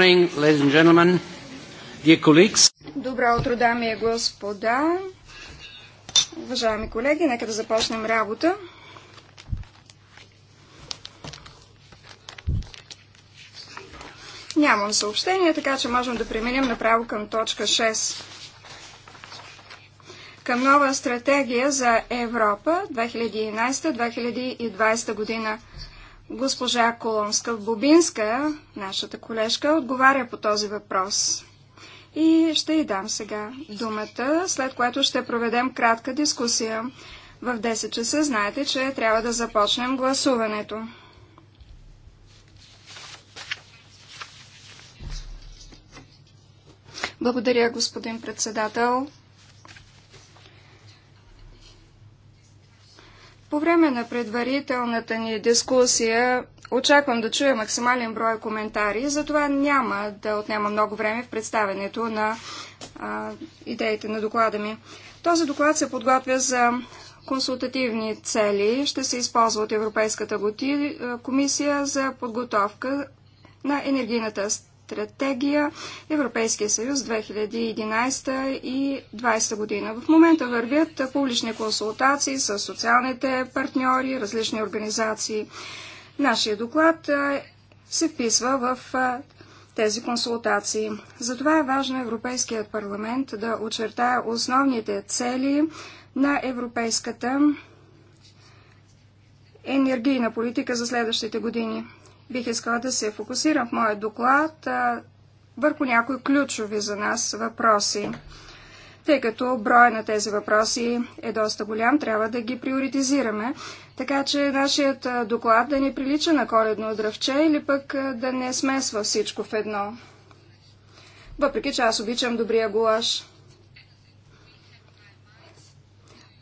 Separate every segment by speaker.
Speaker 1: morning, ladies and gentlemen, dear colleagues.
Speaker 2: Добро утро, дами и господа. Уважаеми колеги, нека да започнем работа. Нямам съобщение, така че можем да преминем направо към точка 6. Към нова стратегия за Европа 2011-2020 година – Госпожа Колонска-Бубинска, нашата колежка, отговаря по този въпрос. И ще й дам сега думата, след което ще проведем кратка дискусия. В 10 часа знаете, че трябва да започнем гласуването. Благодаря, господин председател. По време на предварителната ни дискусия очаквам да чуя максимален брой коментари, затова няма да отнема много време в представенето на а, идеите на доклада ми. Този доклад се подготвя за консултативни цели. Ще се използва от Европейската комисия за подготовка на енергийната стратегия Европейския съюз 2011 и 2020 година. В момента вървят публични консултации с социалните партньори, различни организации. Нашия доклад се вписва в тези консултации. Затова е важно Европейският парламент да очертая основните цели на европейската енергийна политика за следващите години. Бих искала да се фокусирам в моя доклад а, върху някои ключови за нас въпроси. Тъй като броя на тези въпроси е доста голям, трябва да ги приоритизираме, така че нашият доклад да не прилича на коледно дръвче или пък да не смесва всичко в едно. Въпреки, че аз обичам добрия гулаш.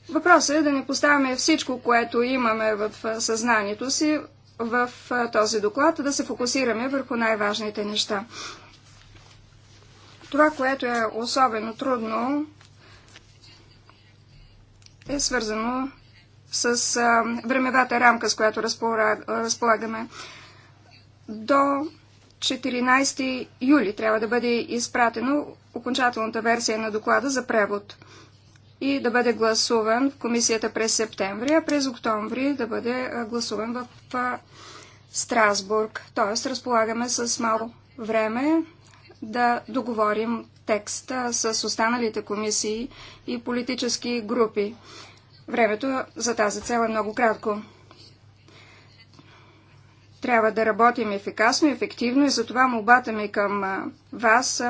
Speaker 2: Въпросът е да не поставяме всичко, което имаме в съзнанието си в този доклад да се фокусираме върху най-важните неща. Това, което е особено трудно, е свързано с времевата рамка, с която разполагаме. До 14 юли трябва да бъде изпратено окончателната версия на доклада за превод и да бъде гласуван в комисията през септември, а през октомври да бъде гласуван в Страсбург. Тоест, разполагаме с малко време да договорим текста с останалите комисии и политически групи. Времето за тази цел е много кратко. Трябва да работим ефикасно и ефективно и затова молбата ми към вас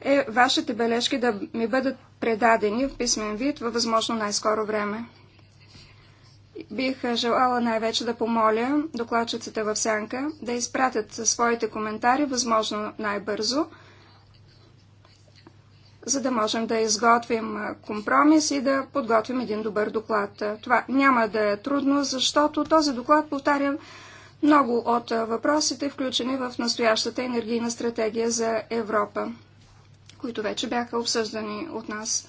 Speaker 2: е вашите бележки да ми бъдат предадени в писмен вид във възможно най-скоро време. Бих е желала най-вече да помоля докладчицата в Сянка да изпратят своите коментари възможно най-бързо, за да можем да изготвим компромис и да подготвим един добър доклад. Това няма да е трудно, защото този доклад повтаря много от въпросите, включени в настоящата енергийна стратегия за Европа които вече бяха обсъждани от нас.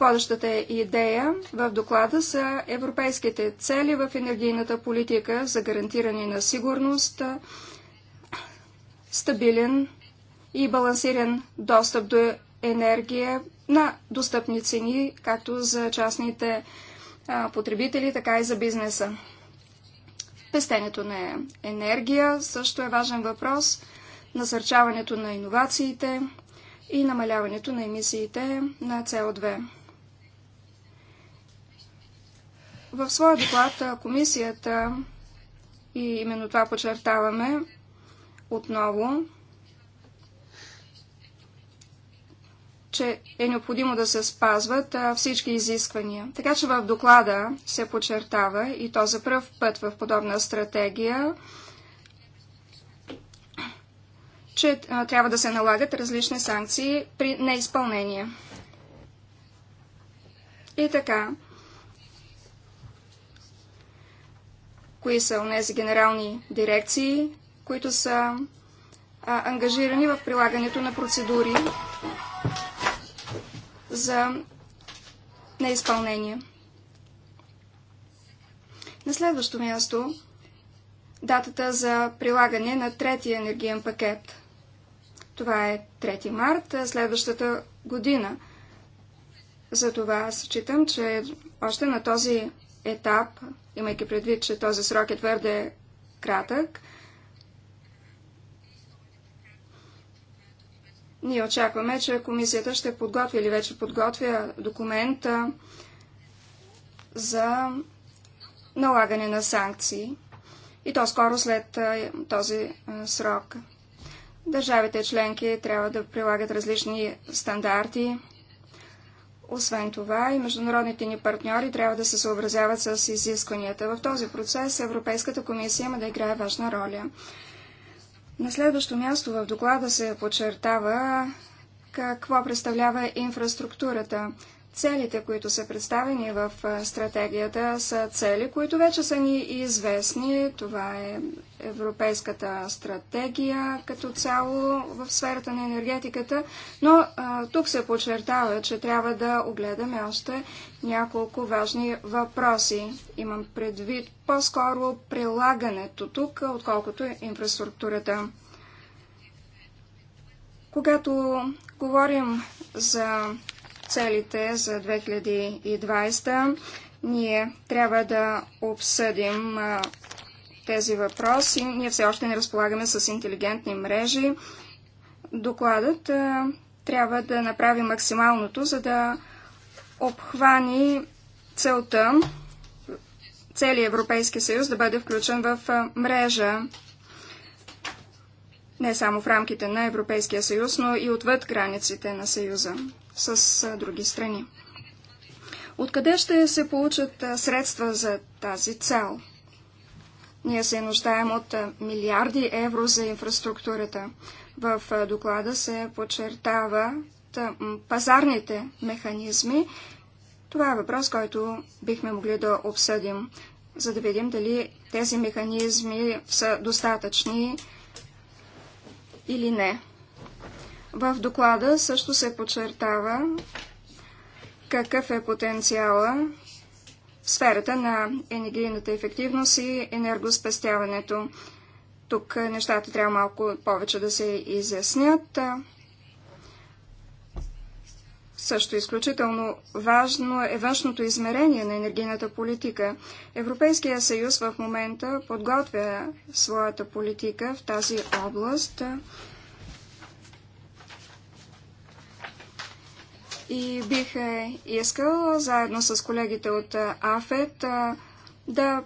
Speaker 2: Водещата идея в доклада са европейските цели в енергийната политика за гарантиране на сигурност, стабилен и балансиран достъп до енергия на достъпни цени, както за частните потребители, така и за бизнеса. Пестенето на енергия също е важен въпрос. Насърчаването на иновациите, и намаляването на емисиите на CO2. В своя доклад комисията, и именно това подчертаваме отново, че е необходимо да се спазват всички изисквания. Така че в доклада се подчертава и то за пръв път в подобна стратегия че трябва да се налагат различни санкции при неизпълнение. И така, кои са тези генерални дирекции, които са а, ангажирани в прилагането на процедури за неизпълнение. На следващо място датата за прилагане на третия енергиен пакет – това е 3 март следващата година. Затова считам, че още на този етап, имайки предвид, че този срок е твърде кратък, Ние очакваме, че комисията ще подготви или вече подготвя документа за налагане на санкции. И то скоро след този срок. Държавите членки трябва да прилагат различни стандарти. Освен това и международните ни партньори трябва да се съобразяват с изискванията. В този процес Европейската комисия има да играе важна роля. На следващо място в доклада се подчертава какво представлява инфраструктурата. Целите, които са представени в стратегията, са цели, които вече са ни известни. Това е Европейската стратегия като цяло в сферата на енергетиката, но а, тук се подчертава, че трябва да огледаме още няколко важни въпроси. Имам предвид по-скоро прилагането тук, отколкото инфраструктурата. Когато говорим за целите за 2020, ние трябва да обсъдим тези въпроси. Ние все още не разполагаме с интелигентни мрежи. Докладът трябва да направи максималното, за да обхвани целта целият Европейски съюз да бъде включен в мрежа не само в рамките на Европейския съюз, но и отвъд границите на съюза с други страни. Откъде ще се получат средства за тази цел? Ние се нуждаем от милиарди евро за инфраструктурата. В доклада се подчертава пазарните механизми. Това е въпрос, който бихме могли да обсъдим, за да видим дали тези механизми са достатъчни или не. В доклада също се подчертава какъв е потенциала в сферата на енергийната ефективност и енергоспестяването. Тук нещата трябва малко повече да се изяснят. Също изключително важно е външното измерение на енергийната политика. Европейския съюз в момента подготвя своята политика в тази област. И бих е, искал, заедно с колегите от е, АФЕТ, е, да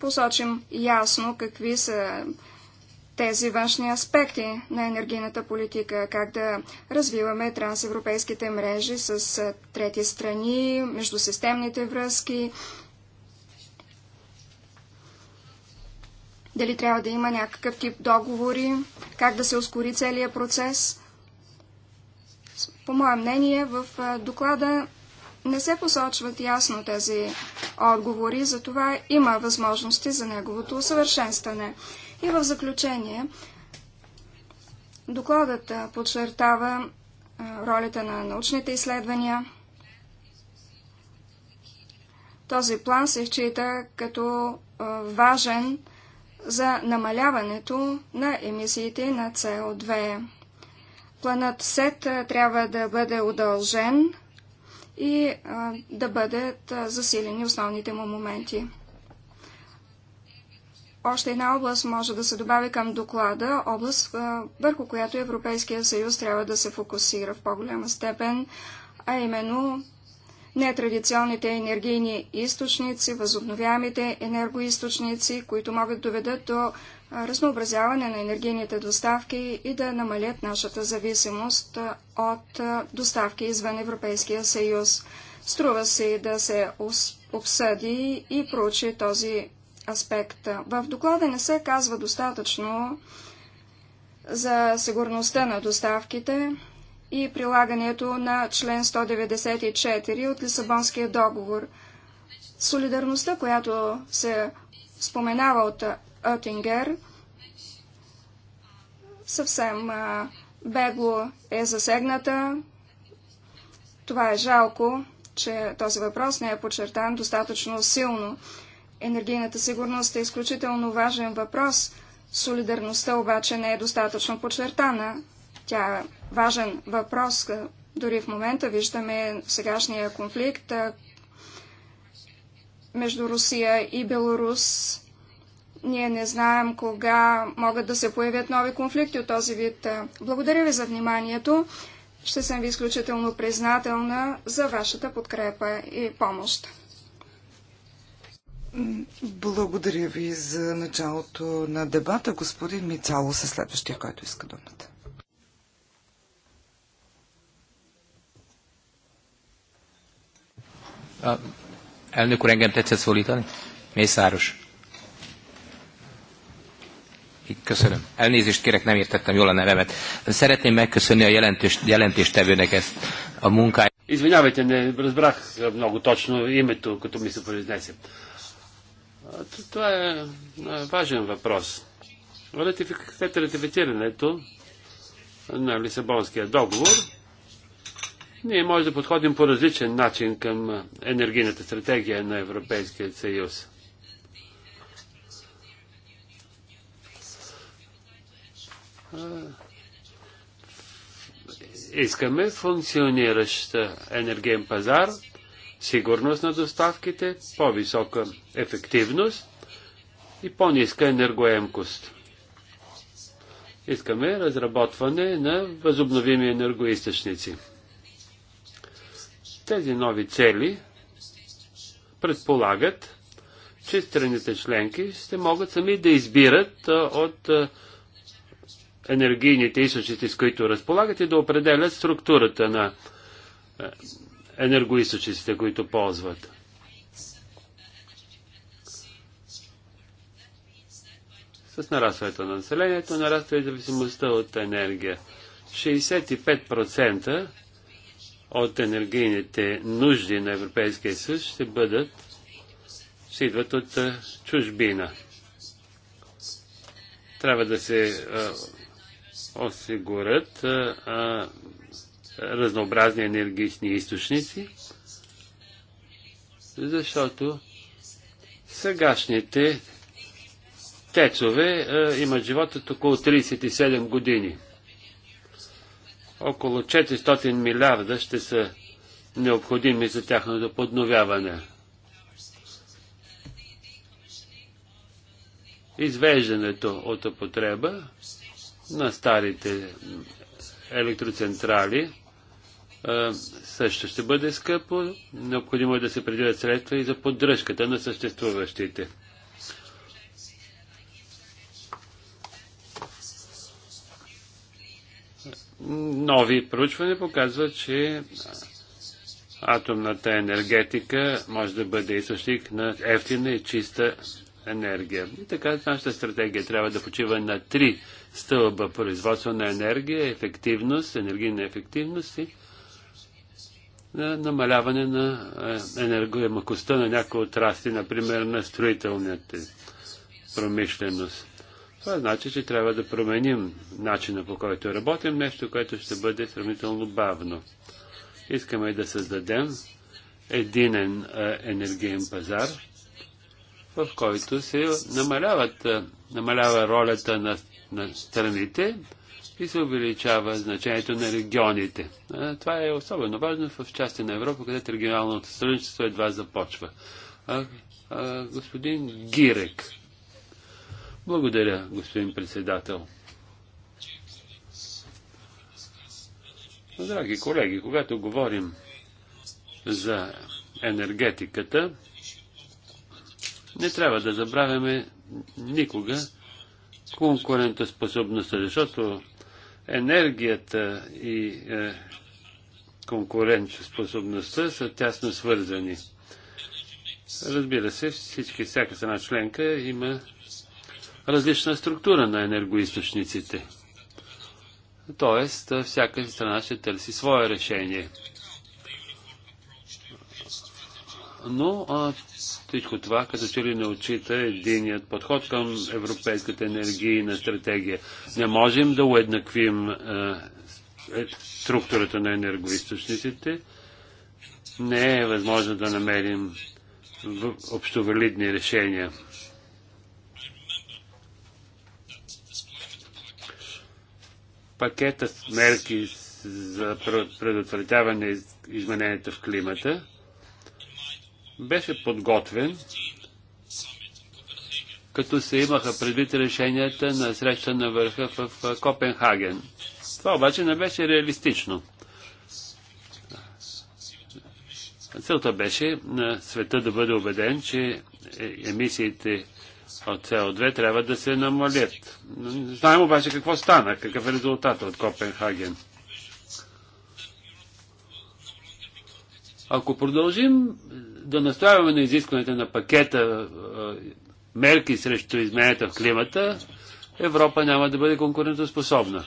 Speaker 2: посочим ясно какви са тези външни аспекти на енергийната политика, как да развиваме трансевропейските мрежи с трети страни, междусистемните връзки, дали трябва да има някакъв тип договори, как да се ускори целият процес. По мое мнение, в доклада не се посочват ясно тези отговори, затова има възможности за неговото усъвършенстване. И в заключение, докладът подчертава ролята на научните изследвания. Този план се счита като важен за намаляването на емисиите на СО2. Планът СЕТ трябва да бъде удължен и а, да бъдат засилени основните му моменти. Още една област може да се добави към доклада, област върху която Европейския съюз трябва да се фокусира в по-голяма степен, а именно нетрадиционните енергийни източници, възобновяемите енергоисточници, които могат доведат до разнообразяване на енергийните доставки и да намалят нашата зависимост от доставки извън Европейския съюз. Струва се да се обсъди и проучи този аспект. В доклада не се казва достатъчно за сигурността на доставките и прилагането на член 194 от Лисабонския договор. Солидарността, която се споменава от Оттингер съвсем бегло е засегната. Това е жалко, че този въпрос не е подчертан достатъчно силно. Енергийната сигурност е изключително важен въпрос. Солидарността обаче не е достатъчно подчертана. Тя е важен въпрос. Дори в момента виждаме сегашния конфликт между Русия и Беларус ние не знаем кога могат да се появят нови конфликти от този вид. Благодаря ви за вниманието. Ще съм ви изключително признателна за вашата подкрепа и помощ.
Speaker 3: Благодаря ви за началото на дебата. Господин Мицало със е следващия, който иска думата. Elnök úr, engem tetszett Köszönöm. Elnézést kérek, nem értettem jól a nevemet. Szeretném megköszönni a jelentős, jelentéstevőnek ezt a munkáját.
Speaker 1: Извинявайте, не разбрах много точно името, като ми се произнесе. Това е важен въпрос. След ратифицирането на Лисабонския договор, ние може да подходим по различен начин към енергийната стратегия на Европейския съюз. искаме функциониращ енерген пазар, сигурност на доставките, по-висока ефективност и по-ниска енергоемкост. Искаме разработване на възобновими енергоисточници. Тези нови цели предполагат, че страните членки ще могат сами да избират от енергийните източници, с които разполагат и да определят структурата на е, енергоисточниците, които ползват. С нарастването на населението нараства и зависимостта от енергия. 65% от енергийните нужди на Европейския съюз ще бъдат, ще идват от е, чужбина. Трябва да се е, осигурят а, а, разнообразни енергични източници, защото сегашните течове а, имат живот от около 37 години. Около 400 милиарда ще са необходими за тяхното подновяване. Извеждането от употреба на старите електроцентрали е, също ще бъде скъпо. Необходимо е да се предвидят средства и за поддръжката на съществуващите. Нови проучвания показват, че атомната енергетика може да бъде източник на ефтина и чиста енергия. И така нашата стратегия трябва да почива на три стълба производство на енергия, ефективност, енергийна ефективност и на е, намаляване на е, енергоемакостта на някои отрасти, например на строителната промишленост. Това значи, че трябва да променим начина по който работим, нещо, което ще бъде сравнително бавно. Искаме да създадем единен е, енергиен пазар, в който се намаляват, е, намалява ролята на, на страните и се увеличава значението на регионите. Е, това е особено важно в части на Европа, където регионалното сътрудничество едва започва. А, а, господин Гирек. Благодаря, господин председател. Драги колеги, когато говорим за енергетиката, не трябва да забравяме никога конкурентоспособността, защото енергията и е, конкурентоспособността са тясно свързани. Разбира се, всички, всяка страна членка има различна структура на енергоисточниците. Тоест, всяка страна ще търси свое решение. но а, всичко това като че ли не отчита единият подход към европейската енергийна стратегия. Не можем да уеднаквим а, е, структурата на енергоисточниците. Не е възможно да намерим общовалидни решения. Пакетът мерки за предотвратяване изменението в климата беше подготвен, като се имаха предвид решенията на среща на върха в Копенхаген. Това обаче не беше реалистично. Целта беше на света да бъде убеден, че е, емисиите от СО2 трябва да се намалят. Знаем обаче какво стана, какъв е резултат от Копенхаген. Ако продължим да настояваме на изискването на пакета мерки срещу изменята в климата, Европа няма да бъде конкурентоспособна.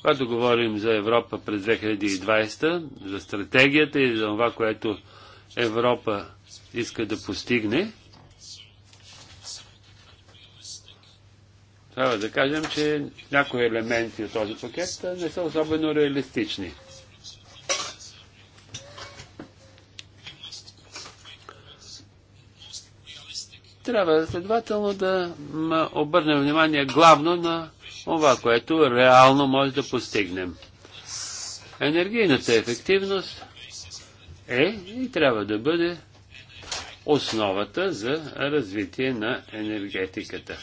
Speaker 1: Когато говорим за Европа през 2020, за стратегията и за това, което Европа иска да постигне, трябва да кажем, че някои елементи от този пакет не са особено реалистични. Трябва следователно да обърнем внимание главно на това, което реално може да постигнем. Енергийната ефективност е и трябва да бъде основата за развитие на енергетиката.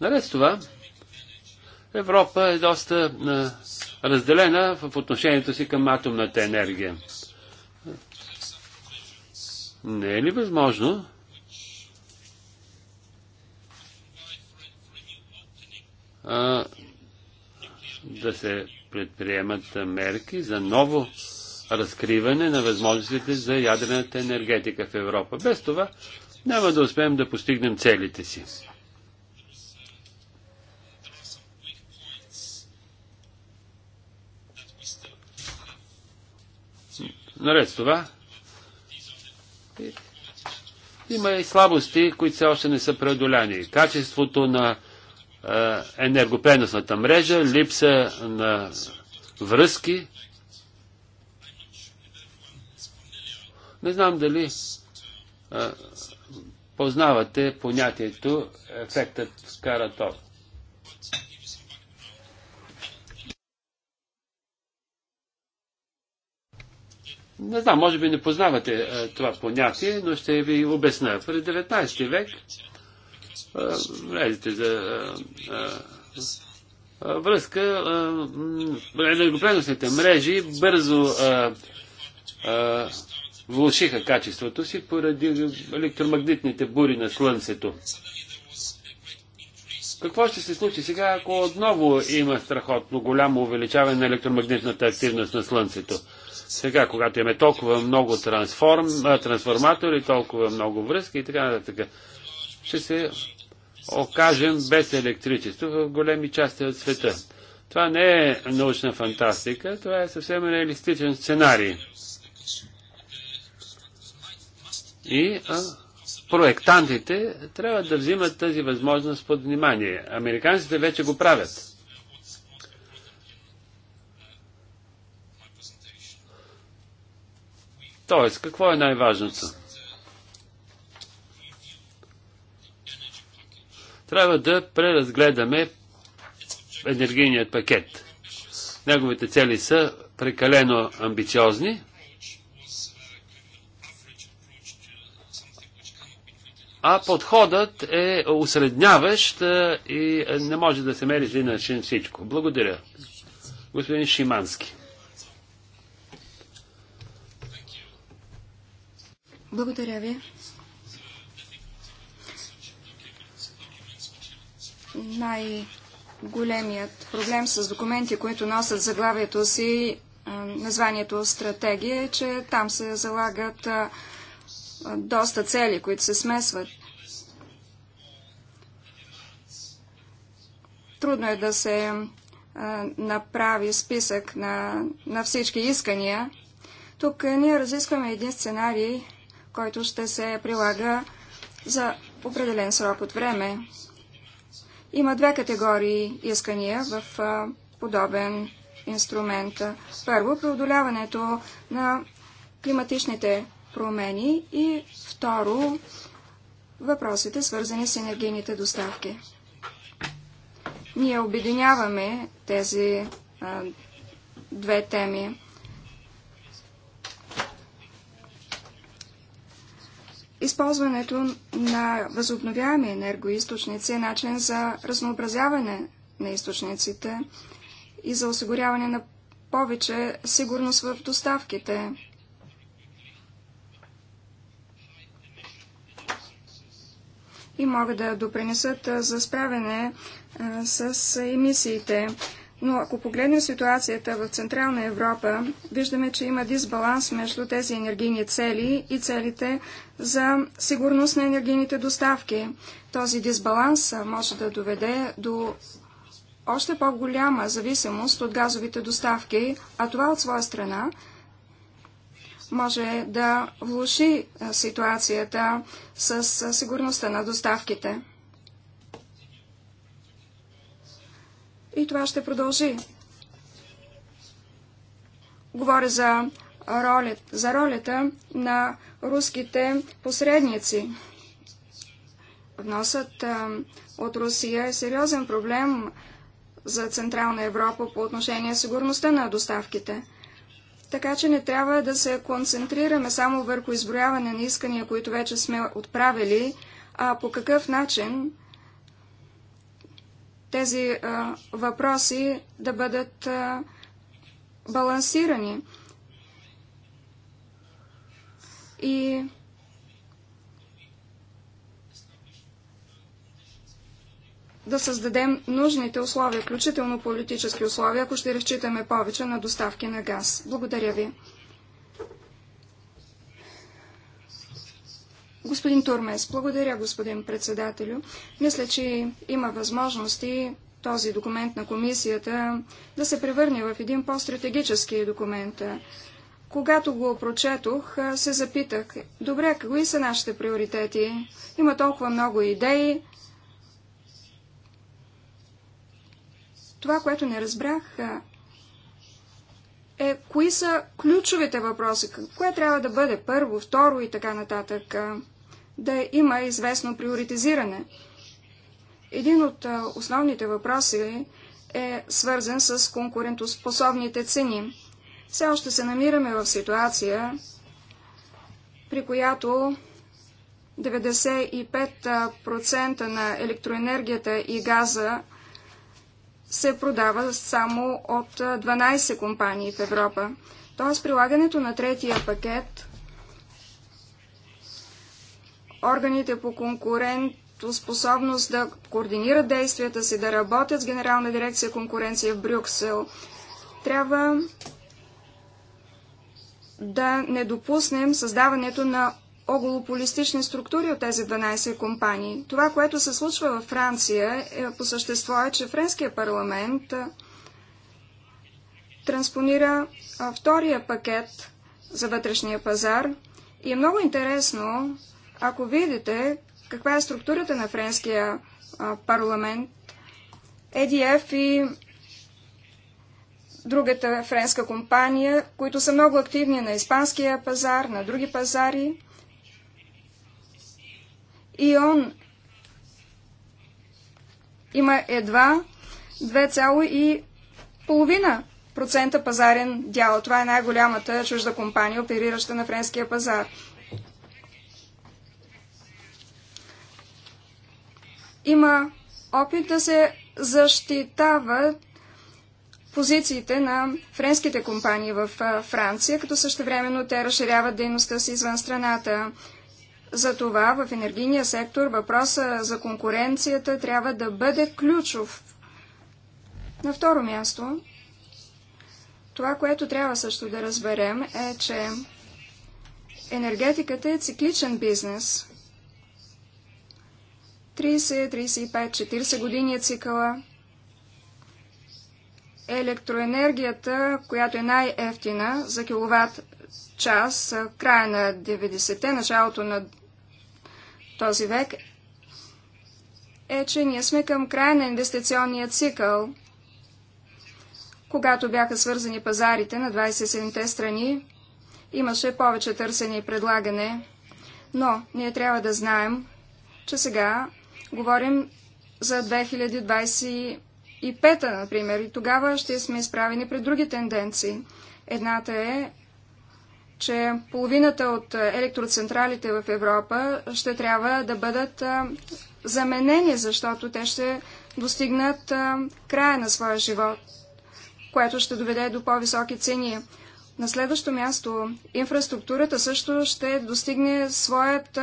Speaker 1: Наред с това, Европа е доста разделена в отношението си към атомната енергия. Не е ли възможно а, да се предприемат мерки за ново разкриване на възможностите за ядрената енергетика в Европа. Без това няма да успеем да постигнем целите си. Наред с това, има и слабости, които все още не са преодоляни. Качеството на е, енергопреносната мрежа, липса на връзки. Не знам дали а, е, познавате понятието ефектът Каратов. Не знам, може би не познавате а, е, това понятие, но ще ви обясня. През 19 век е, за е, е, връзка, енергопреносните мрежи бързо влушиха качеството си поради електромагнитните бури на Слънцето. Какво ще се случи сега, ако отново има страхотно голямо увеличаване на електромагнитната активност на Слънцето? Сега, когато имаме толкова много трансформ, трансформатори, толкова много връзки и така нататък, ще се окажем без електричество в големи части от света. Това не е научна фантастика, това е съвсем реалистичен сценарий. И а, проектантите трябва да взимат тази възможност под внимание. Американците вече го правят. Тоест, какво е най-важното? трябва да преразгледаме енергийният пакет. Неговите цели са прекалено амбициозни. А подходът е усредняващ и не може да се мери за начин всичко. Благодаря. Господин Шимански.
Speaker 2: Благодаря ви. най-големият проблем с документи, които носят заглавието си названието стратегия, е, че там се залагат доста цели, които се смесват. Трудно е да се направи списък на, на всички искания. Тук ние разискваме един сценарий, който ще се прилага за определен срок от време. Има две категории искания в подобен инструмент. Първо, преодоляването на климатичните промени и второ, въпросите свързани с енергийните доставки. Ние обединяваме тези две теми. Използването на възобновяеми енергоисточници е начин за разнообразяване на източниците и за осигуряване на повече сигурност в доставките. И могат да допринесат за справяне с емисиите. Но ако погледнем ситуацията в Централна Европа, виждаме, че има дисбаланс между тези енергийни цели и целите за сигурност на енергийните доставки. Този дисбаланс може да доведе до още по-голяма зависимост от газовите доставки, а това от своя страна може да влуши ситуацията с сигурността на доставките. И това ще продължи. Говоря за, ролят, за ролята на руските посредници. Вносът от Русия е сериозен проблем за Централна Европа по отношение сигурността на доставките. Така че не трябва да се концентрираме само върху изброяване на искания, които вече сме отправили, а по какъв начин тези а, въпроси да бъдат а, балансирани. И да създадем нужните условия, включително политически условия, ако ще разчитаме повече на доставки на газ. Благодаря ви. Господин Турмес, благодаря, господин председателю. Мисля, че има възможности този документ на комисията да се превърне в един по-стратегически документ. Когато го прочетох, се запитах, добре, какви са нашите приоритети? Има толкова много идеи. Това, което не разбрах, е кои са ключовите въпроси, кое трябва да бъде първо, второ и така нататък да има известно приоритизиране. Един от основните въпроси е свързан с конкурентоспособните цени. Все още се намираме в ситуация, при която 95% на електроенергията и газа се продава само от 12 компании в Европа. Тоест прилагането на третия пакет органите по конкурентоспособност да координират действията си, да работят с Генерална дирекция конкуренция в Брюксел. Трябва да не допуснем създаването на оголополистични структури от тези 12 компании. Това, което се случва във Франция, е, по същество е, че Френския парламент транспонира втория пакет за вътрешния пазар. И е много интересно ако видите каква е структурата на френския парламент, ЕДФ и другата френска компания, които са много активни на испанския пазар, на други пазари. И он има едва 2,5% пазарен дял. Това е най-голямата чужда компания, оперираща на френския пазар. има опит да се защитават позициите на френските компании в Франция, като същевременно те разширяват дейността си извън страната. Затова в енергийния сектор въпроса за конкуренцията трябва да бъде ключов. На второ място, това, което трябва също да разберем е, че енергетиката е цикличен бизнес. 30, 35, 40 години е цикъла. Електроенергията, която е най-ефтина за киловатт час, края на 90-те, началото на този век, е, че ние сме към края на инвестиционния цикъл, когато бяха свързани пазарите на 27-те страни, имаше повече търсене и предлагане, но ние трябва да знаем, че сега Говорим за 2025, та например, и тогава ще сме изправени пред други тенденции. Едната е, че половината от електроцентралите в Европа ще трябва да бъдат заменени, защото те ще достигнат края на своя живот, което ще доведе до по-високи цени. На следващо място, инфраструктурата също ще достигне своят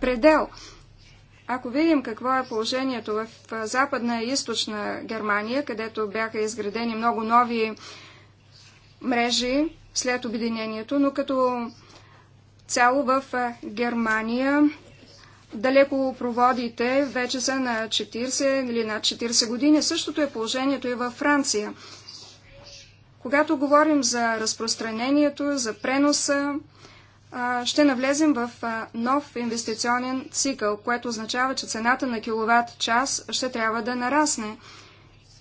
Speaker 2: предел – ако видим какво е положението в Западна и Източна Германия, където бяха изградени много нови мрежи след обединението, но като цяло в Германия далеко проводите вече са на 40 или над 40 години. Същото е положението и във Франция. Когато говорим за разпространението, за преноса, ще навлезем в нов инвестиционен цикъл, което означава, че цената на киловатт час ще трябва да нарасне.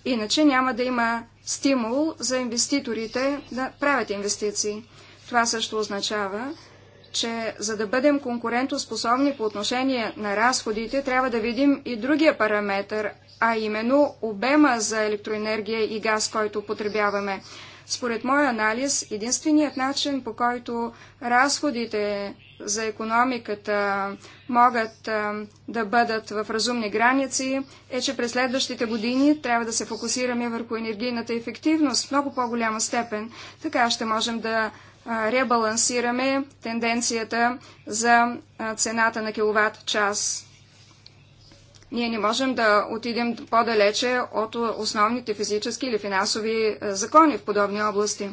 Speaker 2: Иначе няма да има стимул за инвеститорите да правят инвестиции. Това също означава, че за да бъдем конкурентоспособни по отношение на разходите, трябва да видим и другия параметр, а именно обема за електроенергия и газ, който потребяваме. Според мой анализ, единственият начин, по който разходите за економиката могат а, да бъдат в разумни граници, е, че през следващите години трябва да се фокусираме върху енергийната ефективност в много по-голяма степен. Така ще можем да а, ребалансираме тенденцията за а, цената на киловатт час. Ние не можем да отидем по-далече от основните физически или финансови е, закони в подобни области.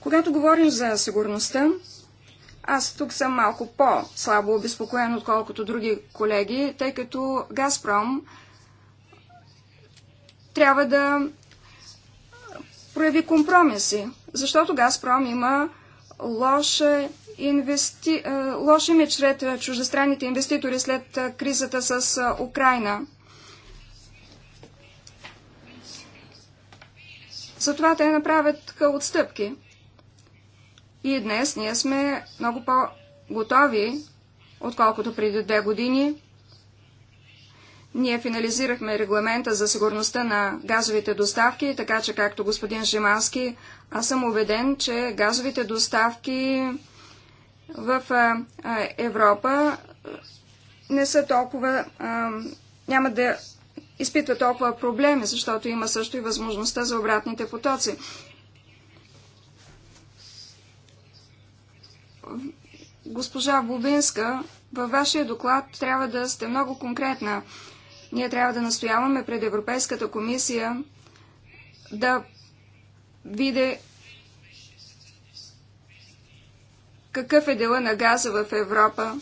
Speaker 2: Когато говорим за сигурността, аз тук съм малко по-слабо обезпокоен, отколкото други колеги, тъй като Газпром трябва да прояви компромиси, защото Газпром има лоша инвести... Е, лош имидж сред е, чуждестранните инвеститори след е, кризата с Украина. Затова те направят отстъпки. И днес ние сме много по-готови, отколкото преди две години. Ние финализирахме регламента за сигурността на газовите доставки, така че, както господин Шимански аз съм убеден, че газовите доставки в Европа не са толкова, няма да изпитва толкова проблеми, защото има също и възможността за обратните потоци. Госпожа Бубинска, във вашия доклад трябва да сте много конкретна. Ние трябва да настояваме пред Европейската комисия да види какъв е дела на газа в Европа,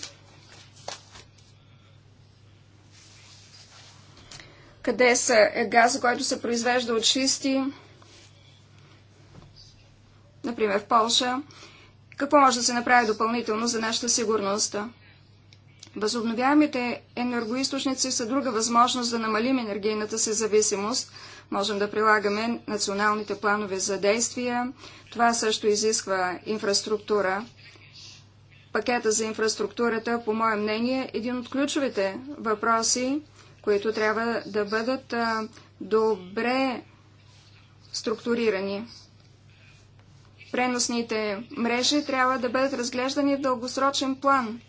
Speaker 2: къде са е газ, който се произвежда от шисти, например в Полша. Какво може да се направи допълнително за нашата сигурност? Възобновяемите енергоисточници са друга възможност да намалим енергийната си зависимост – можем да прилагаме националните планове за действия. Това също изисква инфраструктура. Пакета за инфраструктурата, по мое мнение, е един от ключовите въпроси, които трябва да бъдат добре структурирани. Преносните мрежи трябва да бъдат разглеждани в дългосрочен план.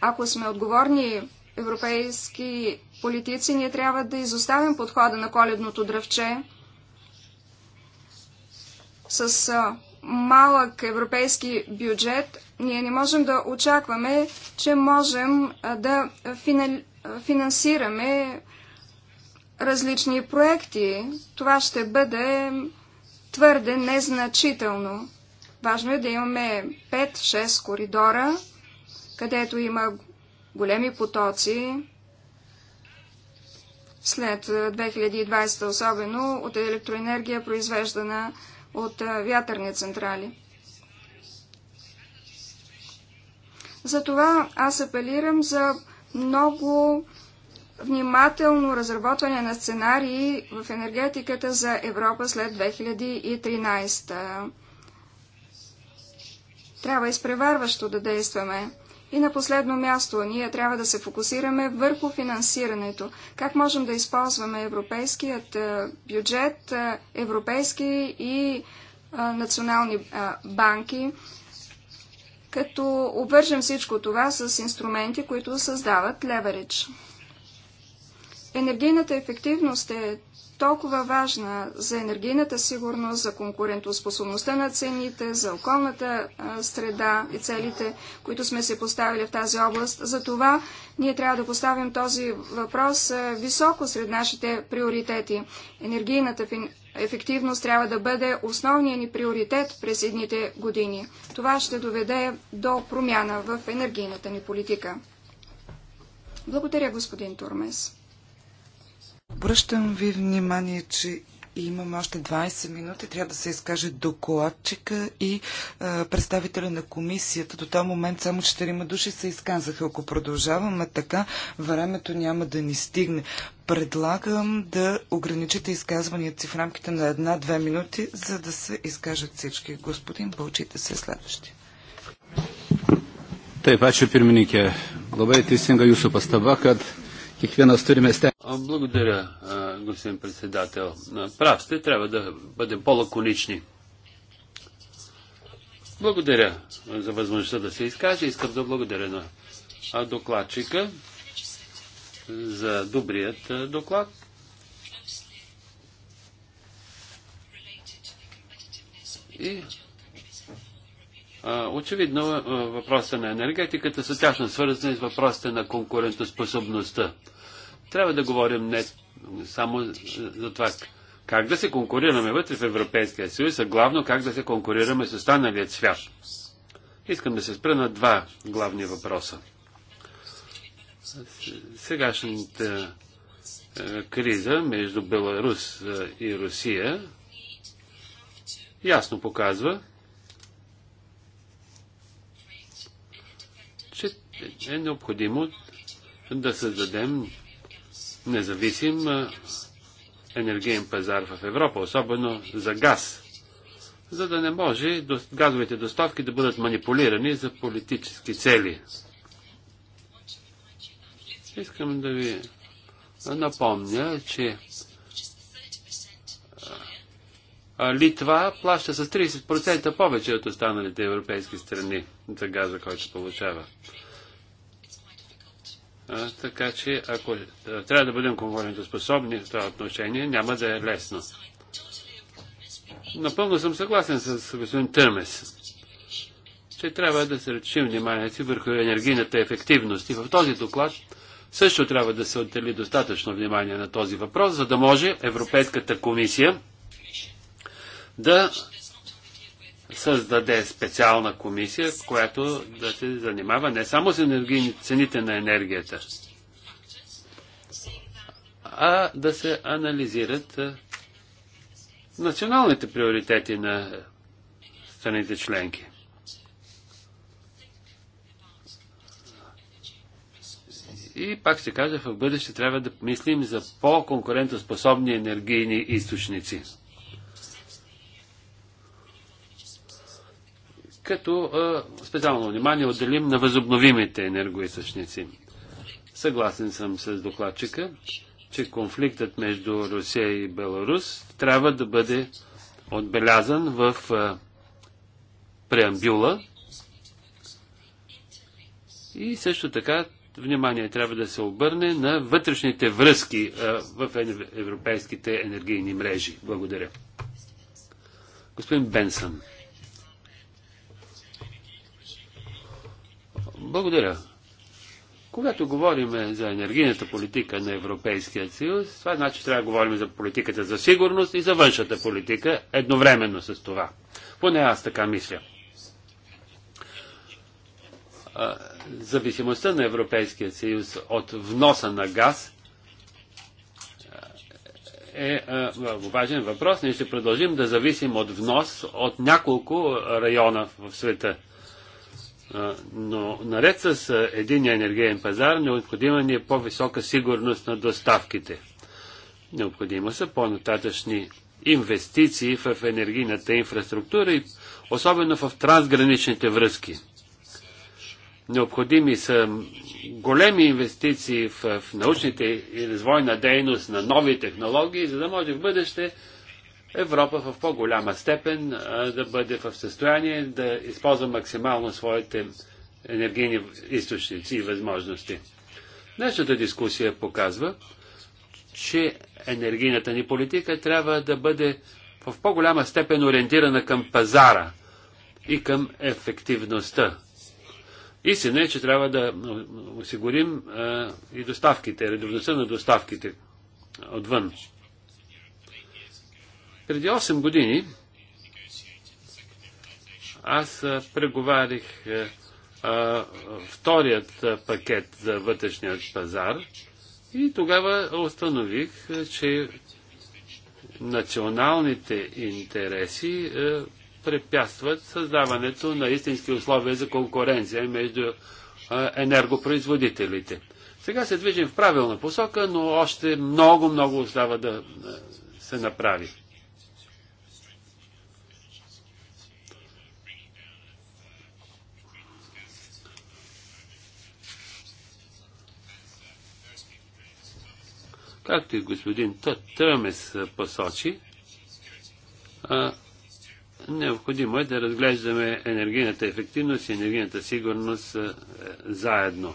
Speaker 2: Ако сме отговорни европейски политици, ние трябва да изоставим подхода на коледното дравче с малък европейски бюджет. Ние не можем да очакваме, че можем да финансираме различни проекти. Това ще бъде твърде незначително. Важно е да имаме 5-6 коридора, където има големи потоци, след 2020, особено от електроенергия, произвеждана от вятърни централи. Затова аз апелирам за много внимателно разработване на сценарии в енергетиката за Европа след 2013. Трябва изпреварващо да действаме. И на последно място, ние трябва да се фокусираме върху финансирането. Как можем да използваме европейският е, бюджет, е, европейски и е, национални банки, като обвържем всичко това с инструменти, които създават леверидж. Енергийната ефективност е толкова важна за енергийната сигурност, за конкурентоспособността на цените, за околната среда и целите, които сме се поставили в тази област. Затова ние трябва да поставим този въпрос високо сред нашите приоритети. Енергийната ефективност трябва да бъде основният ни приоритет през едните години. Това ще доведе до промяна в енергийната ни политика. Благодаря, господин Турмес.
Speaker 3: Обръщам ви внимание, че имаме още 20 минути. Трябва да се изкаже докладчика и а, е, представителя на комисията. До този момент само 4 души се изказаха. Ако продължаваме така, времето няма да ни стигне. Предлагам да ограничите изказванията си в рамките на една-две минути, за да се изкажат всички. Господин, получите се следващи.
Speaker 1: Тъй паче, пирминике, Labai истинга Юсупа Стабакът kiekvienas turime stengtis. Благодаря, господин председател. Прав сте, трябва да бъдем по-лаконични. Благодаря за възможността да се изкаже. Искам да благодаря на докладчика за добрият доклад. И Очевидно въпросите на енергетиката са тясно свързани с въпросите на конкурентоспособността. Трябва да говорим не само за това как да се конкурираме вътре в Европейския съюз, а главно как да се конкурираме с останалият свят. Искам да се спра на два главни въпроса. Сегашната е, криза между Беларус е, и Русия ясно показва, че е необходимо да създадем независим енергиен пазар в Европа, особено за газ, за да не може газовите доставки да бъдат манипулирани за политически цели. Искам да ви напомня, че Литва плаща с 30% повече от останалите европейски страни за газа, който получава така че, ако трябва да бъдем конкурентоспособни в това отношение, няма да е лесно. Напълно съм съгласен с господин Търмес, че трябва да се речим вниманието си върху енергийната ефективност. И в този доклад също трябва да се отдели достатъчно внимание на този въпрос, за да може Европейската комисия да създаде специална комисия, която да се занимава не само с енергийни цените на енергията, а да се анализират националните приоритети на страните членки. И пак се казва, в бъдеще трябва да мислим за по-конкурентоспособни енергийни източници. като а, специално внимание отделим на възобновимите енергоисъчници. Съгласен съм с докладчика, че конфликтът между Русия и Беларус трябва да бъде отбелязан в а, преамбюла и също така внимание трябва да се обърне на вътрешните връзки а, в европейските енергийни мрежи. Благодаря. Господин Бенсън. Благодаря. Когато говорим за енергийната политика на Европейския съюз, това значи трябва да говорим за политиката за сигурност и за външната политика едновременно с това. Поне аз така мисля. Зависимостта на Европейския съюз от вноса на газ е важен въпрос. Ние ще продължим да зависим от внос от няколко района в света – но наред с единия енергиен пазар, необходима ни е по-висока сигурност на доставките. Необходимо са по-нататъчни инвестиции в енергийната инфраструктура и особено в трансграничните връзки. Необходими са големи инвестиции в, в научните и развойна дейност на нови технологии, за да може в бъдеще Европа в по-голяма степен да бъде в състояние да използва максимално своите енергийни източници и възможности. Днешната дискусия показва, че енергийната ни политика трябва да бъде в по-голяма степен ориентирана към пазара и към ефективността. Истина е, че трябва да осигурим и доставките, редовността на доставките отвън. Преди 8 години аз преговарих а, вторият пакет за вътрешният пазар и тогава установих, че националните интереси а, препятстват създаването на истински условия за конкуренция между а, енергопроизводителите. Сега се движим в правилна посока, но още много-много остава да се направи. Както и господин Тръмес посочи, необходимо е да разглеждаме енергийната ефективност и енергийната сигурност заедно.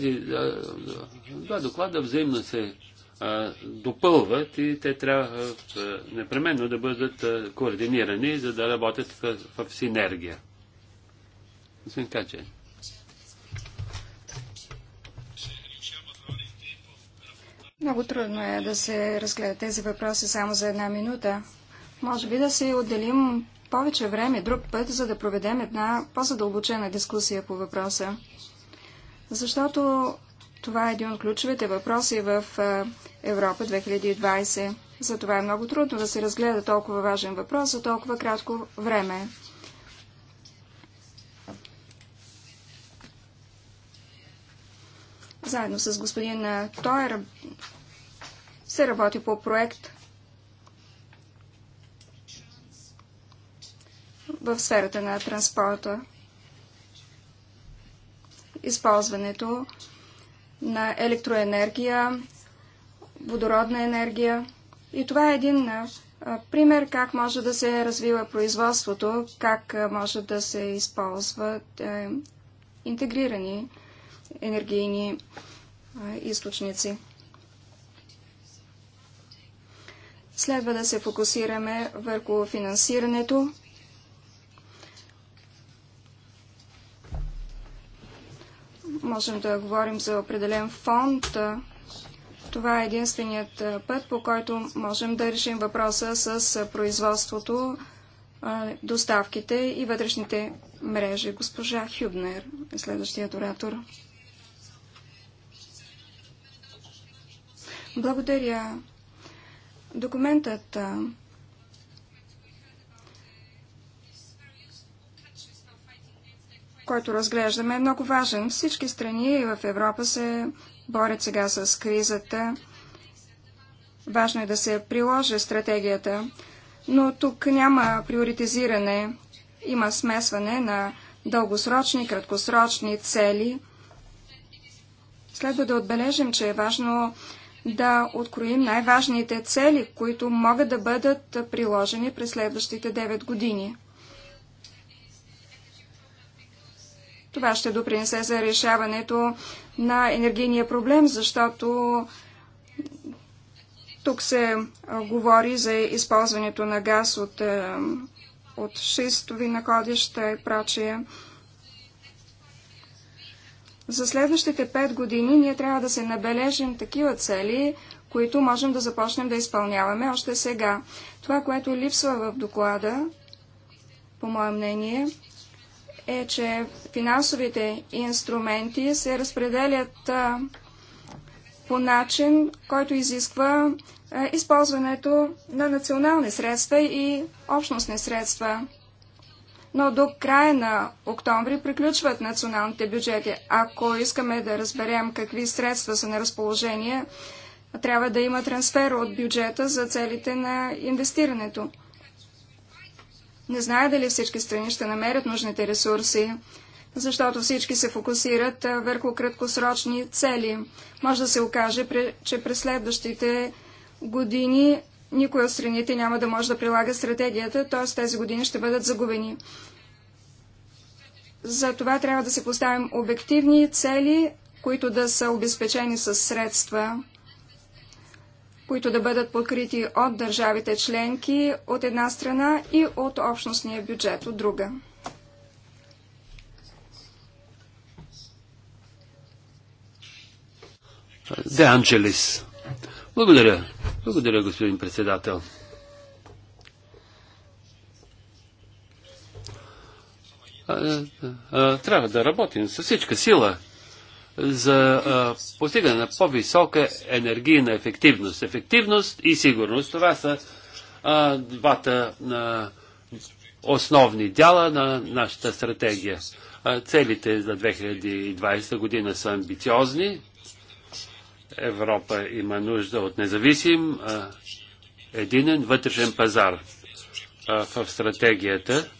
Speaker 1: Тези два доклада взаимно се допълват и те трябва непременно да бъдат координирани, за да работят в, синергия. Господин Каче.
Speaker 2: Много трудно е да се разгледат тези въпроси само за една минута. Може би да си отделим повече време друг път, за да проведем една по-задълбочена дискусия по въпроса защото това е един от ключовите въпроси в Европа 2020. Затова е много трудно да се разгледа толкова важен въпрос за толкова кратко време. Заедно с господин Тойер се работи по проект в сферата на транспорта използването на електроенергия, водородна енергия. И това е един пример как може да се развива производството, как може да се използват интегрирани енергийни източници. Следва да се фокусираме върху финансирането Можем да говорим за определен фонд. Това е единственият път, по който можем да решим въпроса с производството, доставките и вътрешните мрежи. Госпожа Хюбнер е следващият оратор. Благодаря. Документът който разглеждаме, е много важен. Всички страни в Европа се борят сега с кризата. Важно е да се приложи стратегията, но тук няма приоритизиране, има смесване на дългосрочни, краткосрочни цели. Следва да отбележим, че е важно да откроим най-важните цели, които могат да бъдат приложени през следващите 9 години. Това ще допринесе за решаването на енергийния проблем, защото тук се говори за използването на газ от, от шистови находища и прочие. За следващите 5 години ние трябва да се набележим такива цели, които можем да започнем да изпълняваме още сега. Това, което липсва в доклада, по мое мнение, е, че финансовите инструменти се разпределят а, по начин, който изисква а, използването на национални средства и общностни средства. Но до края на октомври приключват националните бюджети. Ако искаме да разберем какви средства са на разположение, трябва да има трансфер от бюджета за целите на инвестирането. Не знае дали всички страни ще намерят нужните ресурси, защото всички се фокусират върху краткосрочни цели. Може да се окаже, че през следващите години никой от страните няма да може да прилага стратегията, т.е. тези години ще бъдат загубени. За това трябва да си поставим обективни цели, които да са обезпечени с средства които да бъдат покрити от държавите членки от една страна и от общностния бюджет от друга.
Speaker 1: Де Анджелис. Благодаря. Благодаря, господин председател. А, а, трябва да работим с всичка сила за а, постигане на по-висока енергийна ефективност. Ефективност и сигурност. Това са а, двата а, основни дяла на нашата стратегия. А, целите за 2020 година са амбициозни. Европа има нужда от независим а, единен вътрешен пазар. А, в стратегията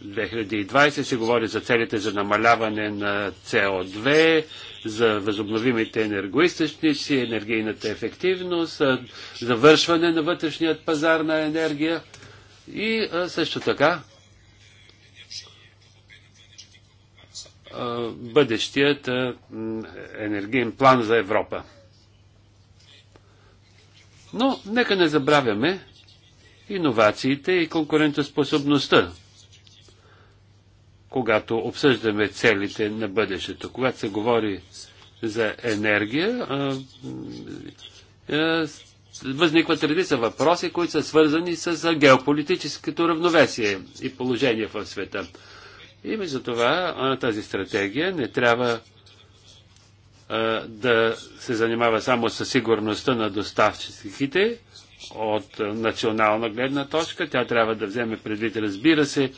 Speaker 1: 2020 се говори за целите за намаляване на CO2, за възобновимите енергоисточници, енергийната ефективност, завършване на вътрешният пазар на енергия и също така бъдещият енергиен план за Европа. Но нека не забравяме иновациите и конкурентоспособността когато обсъждаме целите на бъдещето. Когато се говори за енергия, възникват редица въпроси, които са свързани с геополитическото равновесие и положение в света. И между това тази стратегия не трябва да се занимава само с сигурността на доставчиците от национална гледна точка. Тя трябва да вземе предвид, разбира се,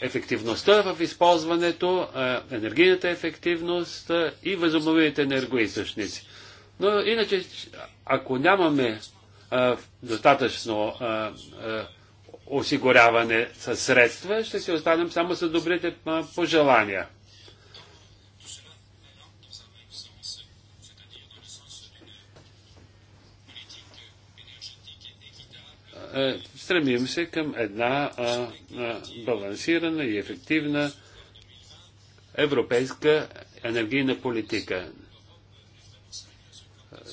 Speaker 1: ефективността в използването, енергийната ефективност и възобновените енергоисточници. Но иначе, ако нямаме достатъчно осигуряване с средства, ще си останем само с добрите пожелания. пожелания. Стремим се към една а, а, балансирана и ефективна европейска енергийна политика.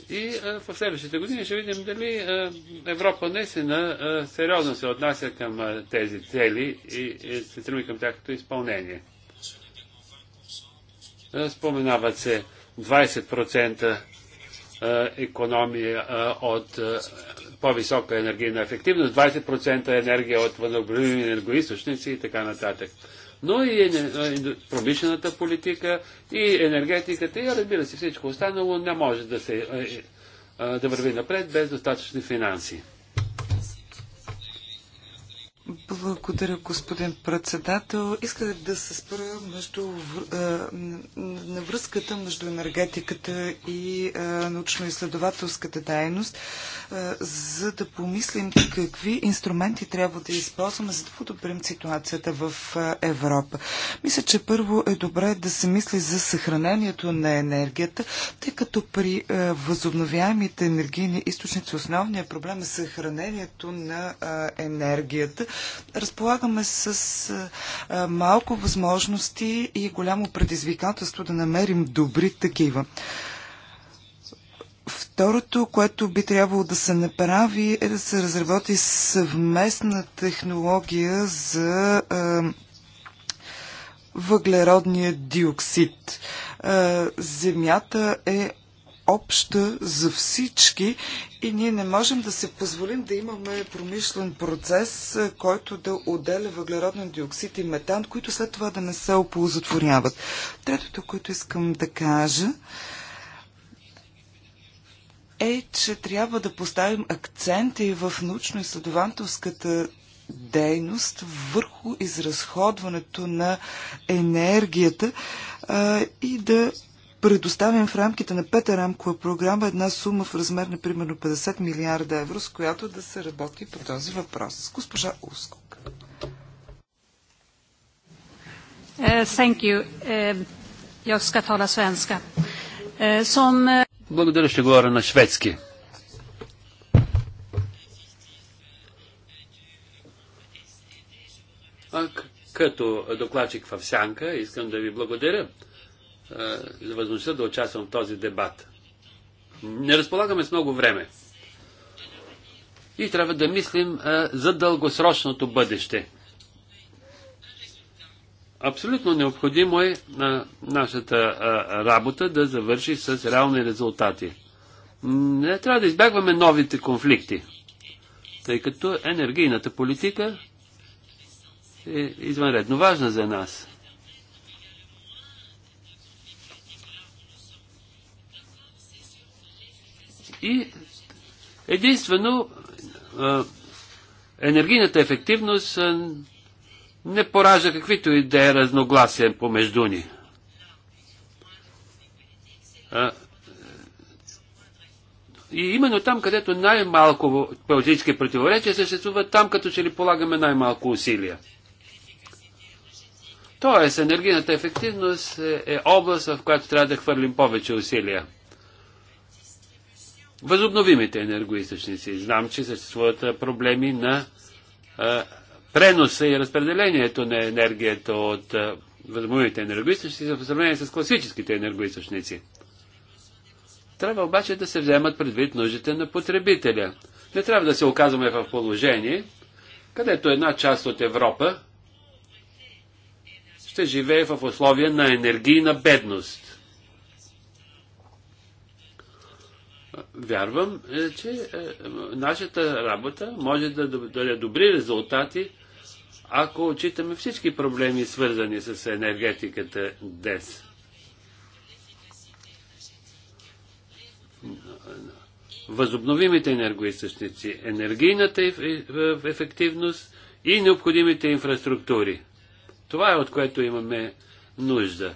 Speaker 1: И а, в следващите години ще видим дали а, Европа наистина сериозно се отнася към а, тези цели и, и се стреми към тяхното изпълнение. Споменават се 20% економия от по-висока енергийна ефективност, 20% енергия от възобновими енергоисточници и така нататък. Но и промишлената политика, и енергетиката, и разбира се всичко останало не може да, се, да върви напред без достатъчни финанси.
Speaker 3: Благодаря, господин председател. Исках да се спра между, а, на връзката между енергетиката и научно-изследователската дейност, за да помислим какви инструменти трябва да използваме, за да подобрим ситуацията в Европа. Мисля, че първо е добре да се мисли за съхранението на енергията, тъй като при възобновяемите енергийни източници основният проблем е съхранението на енергията разполагаме с малко възможности и голямо предизвикателство да намерим добри такива. Второто, което би трябвало да се направи е да се разработи съвместна технология за въглеродния диоксид. Земята е обща за всички и ние не можем да се позволим да имаме промишлен процес, който да отделя въглероден диоксид и метан, които след това да не се оползотворяват. Третото, което искам да кажа, е, че трябва да поставим акцента и в научно-изследователската дейност върху изразходването на енергията а, и да предоставим в рамките на пета рамкова програма една сума в размер на примерно 50 милиарда евро, с която да се работи по този въпрос. С госпожа Ускок.
Speaker 2: Eh, eh, eh,
Speaker 1: благодаря, ще говоря на шведски. като докладчик в Сянка искам да ви благодаря за възможността да участвам в този дебат. Не разполагаме с много време. И трябва да мислим а, за дългосрочното бъдеще. Абсолютно необходимо е на нашата а, работа да завърши с реални резултати. Не трябва да избягваме новите конфликти, тъй като енергийната политика е извънредно важна за нас. И единствено енергийната ефективност не поражда каквито и да е разногласия помежду ни. И именно там, където най-малко политически противоречия съществуват, там като че ли полагаме най-малко усилия. Тоест, енергийната ефективност е, е област, в която трябва да хвърлим повече усилия възобновимите енергоисточници. Знам, че съществуват проблеми на а, преноса и разпределението на енергията от а, възобновимите енергоисточници в сравнение с класическите енергоисточници. Трябва обаче да се вземат предвид нуждите на потребителя. Не трябва да се оказваме в положение, където една част от Европа ще живее в условия на енергийна бедност. Вярвам, е, че е, нашата работа може да даде добри резултати, ако отчитаме всички проблеми, свързани с енергетиката днес. Възобновимите енергоисъщници, енергийната е, ефективност и необходимите инфраструктури. Това е от което имаме нужда.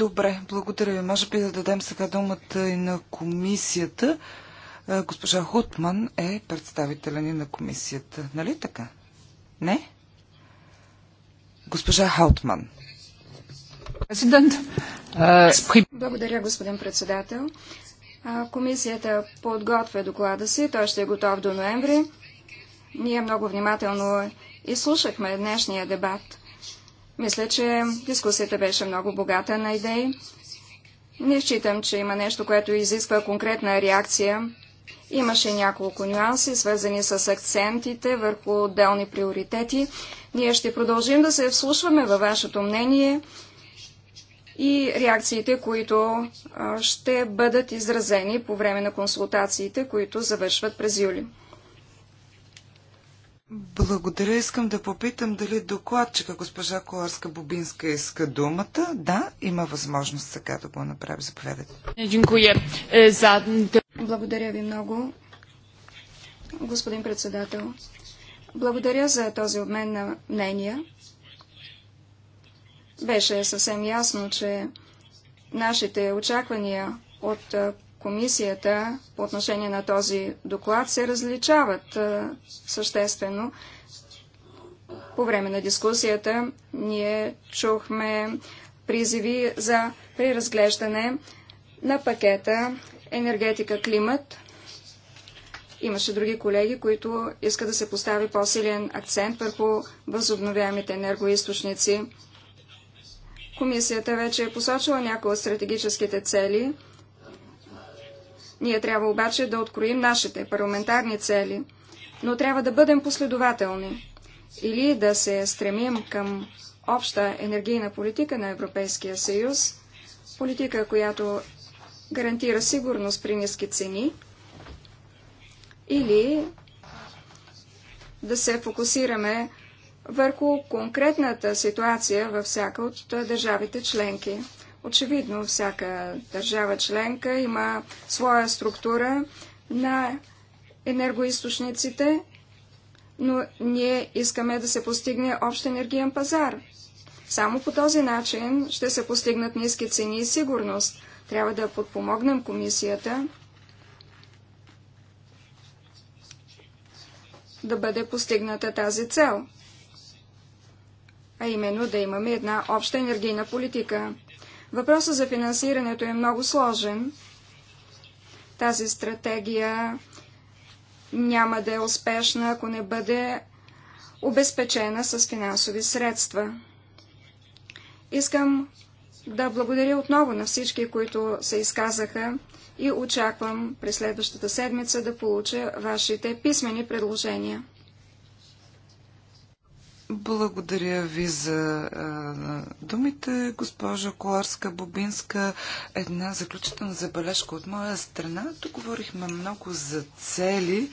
Speaker 3: Добре, благодаря ви. Може би да дадем сега думата и на комисията. Е, госпожа Хутман е представителя ни на комисията. Нали така? Не? Госпожа Хаутман.
Speaker 2: Е, благодаря, господин председател. Комисията подготвя доклада си. Той ще е готов до ноември. Ние много внимателно изслушахме днешния дебат. Мисля, че дискусията беше много богата на идеи. Не считам, че има нещо, което изисква конкретна реакция. Имаше няколко нюанси, свързани с акцентите върху отделни приоритети. Ние ще продължим да се вслушваме във вашето мнение и реакциите, които ще бъдат изразени по време на консултациите, които завършват през юли.
Speaker 3: Благодаря. Искам да попитам дали докладчика госпожа коларска Бубинска иска думата. Да, има възможност сега да го направи. Заповядайте.
Speaker 2: Е, Благодаря ви много, господин председател. Благодаря за този обмен на мнения. Беше съвсем ясно, че нашите очаквания от комисията по отношение на този доклад се различават съществено. По време на дискусията ние чухме призиви за преразглеждане на пакета енергетика-климат. Имаше други колеги, които искат да се постави по-силен акцент върху възобновяемите енергоисточници. Комисията вече е посочила някои от стратегическите цели – ние трябва обаче да откроим нашите парламентарни цели, но трябва да бъдем последователни или да се стремим към обща енергийна политика на Европейския съюз, политика, която гарантира сигурност при ниски цени, или да се фокусираме върху конкретната ситуация във всяка от държавите членки. Очевидно, всяка държава членка има своя структура на енергоисточниците, но ние искаме да се постигне общ енергиен пазар. Само по този начин ще се постигнат ниски цени и сигурност. Трябва да подпомогнем комисията да бъде постигната тази цел, а именно да имаме една обща енергийна политика. Въпросът за финансирането е много сложен. Тази стратегия няма да е успешна, ако не бъде обезпечена с финансови средства. Искам да благодаря отново на всички, които се изказаха и очаквам през следващата седмица да получа вашите писмени предложения.
Speaker 3: Благодаря ви за а, думите, госпожа Коларска-Бобинска. Една заключителна забележка от моя страна. Тук говорихме много за цели.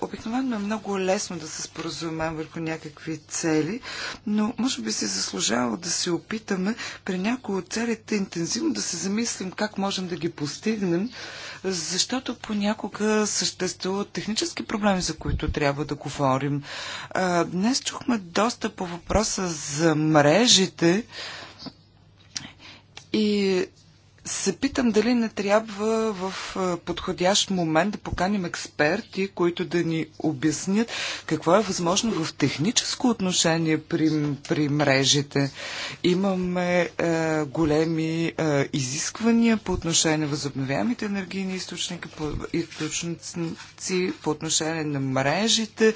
Speaker 3: Обикновено е много лесно да се споразумем върху някакви цели, но може би се заслужава да се опитаме при някои от целите интензивно да се замислим как можем да ги постигнем, защото понякога съществуват технически проблеми, за които трябва да говорим. Днес чухме доста по въпроса за мрежите и се питам дали не трябва в подходящ момент да поканим експерти, които да ни обяснят какво е възможно в техническо отношение при, при мрежите. Имаме е, големи е, изисквания по отношение на възобновяемите енергийни източници по, източници, по отношение на мрежите.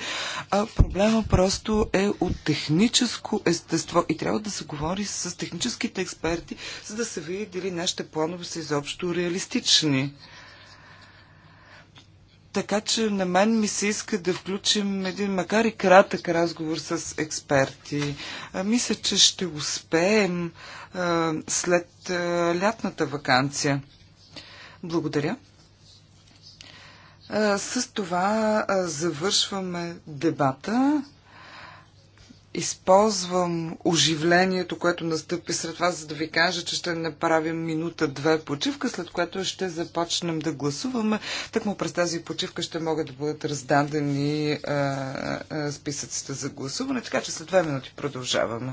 Speaker 3: А проблема просто е от техническо естество и трябва да се говори с техническите експерти, за да се види дали нашите планове са изобщо реалистични. Така че на мен ми се иска да включим един, макар и кратък разговор с експерти. Мисля, че ще успеем след лятната вакансия. Благодаря. С това завършваме дебата използвам оживлението, което настъпи сред вас, за да ви кажа, че ще направим минута-две почивка, след което ще започнем да гласуваме. Такмо през тази почивка ще могат да бъдат раздадени а, а, списъците за гласуване, така че след две минути продължаваме.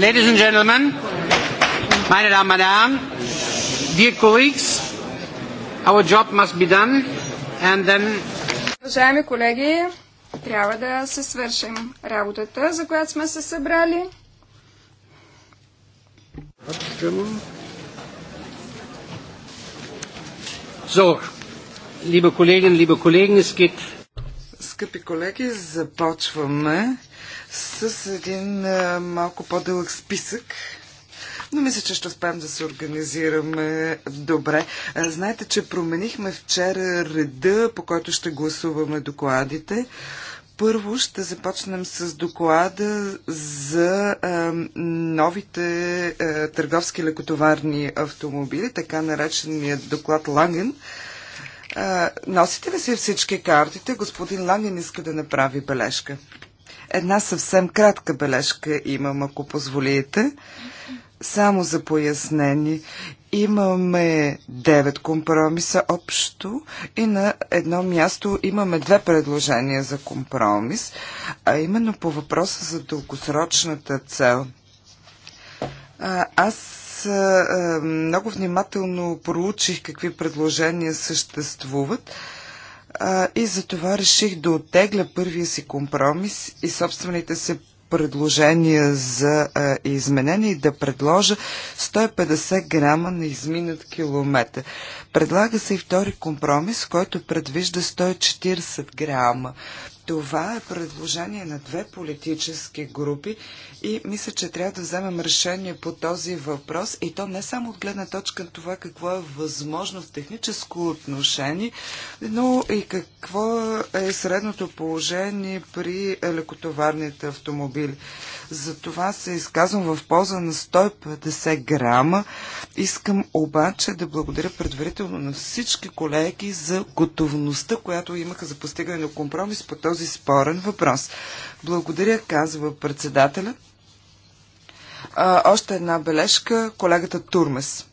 Speaker 1: Ladies and gentlemen, meine Damen und Herren, dear colleagues, our job must be done
Speaker 2: and then... Уважаеми колеги, трябва да се свършим работата, за която сме се събрали.
Speaker 3: So, liebe Kolleginnen, liebe Kollegen, es geht... Скъпи колеги, започваме с един малко по-дълъг списък но мисля, че ще успеем да се организираме добре. Знаете, че променихме вчера реда, по който ще гласуваме докладите. Първо ще започнем с доклада за а, новите а, търговски лекотоварни автомобили, така нареченият доклад Ланген. носите ли си всички картите? Господин Ланген иска да направи бележка. Една съвсем кратка бележка имам, ако позволите. Само за пояснение. Имаме девет компромиса общо и на едно място имаме две предложения за компромис, а именно по въпроса за дългосрочната цел. Аз много внимателно проучих какви предложения съществуват а, и затова реших да оттегля първия си компромис и собствените се предложения за а, изменение и да предложа 150 грама на изминат километър. Предлага се и втори компромис, който предвижда 140 грама. Това е предложение на две политически групи и мисля, че трябва да вземем решение по този въпрос и то не само от гледна точка на това какво е възможно в техническо отношение, но и какво е средното положение при лекотоварните автомобили. Затова се изказвам в полза на 150 грама. Искам обаче да благодаря предварително на всички колеги за готовността, която имаха за постигане на компромис по този спорен въпрос. Благодаря, казва председателя. А, още една бележка, колегата Турмес.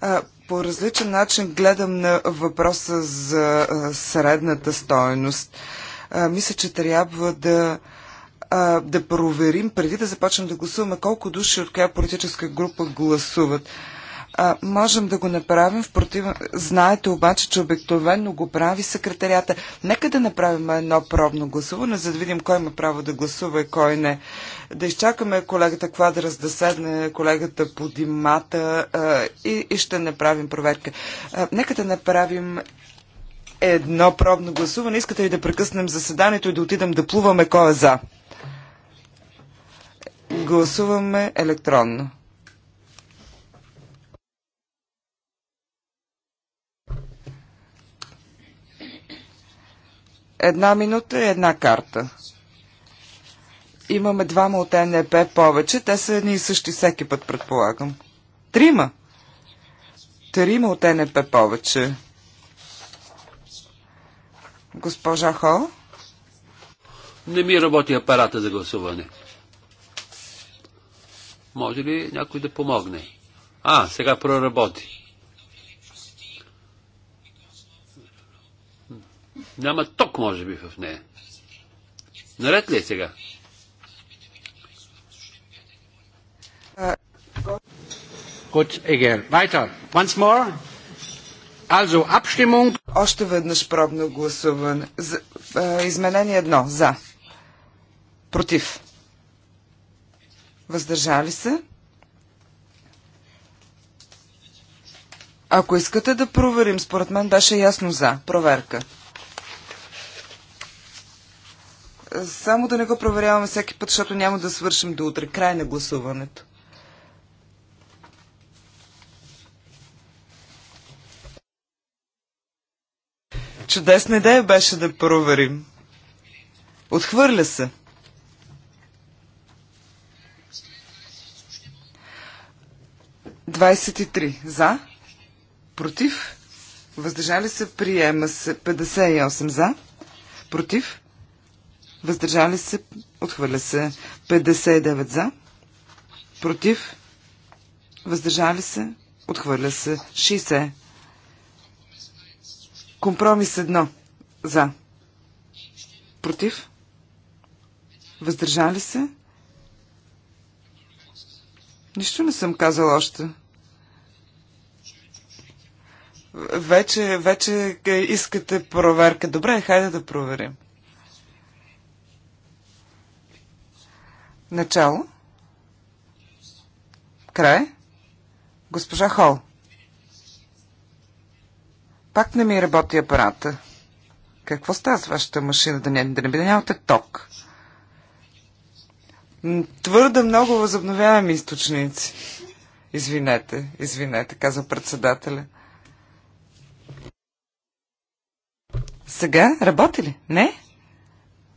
Speaker 3: А, по различен начин гледам на въпроса за а, средната стоеност. А, мисля, че трябва да а, да проверим, преди да започнем да гласуваме, колко души от коя политическа група гласуват. А, можем да го направим, в против... знаете обаче, че обикновено го прави секретарията. Нека да направим едно пробно гласуване, за да видим кой има право да гласува и кой не. Да изчакаме колегата Квадрас да седне, колегата по димата а, и, и ще направим проверка. А, нека да направим едно пробно гласуване. Искате ли да прекъснем заседанието и да отидем да плуваме кой е за? Гласуваме електронно. Една минута и една карта. Имаме двама от НЕП повече. Те са едни и същи всеки път, предполагам. Трима. Трима от НЕП повече. Госпожа Хол?
Speaker 1: Не ми работи апарата за гласуване. Може ли някой да помогне? А, сега проработи. Няма ток, може би, в нея. Наред ли е сега?
Speaker 3: Weiter. Once more. Also, Abstimmung. Още веднъж пробно гласуване. изменение едно. За. Против. Въздържали се? Ако искате да проверим, според мен беше ясно за. Проверка. Само да не го проверяваме всеки път, защото няма да свършим до утре. Край на гласуването. Чудесна идея беше да проверим. Отхвърля се. 23 за, против, въздържали се, приема се 58 за, против, въздържали се, отхвърля се 59 за, против, въздържали се, отхвърля се 60. Компромис 1 за, против, въздържали се, Нищо не съм казал още. Вече, вече искате проверка. Добре, хайде да проверим. Начало. Край. Госпожа Хол. Пак не ми работи апарата. Какво става с вашата машина? Да не, да не би да нямате ток. Твърде много възобновяеми източници. Извинете, извинете, каза председателя. Сега работи ли? Не?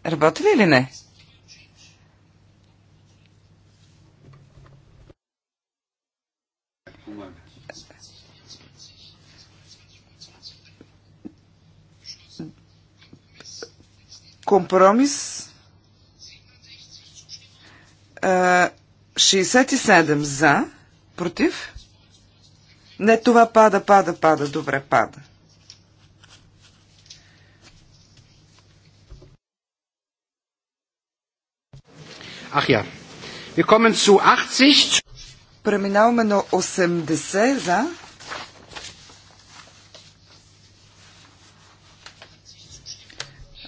Speaker 3: Работи ли или не? Компромис 67 за, против. Не, това пада, пада, пада. Добре, пада. Ах я. Wir kommen zu 80. Преминаваме на 80 за.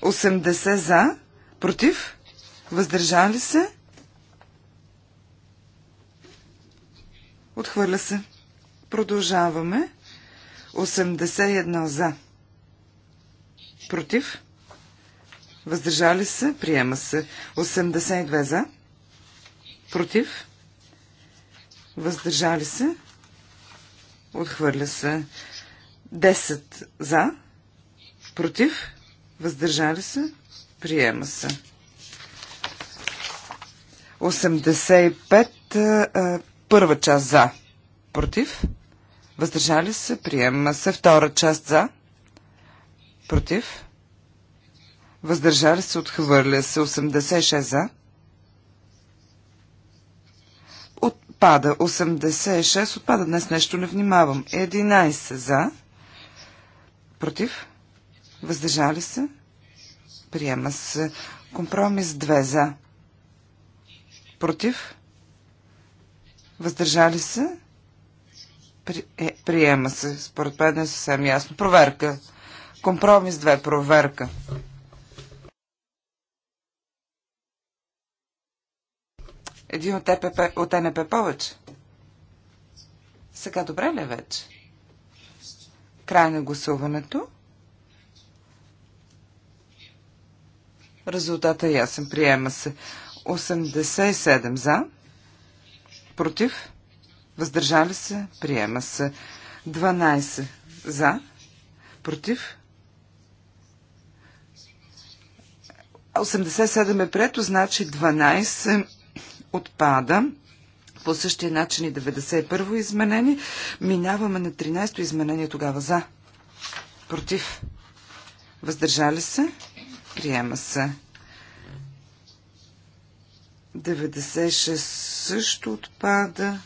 Speaker 3: 80 за. Против? Въздържали се? Отхвърля се. Продължаваме. 81 за. Против. Въздържали се. Приема се. 82 за. Против. Въздържали се. Отхвърля се. 10 за. Против. Въздържали се. Приема се. 85 Първа част за. Против. Въздържали се. Приема се. Втора част за. Против. Въздържали се. Отхвърля се. 86 за. Отпада. 86. Отпада. Днес нещо не внимавам. 11 за. Против. Въздържали се. Приема се. Компромис 2 за. Против. Въздържали се? При, е, приема се. Според мен е съвсем ясно. Проверка. Компромис 2. Проверка. Един от, ЕПП, от НП повече. Сега добре ли е вече? Край на гласуването. Резултата е ясен. Приема се. 87 за. Против? Въздържали се? Приема се. 12 за. Против? 87 е прето, значи 12 отпада. По същия начин и 91 изменение. Минаваме на 13-то изменение тогава за. Против. Въздържали се? Приема се. 96 също отпада.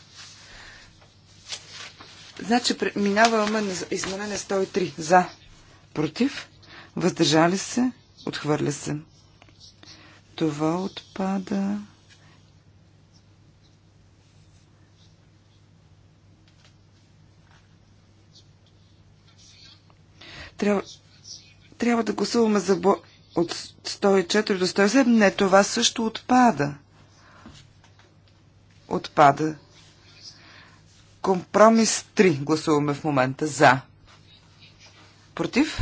Speaker 3: Значи минаваме на изменение 103. За. Против. Въздържали се. Отхвърля се. Това отпада. Трябва, трябва да гласуваме за бо... от 104 до 107. Не, това също отпада. Отпада. Компромис 3 гласуваме в момента. За. Против?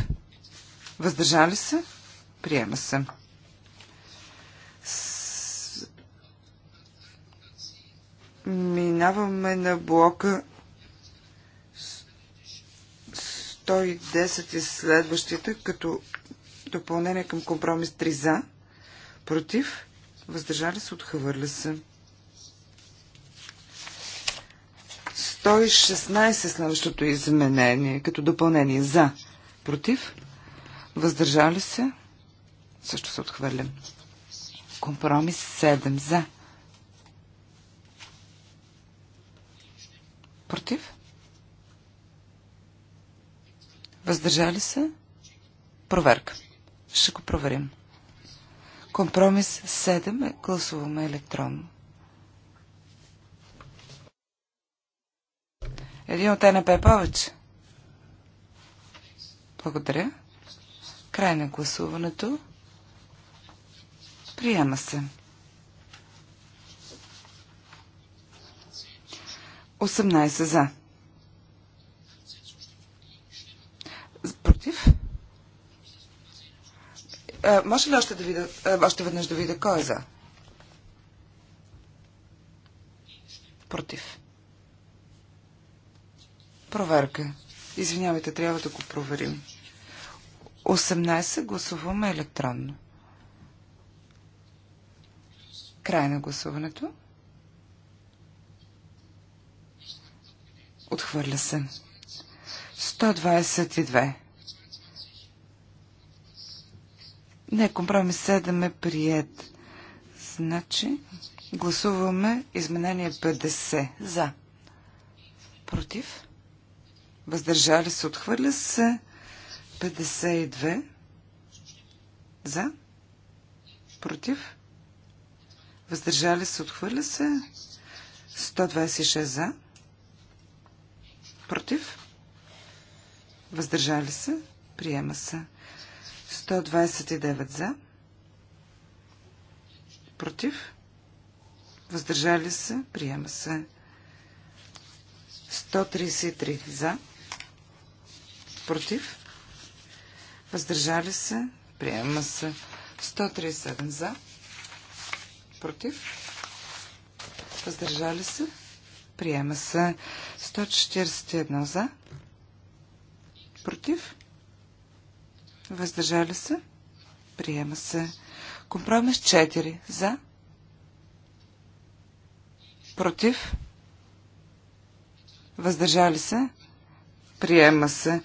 Speaker 3: Въздържали се? Приема се. Минаваме на блока 110 и следващите, като допълнение към компромис 3 за, против, въздържали се, отхвърля се. 116 следващото изменение като допълнение за. Против? Въздържали се? Също се отхвърлям. Компромис 7 за. Против? Въздържали се? Проверка. Ще го проверим. Компромис 7 гласуваме електронно. Един от НП е повече. Благодаря. Край на гласуването. Приема се. 18 за. Против? А, е, може ли още, да видя, е, още веднъж да видя кой е за? Против. Проверка. Извинявайте, трябва да го проверим. 18 гласуваме електронно. Край на гласуването. Отхвърля се. 122. Не, компромис 7 е прият. Значи, гласуваме изменение 50. За. Против въздържали се, отхвърля се 52 за, против, въздържали се, отхвърля се 126 за, против, въздържали се, приема се 129 за, против, въздържали се, приема се 133 за, против, въздържали се, приема се 137 за, против, въздържали се, приема се 141 за, против, въздържали се, приема се компромис 4 за, против, въздържали се, приема се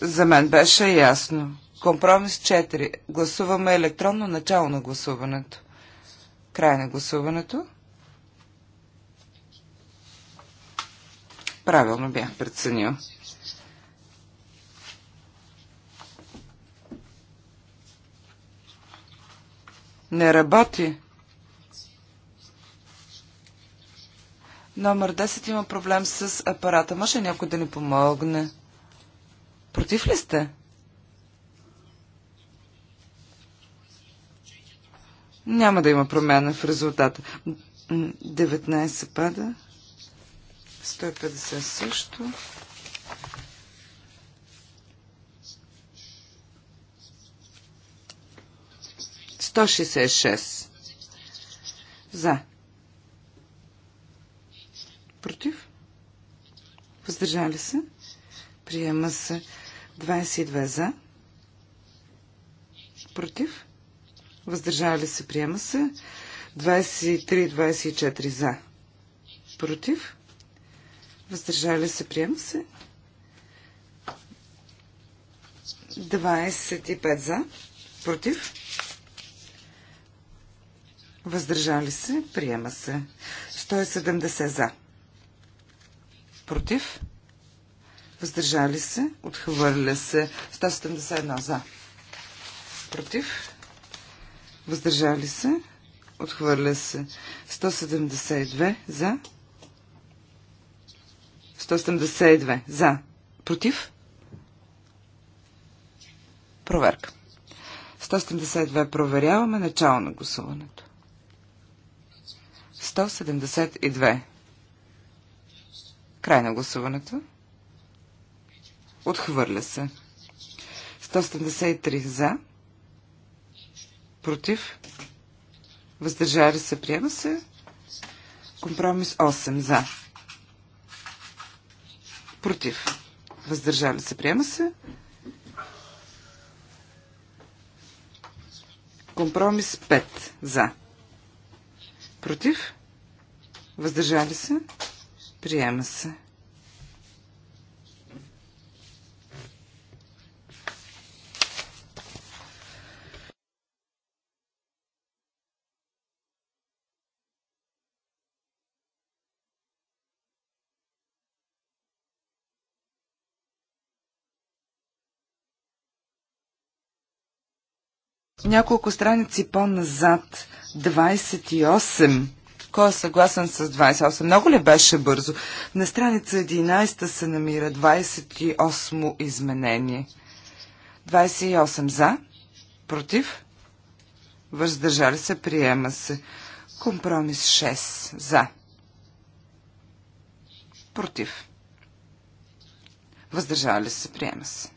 Speaker 3: за мен беше ясно. Компромис 4. Гласуваме електронно начало на гласуването. Край на гласуването. Правилно бях преценил. Не работи. Номер 10 има проблем с апарата. Може някой да ни помогне? Против ли сте? Няма да има промяна в резултата. 19 пада. 150 също. Сто шест. За. Против? Въздържали се? Приема се. 22 за. Против. Въздържали се. Приема се. 23-24 за. Против. Въздържали се. Приема се. 25 за. Против. Въздържали се. Приема се. 170 за. Против. Въздържали се. Отхвърля се. 171 за. Против. Въздържали се. Отхвърля се. 172 за. 172 за. Против. Проверка. 172 проверяваме начало на гласуването. 172. Край на гласуването. Отхвърля се. 173 за. Против. Въздържали се. Приема се. Компромис 8 за. Против. Въздържали се. Приема се. Компромис 5 за. Против. Въздържали се. Приема се. няколко страници по-назад, 28. Кой е съгласен с 28? Много ли беше бързо? На страница 11 се намира 28 изменение. 28 за, против, въздържали се, приема се. Компромис 6 за, против, въздържали се, приема се.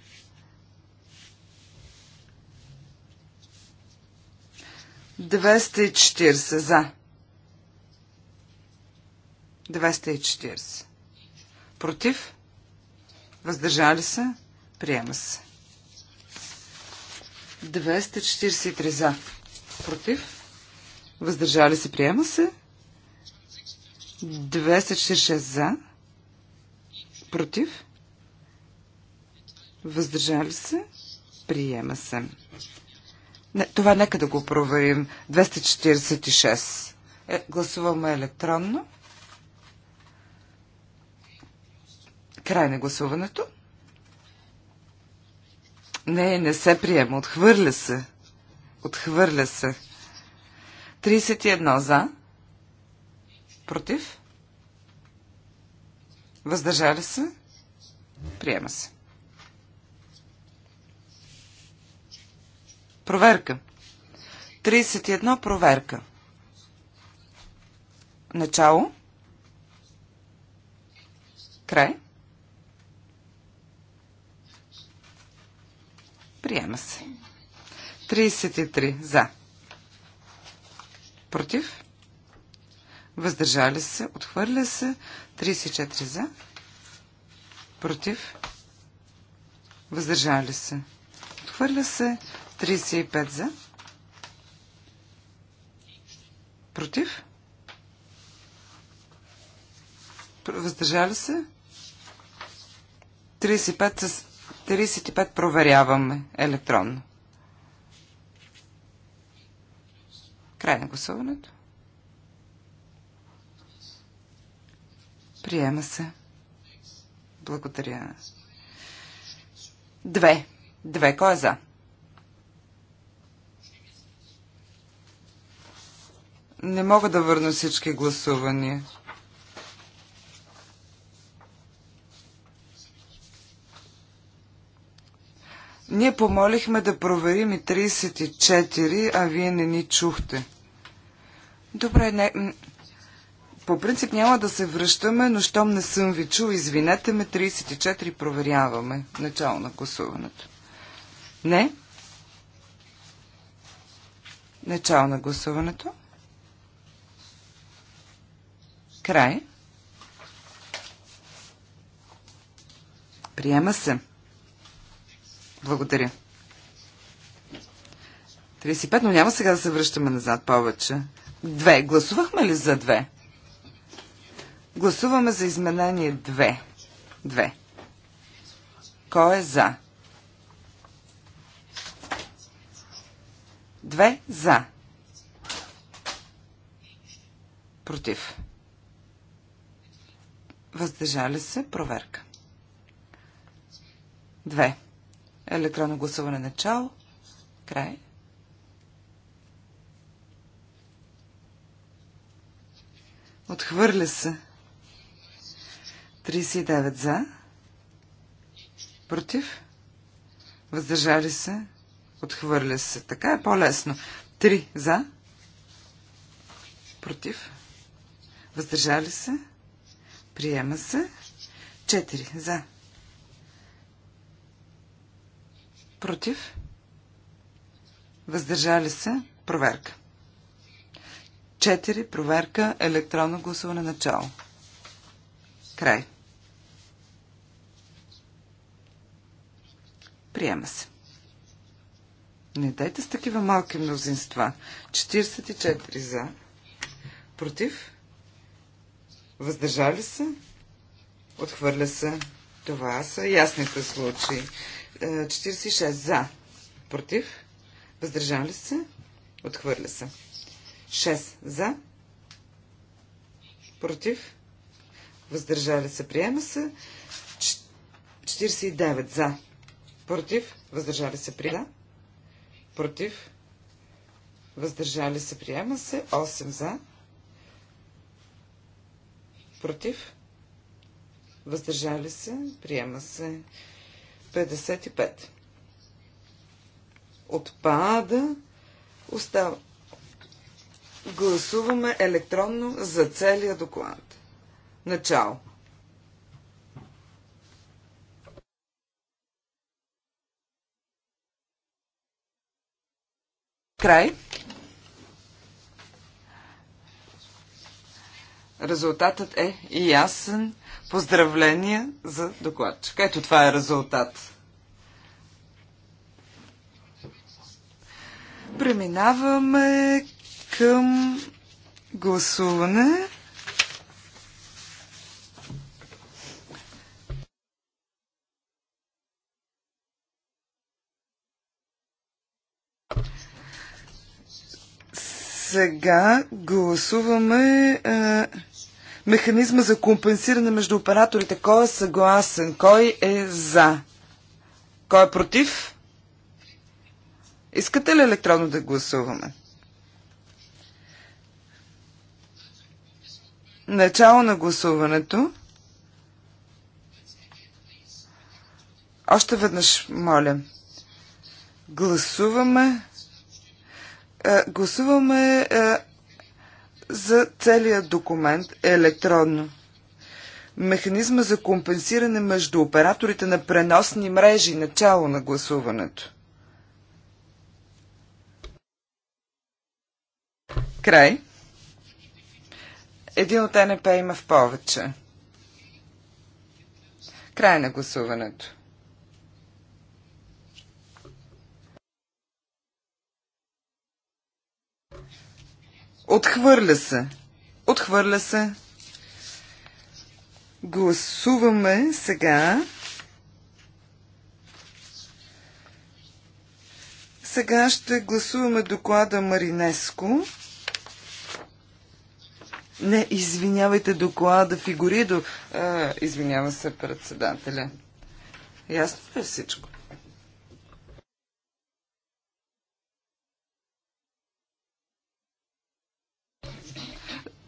Speaker 3: 240 за. 240. Против? Въздържали се? Приема се. 243 за. Против? Въздържали се? Приема се. 246 за. Против? Въздържали се? Приема се. Не, това нека да го проверим. 246. Е, гласуваме електронно. Край на гласуването. Не, не се приема. Отхвърля се. Отхвърля се. 31 за. Против. Въздържали се. Приема се. Проверка. 31. Проверка. Начало. Край. Приема се. 33. За. Против. Въздържали се. Отхвърля се. 34. За. Против. Въздържали се. Отхвърля се. 35 за. Против? Въздържали се? 35, с... 35 проверяваме електронно. Край на гласуването. Приема се. Благодаря. Две. Две. Кой е за? Не мога да върна всички гласувания. Ние помолихме да проверим и 34, а вие не ни чухте. Добре, не... По принцип няма да се връщаме, но щом не съм ви чул, извинете ме, 34 проверяваме начало на гласуването. Не? Начало на гласуването? Край. Приема се. Благодаря. 35, но няма сега да се връщаме назад повече. Две. Гласувахме ли за две? Гласуваме за изменение Две. Две. Кой е за? Две за. Против въздържали се, проверка. 2. Електронно гласуване начало, край. Отхвърля се. 39 за. Против. Въздържали се. Отхвърля се. Така е по-лесно. 3 за. Против. Въздържали се. Приема се. 4 за. Против. Въздържали се. Проверка. 4. Проверка. Електронно гласуване начало. Край. Приема се. Не дайте с такива малки мнозинства. 44 за. Против. Въздържали се? Отхвърля се. Това са ясните случаи. 46 е, за. Против? Въздържали се? Отхвърля се. 6 за. Против? Въздържали се? Приема се. 49 за. Против? Въздържали се? Приема. Против? Въздържали се? Приема се. 8 за. Против? Въздържали се? Приема се. 55. Отпада. Остава. Гласуваме електронно за целия доклад. Начало. Край. Резултатът е ясен. Поздравления за докладчик. Ето това е резултат. Преминаваме към гласуване. Сега гласуваме е, механизма за компенсиране между операторите. Кой е съгласен? Кой е за? Кой е против? Искате ли електронно да гласуваме? Начало на гласуването. Още веднъж, моля. Гласуваме. Е, гласуваме е, за целият документ е електронно. Механизма за компенсиране между операторите на преносни мрежи, начало на гласуването. Край. Един от НП има в повече. Край на гласуването. Отхвърля се. Отхвърля се. Гласуваме сега. Сега ще гласуваме доклада Маринеско. Не, извинявайте, доклада Фигуридо. А, извинява се председателя. Ясно е всичко.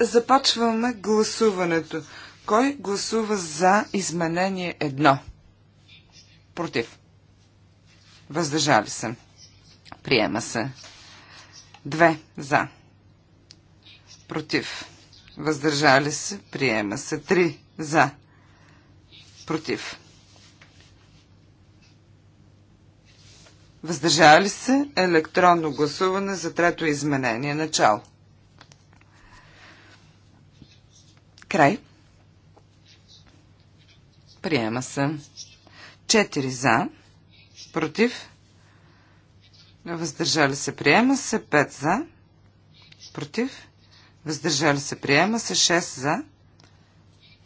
Speaker 3: Започваме гласуването. Кой гласува за изменение едно? Против. Въздържали се. Приема се. Две. За. Против. Въздържали се. Приема се. Три. За. Против. Въздържали се електронно гласуване за трето изменение. Начало. Край. Приема се. 4 за. Против. Въздържали се. Приема се. 5 за. Против. Въздържали се. Приема се. 6 за.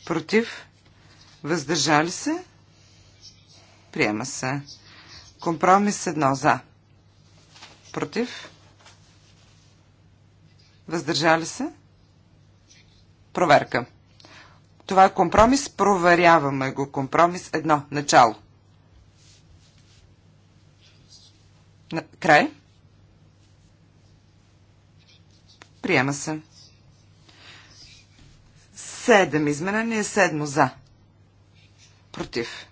Speaker 3: Против. Въздържали се. Приема се. Компромис 1 за. Против. Въздържали се. Проверка. Това е компромис. Проверяваме го. Компромис едно. Начало. Край. Приема се. Седем изменения, седмо за. Против.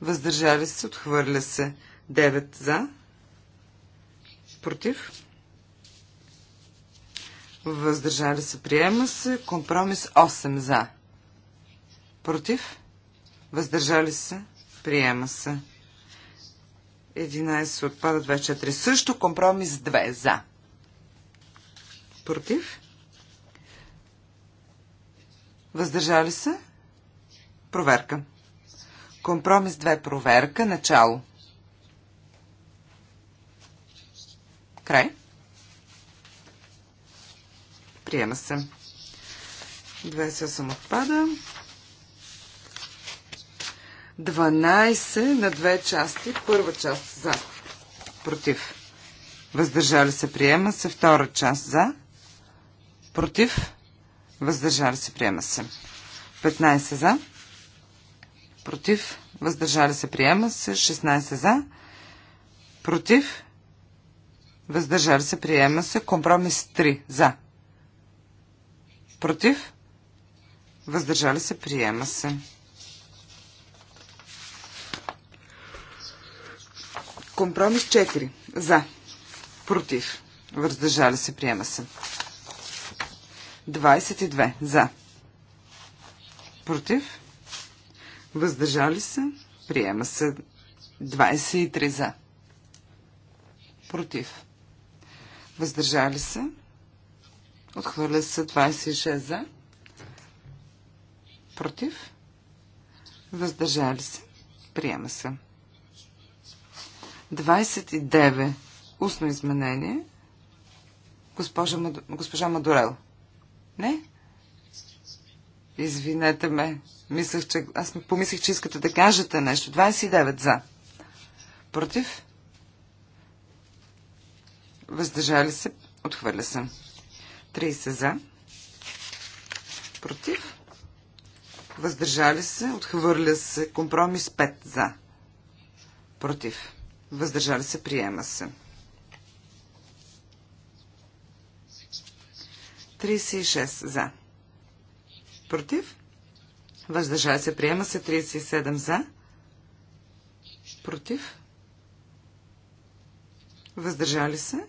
Speaker 3: Въздържали се, отхвърля се. Девет за. Против въздържали се, приема се. Компромис 8 за. Против, въздържали се, приема се. 11 отпада 24. Също компромис 2 за. Против. Въздържали се? Проверка. Компромис 2 проверка. Начало. Край. Приема се. 28 отпада. 12 на две части. Първа част за. Против. Въздържали се. Приема се. Втора част за. Против. Въздържали се. Приема се. 15 за. Против. Въздържали се. Приема се. 16 за. Против. Въздържали се. Приема се. Компромис 3 за. Против? Въздържали се? Приема се. Компромис 4. За. Против. Въздържали се. Приема се. 22. За. Против. Въздържали се. Приема се. 23. За. Против. Въздържали се. Отхвърля се 26 за. Против. Въздържали се. Приема се. 29. Устно изменение. Госпожа, Мад... госпожа Мадорел. Не? Извинете ме. Мислех, че... Аз помислих, че искате да кажете нещо. 29 за. Против? Въздържали се. Отхвърля се. 30 за. Против. Въздържали се. Отхвърля се. Компромис 5 за. Против. Въздържали се. Приема се. 36 за. Против. Въздържали се. Приема се. 37 за. Против. Въздържали се.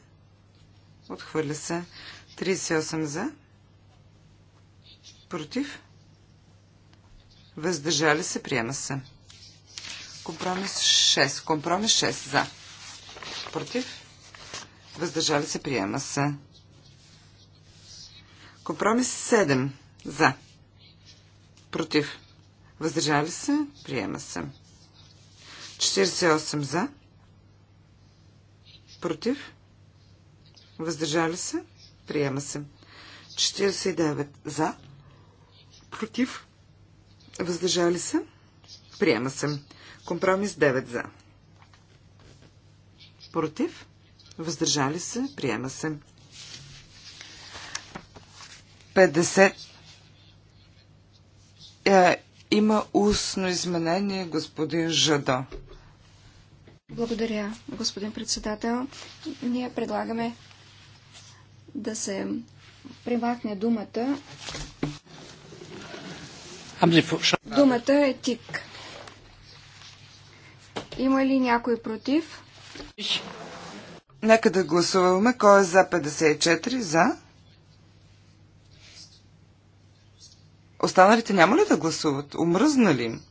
Speaker 3: Отхвърля се. 38 за. Против. Въздържали се. Приема се. Компромис 6. Компромис 6 за. Против. Въздържали се. Приема се. Компромис 7 за. Против. Въздържали се. Приема се. 48 за. Против. Въздържали се? Приема се. 49 за. Против? Въздържали се? Приема се. Компромис 9 за. Против? Въздържали се? Приема се. 50. Е, има устно изменение, господин Жадо.
Speaker 2: Благодаря, господин председател. Ние предлагаме да се примахне думата. Думата е тик. Има ли някой против?
Speaker 3: Нека да гласуваме. Кой е за 54? За? Останалите няма ли да гласуват? Умръзна ли им?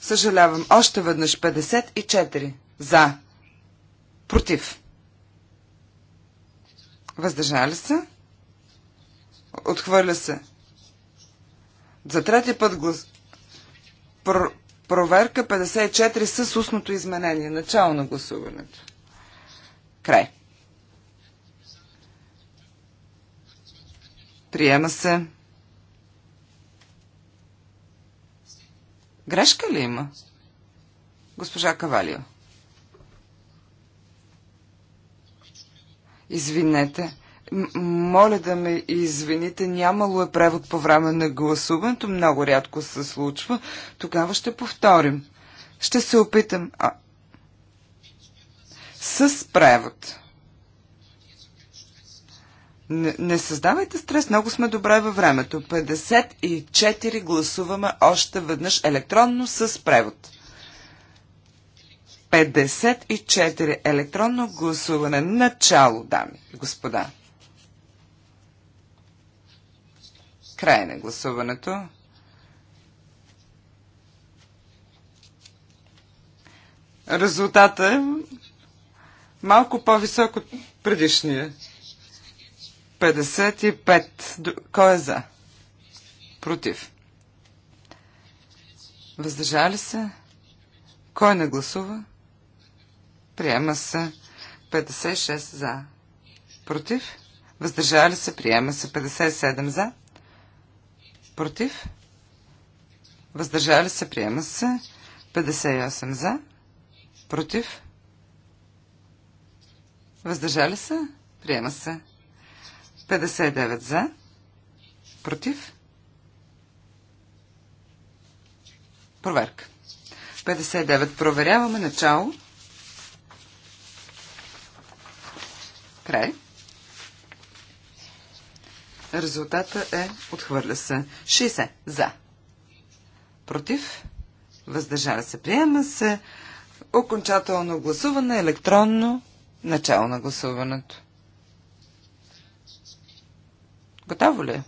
Speaker 3: Съжалявам. Още веднъж 54. За. Против. Въздържали се? Отхвърля се. За трети път глас... Про... Проверка 54 с устното изменение. Начало на гласуването. Край. Приема се. Грешка ли има? Госпожа Кавалио. Извинете. Моля да ме извините, нямало е превод по време на гласуването, много рядко се случва. Тогава ще повторим. Ще се опитам. А... С превод. Не, не създавайте стрес, много сме добре във времето. 54 гласуваме още веднъж електронно с превод. 54 електронно гласуване. Начало, дами и господа. Край на гласуването. Резултата е малко по-висок от предишния. 55. Кой е за? Против. Въздържали се? Кой не гласува? Приема се 56 за. Против. Въздържали се. Приема се 57 за. Против. Въздържали се. Приема се 58 за. Против. Въздържали се. Приема се 59 за. Против. Проверка. 59. Проверяваме начало. Край. Резултата е отхвърля се. 60 за. Против. Въздържава се. Приема се. Окончателно гласуване електронно. Начало на гласуването. Готово ли?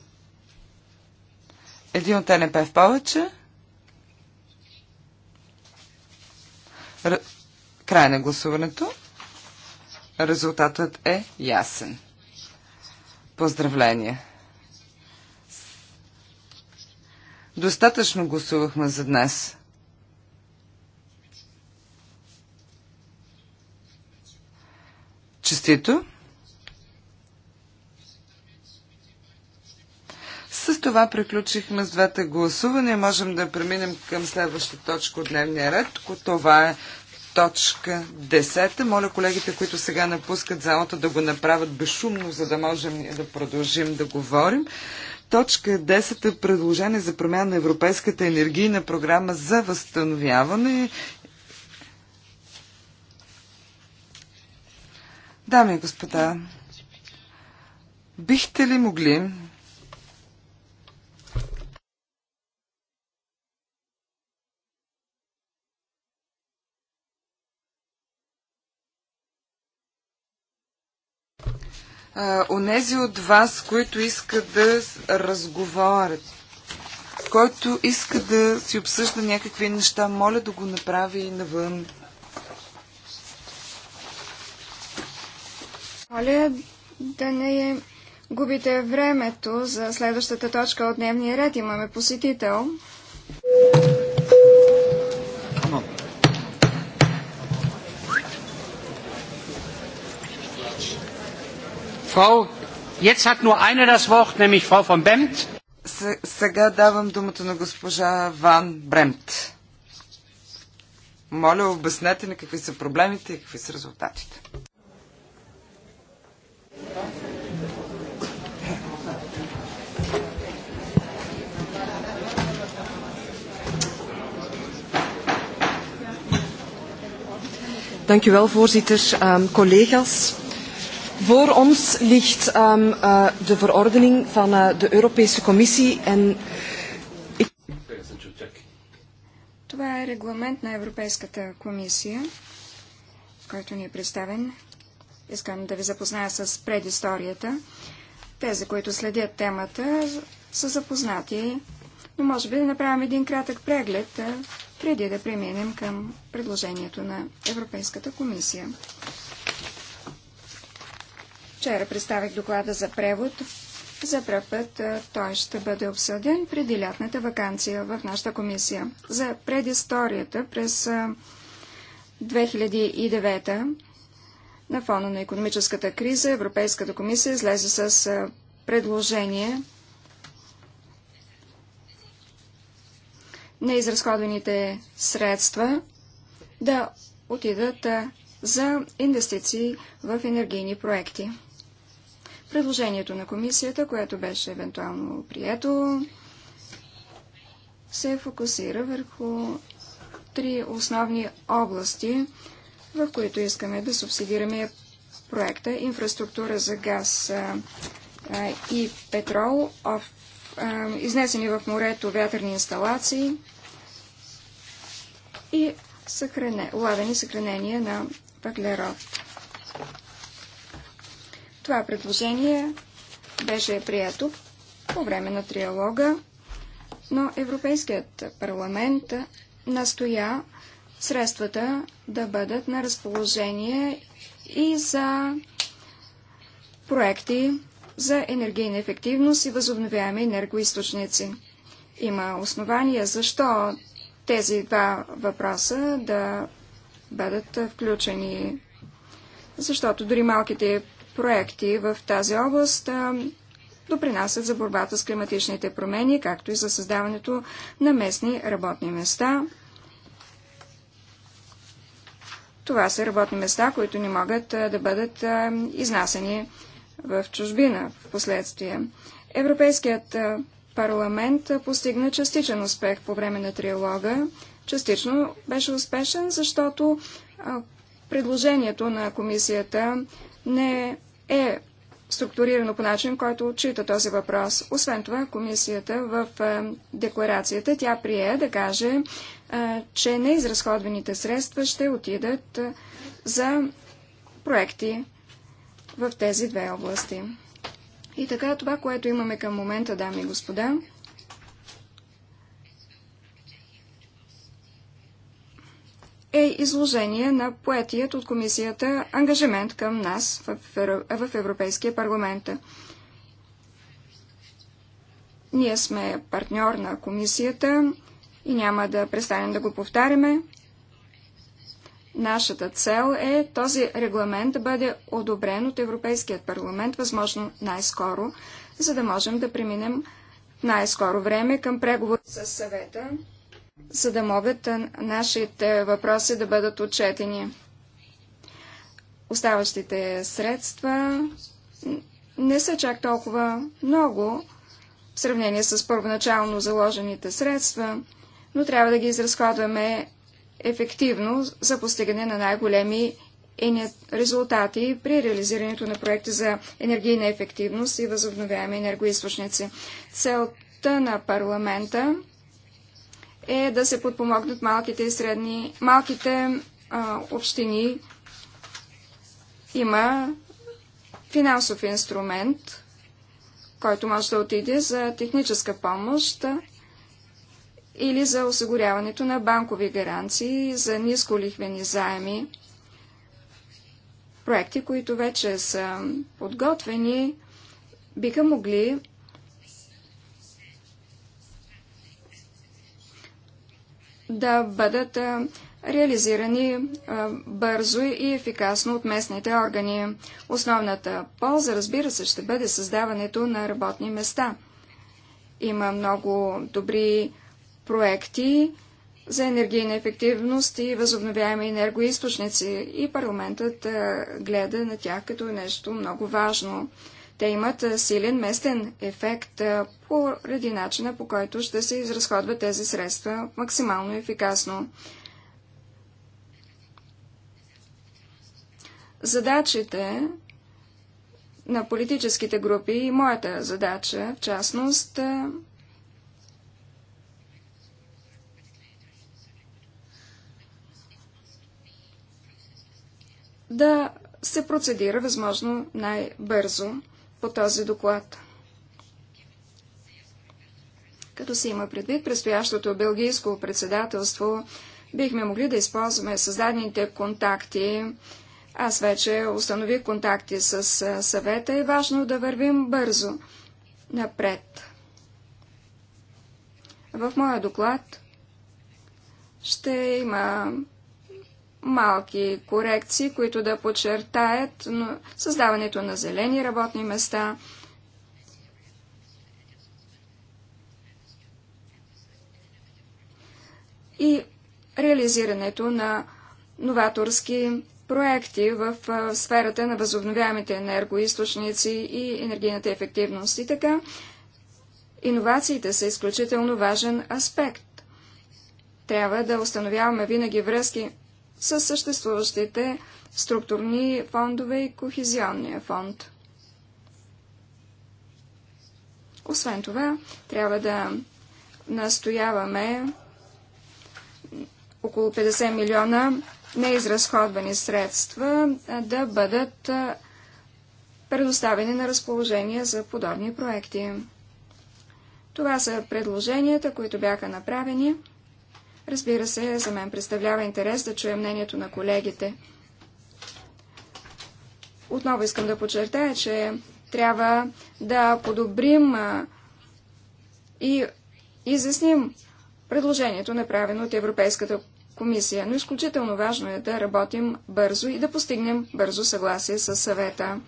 Speaker 3: Един от НП в повече. Р... Край на гласуването. Резултатът е ясен. Поздравления! Достатъчно гласувахме за днес. Честито! С това приключихме с двете гласувания. Можем да преминем към следващата точка от дневния ред. Това е точка 10. Моля колегите, които сега напускат залата, да го направят безшумно, за да можем да продължим да говорим. Точка 10 е предложение за промяна на Европейската енергийна програма за възстановяване. Дами и господа, бихте ли могли онези от вас, които искат да разговарят, който иска да си обсъжда някакви неща, моля да го
Speaker 2: направи навън. Моля да не е- губите времето за следващата точка от дневния ред. Имаме посетител.
Speaker 3: Frau, jetzt hat nur eine das Wort, nämlich Frau von Bemt. Сега давам думата на госпожа Ван Бремт. Моля, обяснете ни какви са проблемите и какви са резултатите. Dank u wel, voorzitter. Um, collega's, Voor ons ligt um, uh, de verordening van uh, de Europese Commissie
Speaker 2: en ik... Това е регламент на Европейската комисия, който ни е представен. Искам да ви запозная с предисторията. Тези, които следят темата, са запознати, но може би да направим един кратък преглед е, преди да преминем към предложението на Европейската комисия. Вчера представих доклада за превод. За пръв път той ще бъде обсъден преди лятната вакансия в нашата комисия. За предисторията през 2009 на фона на економическата криза Европейската комисия излезе с предложение неизразходените средства да отидат за инвестиции в енергийни проекти. Предложението на комисията, което беше евентуално прието, се фокусира върху три основни области, в които искаме да субсидираме проекта инфраструктура за газ а, и петрол, оф, а, изнесени в морето вятърни инсталации и съхране, улавени съхранения на въглерод. Това предложение беше прието по време на триалога, но Европейският парламент настоя средствата да бъдат на разположение и за проекти за енергийна ефективност и възобновяеми енергоисточници. Има основания защо тези два въпроса да бъдат включени, защото дори малките проекти в тази област допринасят за борбата с климатичните промени, както и за създаването на местни работни места. Това са работни места, които не могат да бъдат изнасени в чужбина в последствие. Европейският парламент постигна частичен успех по време на триалога. Частично беше успешен, защото предложението на комисията не е структурирано по начин, който отчита този въпрос. Освен това, комисията в е, декларацията тя прие да каже, е, че неизразходваните средства ще отидат е, за проекти в тези две области. И така, това, което имаме към момента, дами и господа, е изложение на поетият от комисията ангажимент към нас в Европейския парламент. Ние сме партньор на комисията и няма да престанем да го повтаряме. Нашата цел е този регламент да бъде одобрен от Европейският парламент, възможно най-скоро, за да можем да преминем най-скоро време към преговори с съвета за да могат нашите въпроси да бъдат отчетени. Оставащите средства не са чак толкова много в сравнение с първоначално заложените средства, но трябва да ги изразходваме ефективно за постигане на най-големи резултати при реализирането на проекти за енергийна ефективност и възобновяеми енергоисточници. Целта на парламента е да се подпомогнат малките и средни, малките а, общини. Има финансов инструмент, който може да отиде за техническа помощ или за осигуряването на банкови гаранции за ниско лихвени заеми. Проекти, които вече са подготвени, биха могли да бъдат реализирани бързо и ефикасно от местните органи. Основната полза, разбира се, ще бъде създаването на работни места. Има много добри проекти за енергийна ефективност и възобновяеми енергоисточници и парламентът гледа на тях като нещо много важно. Те имат силен местен ефект поради начина по който ще се изразходват тези средства максимално ефикасно. Задачите на политическите групи и моята задача, в частност, да се процедира възможно най-бързо по този доклад. Като се има предвид предстоящото белгийско председателство, бихме могли да използваме създадените контакти. Аз вече установих контакти с съвета и важно да вървим бързо напред. В моя доклад ще има малки корекции, които да подчертаят създаването на зелени работни места. и реализирането на новаторски проекти в сферата на възобновяемите енергоисточници и енергийната ефективност. И така, иновациите са изключително важен аспект. Трябва да установяваме винаги връзки с съществуващите структурни фондове и кохезионния фонд. Освен това, трябва да настояваме около 50 милиона неизразходвани средства да бъдат предоставени на разположение за подобни проекти. Това са предложенията, които бяха направени. Разбира се, за мен представлява интерес да чуя мнението на колегите. Отново искам да подчертая, че трябва да подобрим и изясним предложението, направено от Европейската комисия, но изключително важно е да работим бързо и да постигнем бързо съгласие с съвета.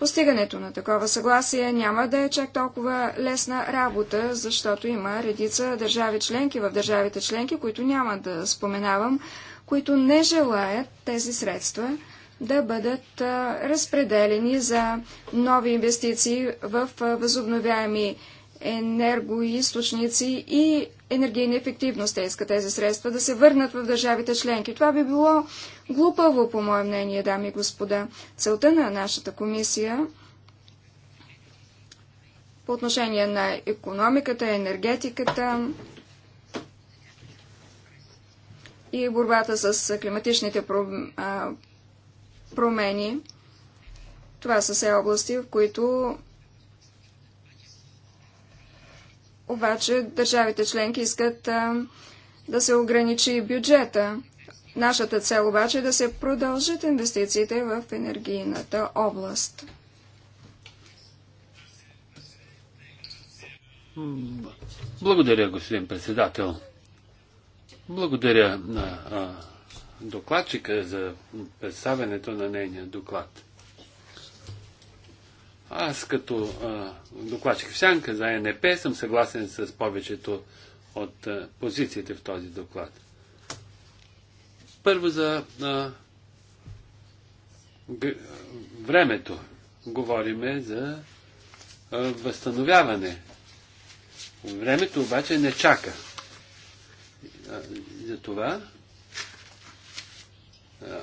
Speaker 2: Постигането на такова съгласие няма да е чак толкова лесна работа, защото има редица държави членки в държавите членки, които няма да споменавам, които не желаят тези средства да бъдат разпределени за нови инвестиции в възобновяеми енергоисточници и енергийна ефективност. Те искат тези средства да се върнат в държавите членки. Това би било глупаво, по мое мнение, дами и господа. Целта на нашата комисия по отношение на економиката, енергетиката и борбата с климатичните промени. Това са все области, в които обаче държавите членки искат да се ограничи бюджета. Нашата цел обаче е да се продължат инвестициите в енергийната област.
Speaker 1: Благодаря, господин председател. Благодаря на докладчика за представянето на нейния доклад. Аз като а, докладчик в Сянка за НП съм съгласен с повечето от а, позициите в този доклад. Първо за а, г- времето. Говориме за а, възстановяване. Времето обаче не чака. А, затова а,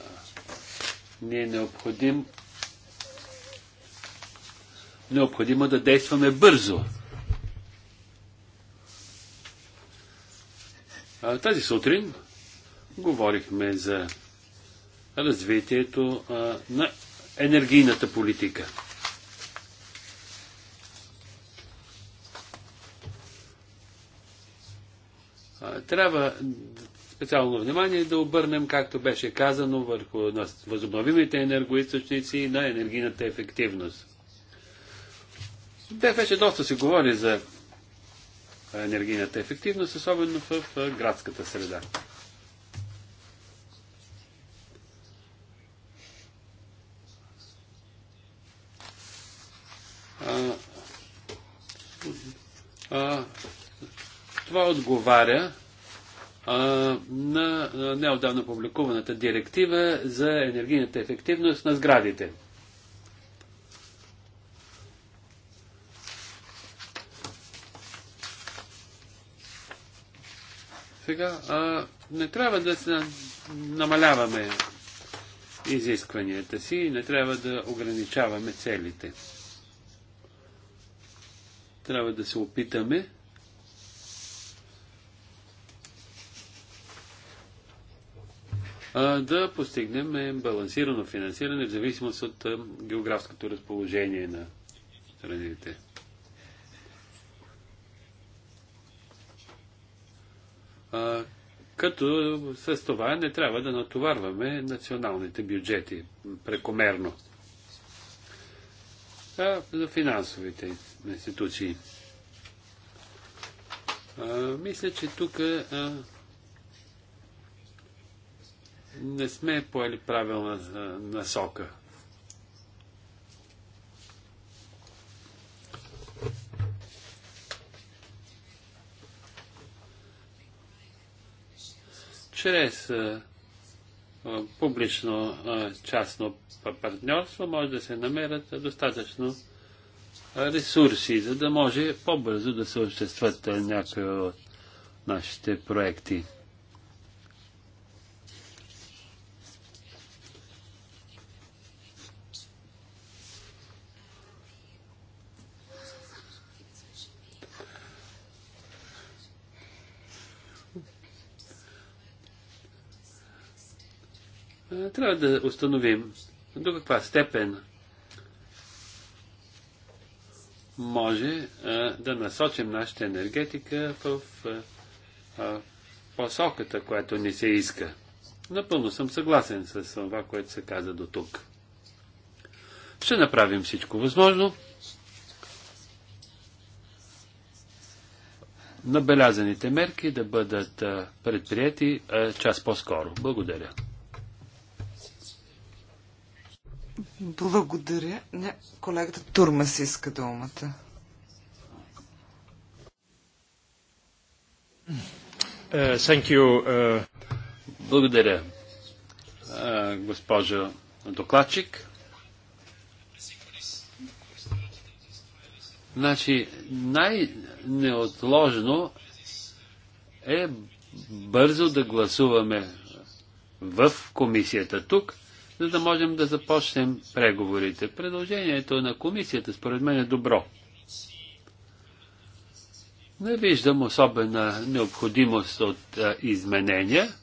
Speaker 1: ни е необходим необходимо да действаме бързо. А, тази сутрин говорихме за развитието а, на енергийната политика. А, трябва специално внимание да обърнем, както беше казано, върху възобновимите енергоисточници на енергийната ефективност. Те вече доста се говори за енергийната ефективност, особено в градската среда. това отговаря на неодавна публикуваната директива за енергийната ефективност на сградите. Сега а, не трябва да се намаляваме изискванията си, не трябва да ограничаваме целите трябва да се опитаме да постигнем балансирано финансиране в зависимост от географското разположение на страните. Като с това не трябва да натоварваме националните бюджети прекомерно. за финансовите институции. А, мисля, че тук а, не сме поели правилна а, насока. Чрез а, публично-частно партньорство може да се намерят достатъчно ресурси, за да може по-бързо да се осъществят е, някои от нашите проекти. Е, трябва да установим до каква степен може да насочим нашата енергетика в посоката, която ни се иска. Напълно съм съгласен с това, което се каза до тук. Ще направим всичко възможно. Набелязаните мерки да бъдат предприяти час по-скоро. Благодаря.
Speaker 3: Благодаря. Не, колегата Турмас иска думата.
Speaker 1: Uh, uh... Благодаря, uh, госпожо докладчик. Значи, най-неотложно е бързо да гласуваме в комисията тук за да можем да започнем преговорите. Предложението на комисията според мен е добро. Не виждам особена необходимост от а, изменения.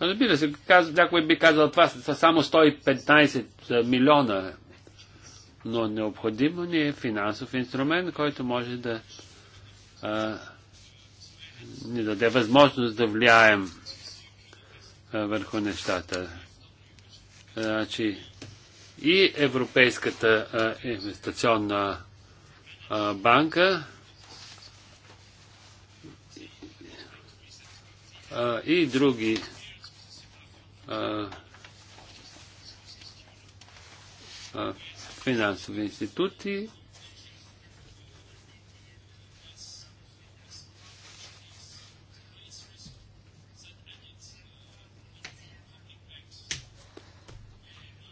Speaker 1: Разбира се, каз, някой би казал, това са само 115 милиона, но необходимо ни е финансов инструмент, който може да а, ни даде възможност да влияем а, върху нещата. Значи, и Европейската а, инвестиционна а, банка а, и други а, а, финансови институти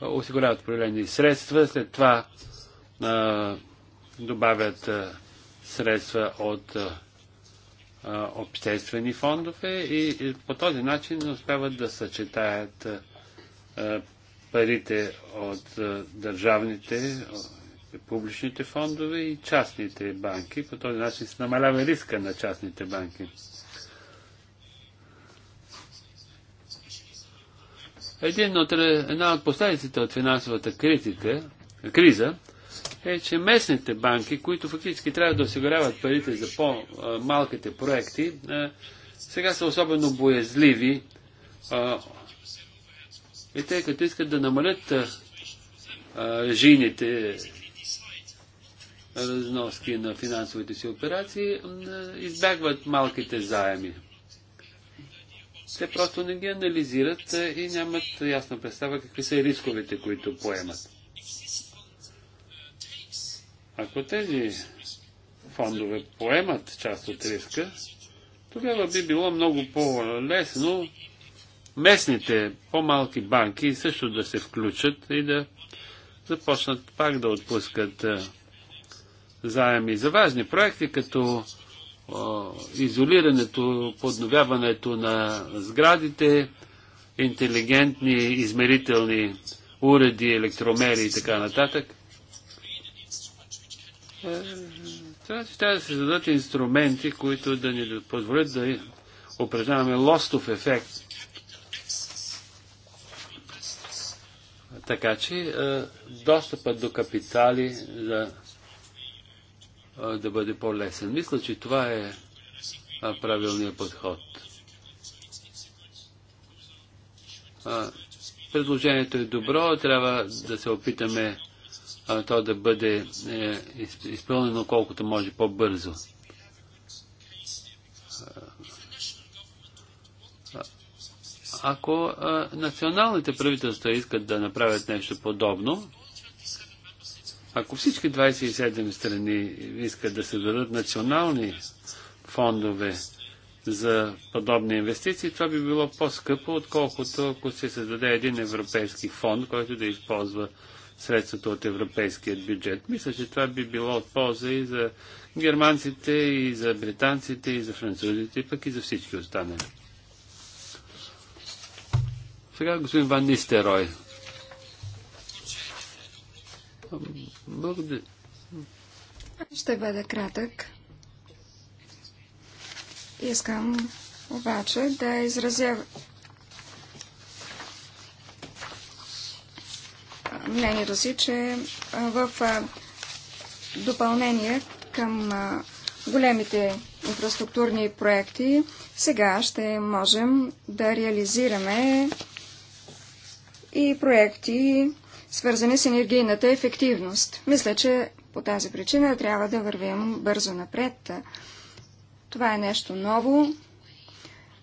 Speaker 1: осигуряват определени средства, след това а, добавят а, средства от а, обществени фондове и, и по този начин успяват да съчетаят а, парите от а, държавните, публичните фондове и частните банки. По този начин се намалява риска на частните банки. Един от, една от последиците от финансовата критика, криза е, че местните банки, които фактически трябва да осигуряват парите за по-малките проекти, е, сега са особено боязливи е, и тъй като искат да намалят е, жените разноски на финансовите си операции, избягват малките заеми те просто не ги анализират и нямат ясна представа какви са рисковете, които поемат. Ако тези фондове поемат част от риска, тогава би било много по-лесно местните по-малки банки също да се включат и да започнат пак да отпускат заеми за важни проекти, като изолирането, подновяването на сградите, интелигентни измерителни уреди, електромери и така нататък. Е, трябва, трябва да се зададат инструменти, които да ни позволят да упражняваме лостов ефект. Така че е, достъпът до капитали за да бъде по-лесен. Мисля, че това е правилният подход. Предложението е добро, трябва да се опитаме то да бъде е, изпълнено колкото може по-бързо. Ако националните правителства искат да направят нещо подобно, ако всички 27 страни искат да се дадат национални фондове за подобни инвестиции, това би било по-скъпо, отколкото ако се създаде един европейски фонд, който да използва средствата от европейският бюджет. Мисля, че това би било от полза и за германците, и за британците, и за французите, и пък и за всички останали. Сега господин Ван Нистерой.
Speaker 2: Благодаря. Ще бъда кратък. Искам обаче да изразя мнението си, че в допълнение към големите инфраструктурни проекти, сега ще можем да реализираме и проекти свързани с енергийната ефективност. Мисля, че по тази причина трябва да вървим бързо напред. Това е нещо ново,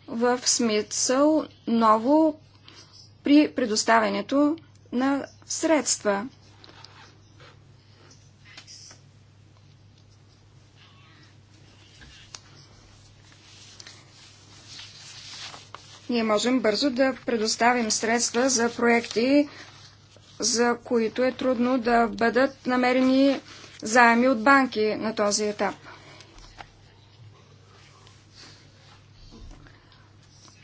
Speaker 2: в смисъл ново при предоставянето на средства. Ние можем бързо да предоставим средства за проекти, за които е трудно да бъдат намерени заеми от банки на този етап.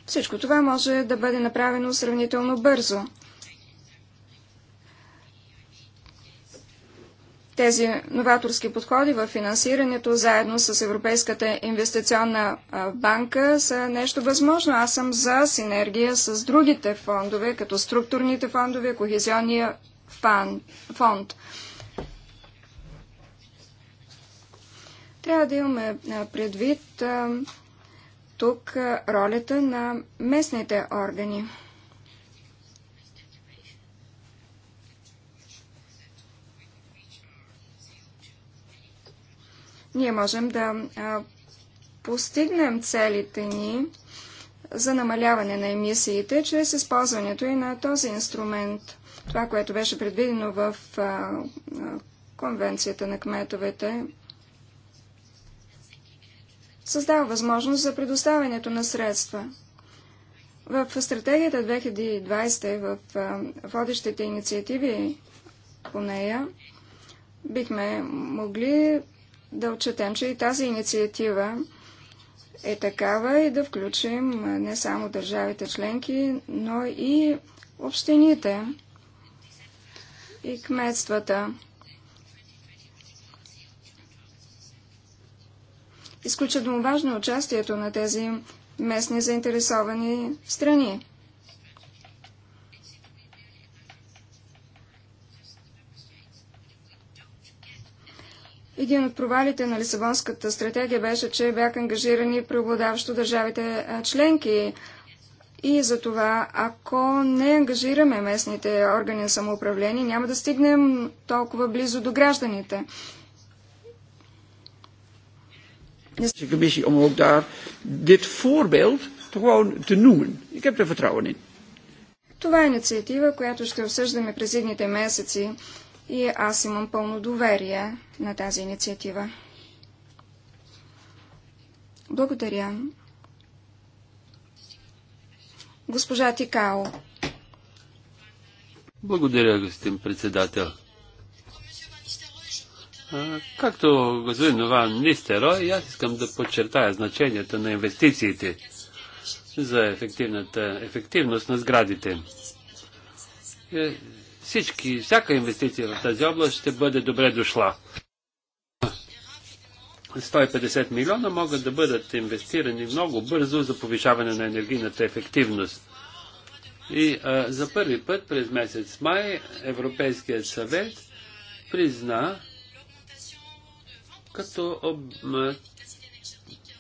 Speaker 2: Всичко това може да бъде направено сравнително бързо. Тези новаторски подходи в финансирането заедно с Европейската инвестиционна банка са нещо възможно. Аз съм за синергия с другите фондове, като структурните фондове, кохезионния фонд. Трябва да имаме предвид тук ролята на местните органи. ние можем да постигнем целите ни за намаляване на емисиите чрез използването и на този инструмент. Това, което беше предвидено в Конвенцията на кметовете, създава възможност за предоставянето на средства. В стратегията 2020 в водещите инициативи по нея бихме могли да отчетем, че и тази инициатива е такава и да включим не само държавите членки, но и общините и кметствата. Изключително важно е участието на тези местни заинтересовани страни. Един от провалите на Лисабонската стратегия беше, че бяха ангажирани преобладаващо държавите членки. И за това, ако не ангажираме местните органи на самоуправление, няма да стигнем толкова близо до гражданите.
Speaker 3: De commissie om ook daar dit voorbeeld gewoon te noemen. Ik heb er vertrouwen in.
Speaker 2: Това е инициатива, която ще обсъждаме през едните месеци и аз имам пълно доверие на тази инициатива. Благодаря. Госпожа Тикао.
Speaker 1: Благодаря, господин председател. А, както господин Нован Нистеро, и аз искам да подчертая значението на инвестициите за ефективната ефективност на сградите. Е, всички, всяка инвестиция в тази област ще бъде добре дошла. 150 милиона могат да бъдат инвестирани много бързо за повишаване на енергийната ефективност. И а, за първи път през месец май Европейският съвет призна като, об,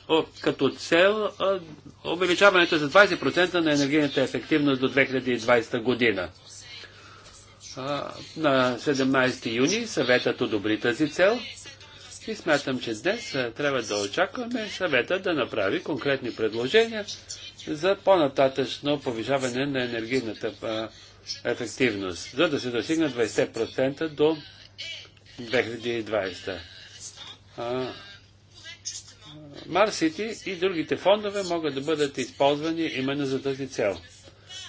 Speaker 1: об, като цел а, увеличаването за 20% на енергийната ефективност до 2020 година на 17 юни съветът одобри тази цел и смятам, че днес трябва да очакваме съвета да направи конкретни предложения за по-нататъчно повишаване на енергийната ефективност, за да се достигне 20% до 2020. Марсити и другите фондове могат да бъдат използвани именно за тази цел.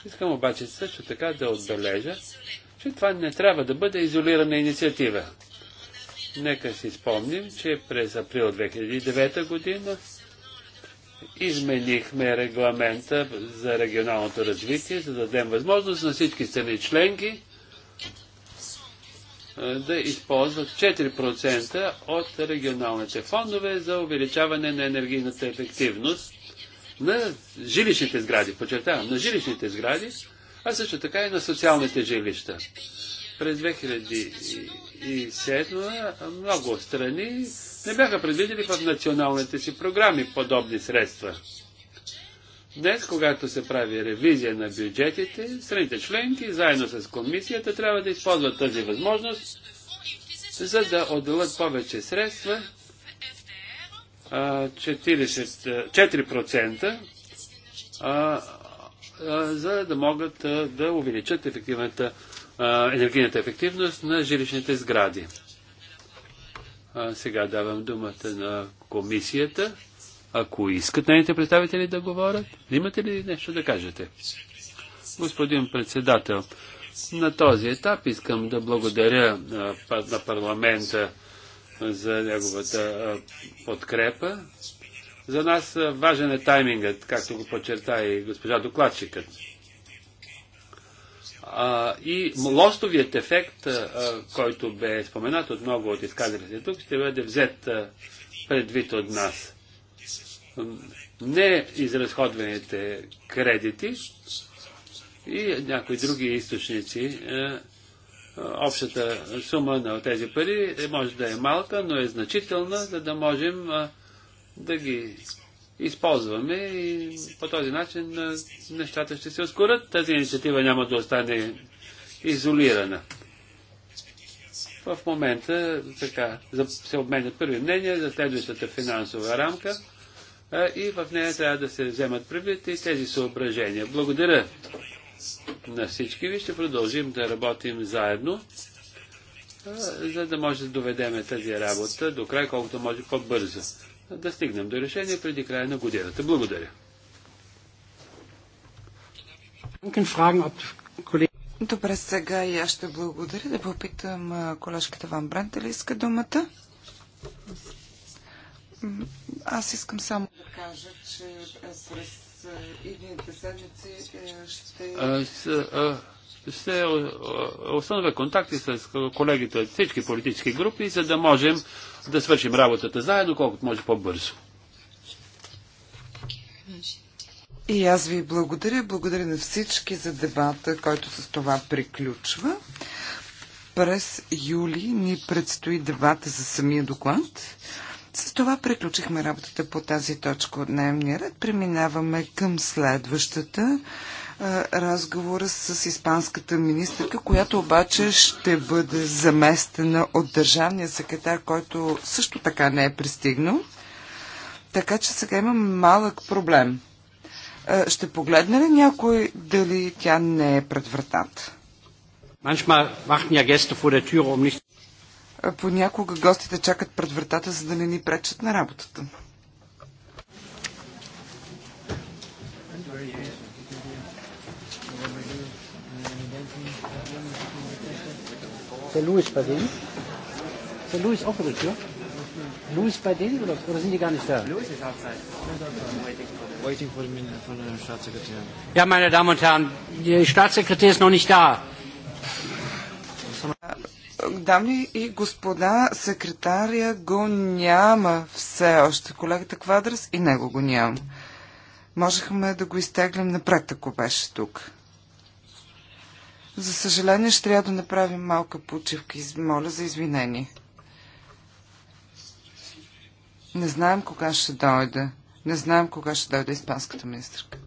Speaker 1: Искам обаче също така да отбележа, че това не трябва да бъде изолирана инициатива. Нека си спомним, че през април 2009 година изменихме регламента за регионалното развитие, за да дадем възможност на всички страни членки да използват 4% от регионалните фондове за увеличаване на енергийната ефективност на жилищните сгради, подчертавам, на жилищните сгради, а също така и на социалните жилища. През 2007 много страни не бяха предвидели в националните си програми подобни средства. Днес, когато се прави ревизия на бюджетите, страните членки, заедно с комисията, трябва да използват тази възможност, за да отделят повече средства, 40, 4% за да могат да увеличат ефективната, енергийната ефективност на жилищните сгради. Сега давам думата на комисията. Ако искат нейните представители да говорят, имате ли нещо да кажете? Господин председател, на този етап искам да благодаря на парламента за неговата подкрепа. За нас важен е таймингът, както го подчерта и госпожа докладчикът. А, и лостовият ефект, а, който бе споменат от много от изказалите тук, ще бъде взет а, предвид от нас. Не изразходваните кредити и някои други източници. А, общата сума на тези пари е, може да е малка, но е значителна, за да можем а, да ги използваме и по този начин нещата ще се ускорят. Тази инициатива няма да остане изолирана. В момента така, се обменят първи мнения за следващата финансова рамка и в нея трябва да се вземат предвид и тези съображения. Благодаря на всички ви. Ще продължим да работим заедно, за да може да доведеме тази работа до край колкото може по-бързо да стигнем до решение преди края на годината. Благодаря.
Speaker 3: Добре, сега и аз ще благодаря да попитам колежката Ван Брент дали иска думата. Аз искам само да кажа, че през идните седмици е, ще... Аз,
Speaker 1: а, ще установя контакти с колегите от всички политически групи, за да можем да свършим работата заедно, колкото може по-бързо.
Speaker 3: И аз ви благодаря. Благодаря на всички за дебата, който с това приключва. През юли ни предстои дебата за самия доклад. С това приключихме работата по тази точка от дневния ред. Преминаваме към следващата разговора с испанската министърка, която обаче ще бъде заместена от държавния секретар, който също така не е пристигнал. Така че сега имам малък проблем. Ще погледне ли някой дали тя не е пред вратата? Um понякога гостите чакат пред вратата, за да не ни пречат на работата.
Speaker 1: Der Louis bei denen? Ist der Louis auch vor der Tür? Louis bei denen oder, oder sind die gar nicht da? Louis ist outside. Waiting for the, for the Staatssekretär. Ja, meine Damen und Herren, der Staatssekretär ist noch nicht da.
Speaker 3: Дами и господа, секретария го няма все още. Колегата Квадрас и него го няма. Можехме да го изтеглим напред, ако беше тук. За съжаление, ще трябва да направим малка почивка. Моля за извинение. Не знаем кога ще дойде. Не знаем кога ще дойде испанската министрка.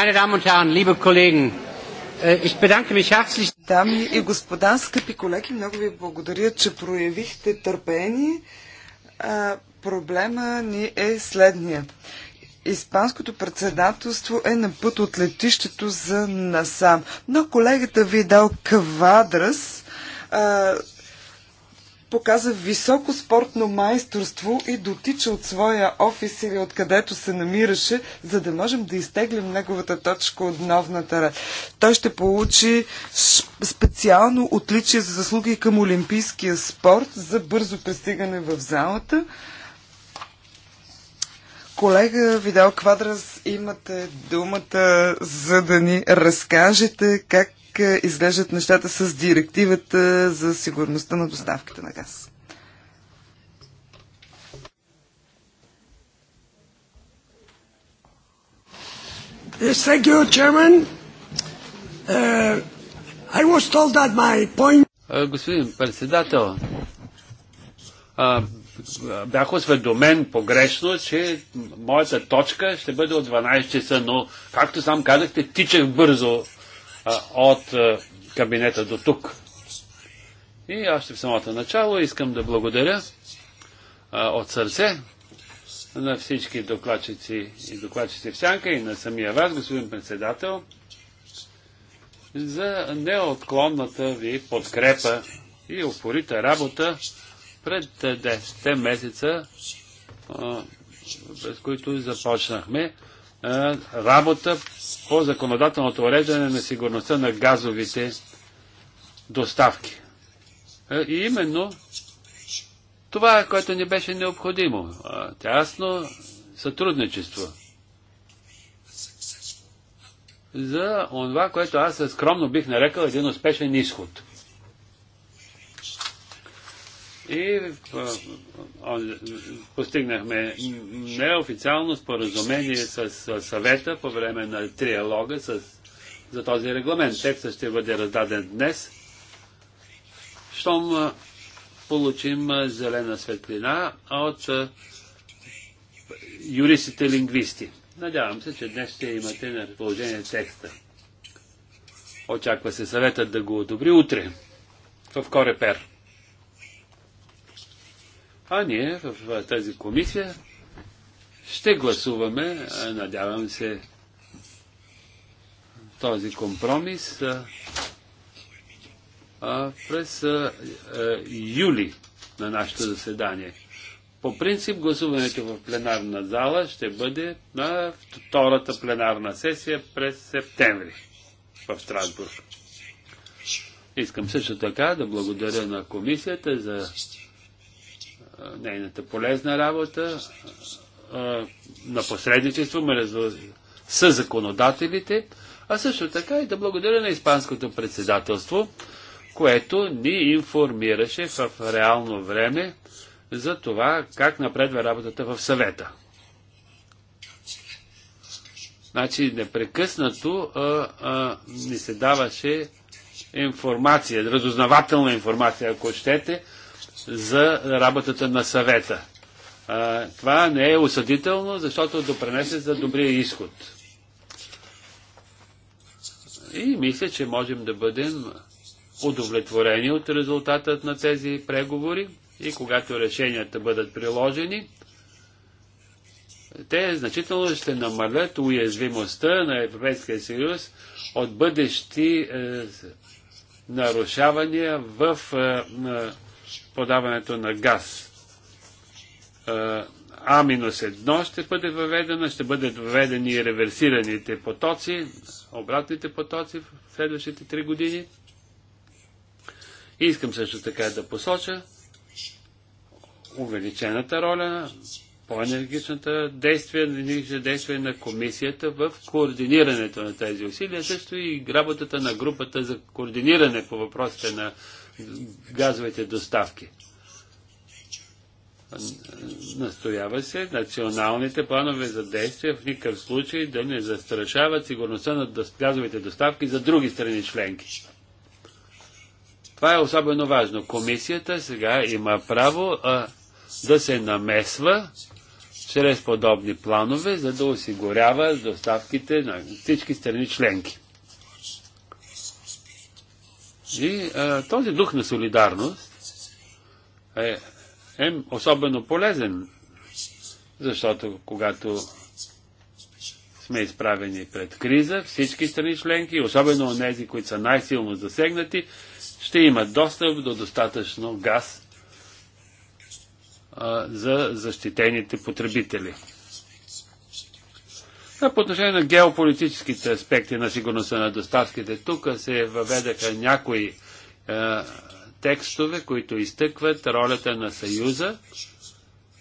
Speaker 2: Meine Damen und Herren, liebe
Speaker 3: Kollegen, äh, ich bedanke mich herzlich. Дами и господа, скъпи колеги, много ви благодаря, че проявихте търпение. А, проблема ни е следния. Испанското председателство е на път от летището за насам. Но колегата ви е дал квадрас. А, Показа високо спортно майсторство и дотича от своя офис или откъдето се намираше, за да можем да изтеглим неговата точка от новната ред. Той ще получи специално отличие за заслуги към олимпийския спорт за бързо пристигане в залата. Колега Видал Квадрас, имате думата, за да ни разкажете как е, изглеждат нещата с директивата за сигурността на доставките на газ. Yes, thank you, Chairman. Uh, I was told that my point...
Speaker 1: Uh, господин председател, uh, бях осведомен погрешно, че моята точка ще бъде от 12 часа, но, както сам казахте, тичах бързо а, от а, кабинета до тук. И още в самото начало искам да благодаря а, от сърце на всички докладчици и докладчици в сянка и на самия вас, господин председател, за неотклонната ви подкрепа и упорита работа пред 10 месеца, през които започнахме работа по законодателното уреждане на сигурността на газовите доставки. И именно това което ни беше необходимо. Тясно сътрудничество. За това, което аз скромно бих нарекал един успешен изход – и постигнахме неофициално споразумение с съвета по време на триалога с, за този регламент. Текстът ще бъде раздаден днес. Щом получим зелена светлина от юристите-лингвисти. Надявам се, че днес ще имате на разположение текста. Очаква се съветът да го одобри утре в Корепер. А ние в тази комисия ще гласуваме, надявам се, този компромис а, през а, юли на нашето заседание. По принцип гласуването в пленарна зала ще бъде на втората пленарна сесия през септември в Страсбург. Искам също така да благодаря на комисията за нейната полезна работа на посредничество с законодателите, а също така и да благодаря на Испанското председателство, което ни информираше в реално време за това как напредва работата в съвета. Значи непрекъснато а, а, ни се даваше информация, разузнавателна информация, ако щете, за работата на съвета. А, това не е осъдително, защото допренесе за добрия изход. И мисля, че можем да бъдем удовлетворени от резултатът на тези преговори и когато решенията бъдат приложени, те значително ще намалят уязвимостта на Европейския съюз от бъдещи е, нарушавания в е, е подаването на газ. А-1 ще бъде въведена, ще бъдат въведени и реверсираните потоци, обратните потоци в следващите три години. И искам също така да посоча увеличената роля по-енергичната действие, действие на комисията в координирането на тези усилия, също и работата на групата за координиране по въпросите на газовите доставки. Настоява се националните планове за действие в никакъв случай да не застрашават сигурността на газовите доставки за други страни членки. Това е особено важно. Комисията сега има право а, да се намесва чрез подобни планове, за да осигурява доставките на всички страни членки. И а, този дух на солидарност е, е особено полезен, защото когато сме изправени пред криза, всички страни членки, особено тези, които са най-силно засегнати, ще имат достъп до достатъчно газ за защитените потребители. А по отношение на геополитическите аспекти на сигурността на доставките, тук се въведаха някои е, текстове, които изтъкват ролята на Съюза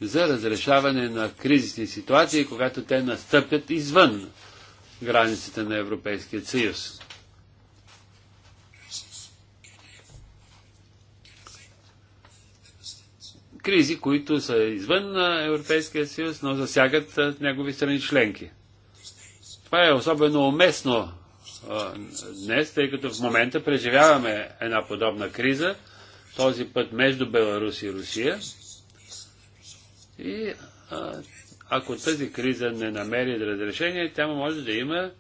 Speaker 1: за разрешаване на кризисни ситуации, когато те настъпят извън границите на Европейския съюз. кризи, които са извън Европейския съюз, но засягат негови страни членки. Това е особено уместно днес, тъй като в момента преживяваме една подобна криза, този път между Беларус и Русия. И ако тази криза не намери разрешение, тя може да има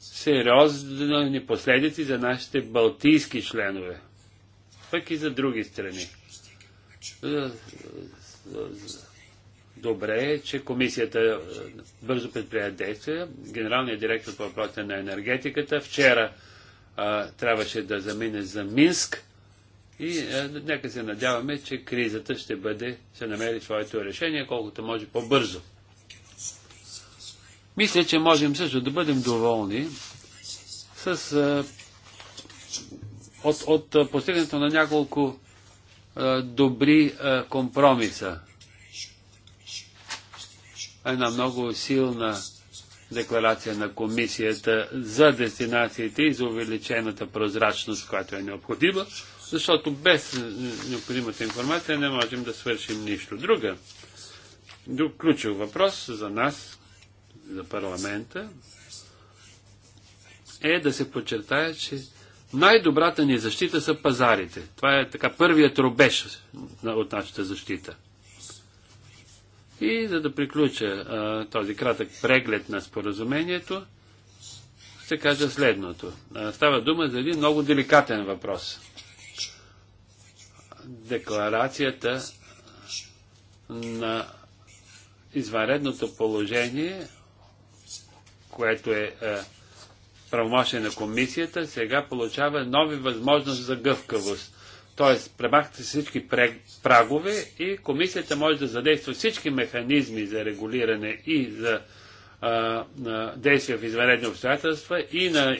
Speaker 1: сериозни последици за нашите балтийски членове, пък и за други страни. Добре е, че комисията е, бързо предприя действия. Генералният директор по въпросите на енергетиката вчера а, трябваше да замине за Минск и а, е, нека се надяваме, че кризата ще бъде, ще намери своето решение колкото може по-бързо. Мисля, че можем също да бъдем доволни с, а, от, от постигането на няколко е, добри е, компромиса. Една много силна декларация на комисията за дестинациите и за увеличената прозрачност, която е необходима, защото без необходимата информация не можем да свършим нищо. Друга, друг ключов въпрос за нас, за парламента, е да се подчертая, че най-добрата ни защита са пазарите. Това е така първият рубеж от нашата защита. И за да приключа а, този кратък преглед на споразумението, ще кажа следното. А, става дума за един много деликатен въпрос. Декларацията на извънредното положение, което е а, правомощие на комисията, сега получава нови възможности за гъвкавост. Тоест, премахте всички прагове и комисията може да задейства всички механизми за регулиране и за а, действия в изваредни обстоятелства и на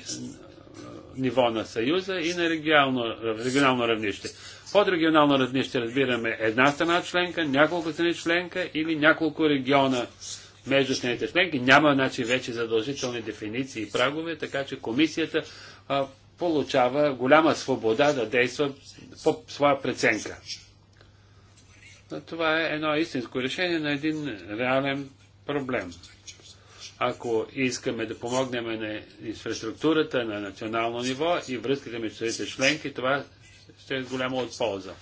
Speaker 1: ниво на Съюза и на регионално, регионално равнище. Под регионално равнище разбираме една страна членка, няколко страни членка или няколко региона между страните членки. Няма значи, вече задължителни дефиниции и прагове, така че комисията а, получава голяма свобода да действа по своя преценка. Това е едно истинско решение на един реален проблем. Ако искаме да помогнем на инфраструктурата на национално ниво и връзките между страните членки, това ще е голямо от полза.